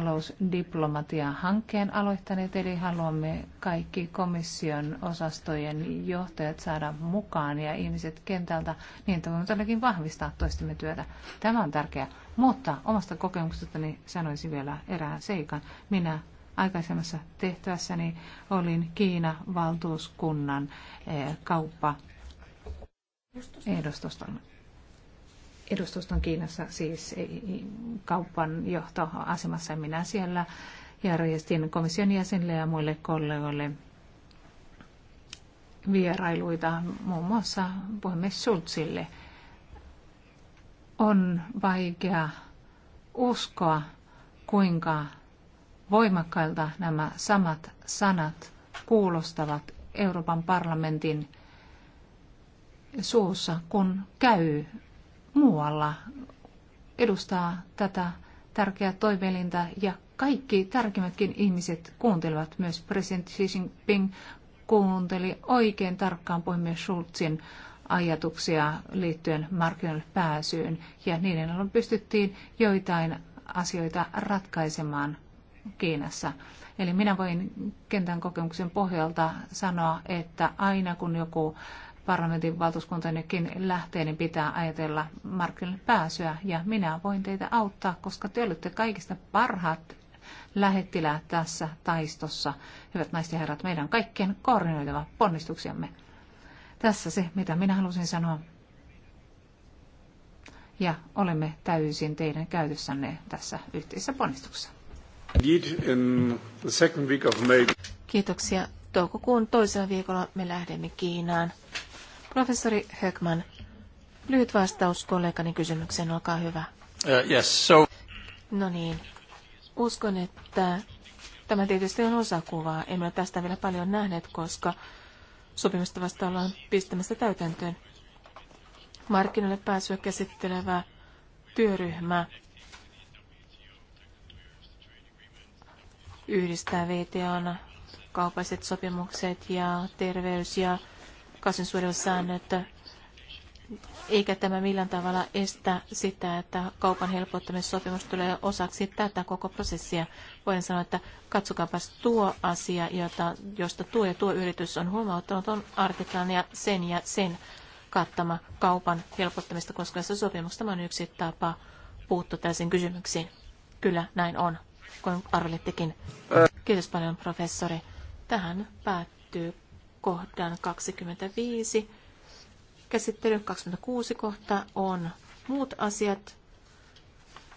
talousdiplomatia-hankkeen aloittaneet, eli haluamme kaikki komission osastojen johtajat saada mukaan ja ihmiset kentältä niin, että voimme todellakin vahvistaa toistemme työtä. Tämä on tärkeää, mutta omasta kokemuksestani sanoisin vielä erään seikan. Minä aikaisemmassa tehtävässäni olin Kiina-valtuuskunnan eh, kauppa edustuston edustuston Kiinassa, siis kaupan johtoasemassa minä siellä järjestin komission jäsenille ja muille kollegoille vierailuita muun muassa puhemies Schulzille. On vaikea uskoa, kuinka voimakkailta nämä samat sanat kuulostavat Euroopan parlamentin suussa, kun käy muualla edustaa tätä tärkeää toiveelintä ja kaikki tärkeimmätkin ihmiset kuuntelivat myös presidentti Xi Jinping kuunteli oikein tarkkaan puhemies Schulzin ajatuksia liittyen markkinoille pääsyyn ja niiden on pystyttiin joitain asioita ratkaisemaan Kiinassa. Eli minä voin kentän kokemuksen pohjalta sanoa, että aina kun joku parlamentin valtuuskuntainenkin lähtee, niin pitää ajatella markkinoille pääsyä. Ja minä voin teitä auttaa, koska te olette kaikista parhaat lähettilää tässä taistossa. Hyvät naiset ja herrat, meidän kaikkien koordinoitava ponnistuksiamme. Tässä se, mitä minä halusin sanoa. Ja olemme täysin teidän käytössänne tässä yhteisessä ponnistuksessa. Kiitoksia. Toukokuun toisella viikolla me lähdemme Kiinaan. Professori Högman, lyhyt vastaus kollegani kysymykseen, olkaa hyvä. Uh, yes, so... No niin, uskon, että tämä tietysti on kuvaa. Emme ole tästä vielä paljon nähneet, koska sopimusta vasta ollaan pistämässä täytäntöön. Markkinoille pääsyä käsittelevä työryhmä yhdistää VTOn kaupalliset sopimukset ja terveys- ja säännöt, eikä tämä millään tavalla estä sitä, että kaupan helpottamissopimus tulee osaksi tätä koko prosessia. Voin sanoa, että katsokaapas tuo asia, jota, josta tuo ja tuo yritys on huomauttanut, on artiklan ja sen ja sen kattama kaupan helpottamista koskevassa sopimuksessa. Tämä on yksi tapa puuttua täysin kysymyksiin. Kyllä, näin on, kun arvelittekin. Kiitos paljon, professori. Tähän päättyy kohdan 25. Käsittely 26 kohta on muut asiat.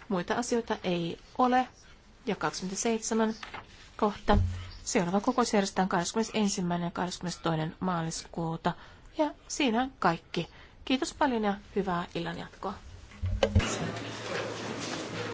Muita asioita ei ole. Ja 27 kohta. Seuraava kokous järjestetään 21. ja 22. maaliskuuta. Ja siinä kaikki. Kiitos paljon ja hyvää illanjatkoa.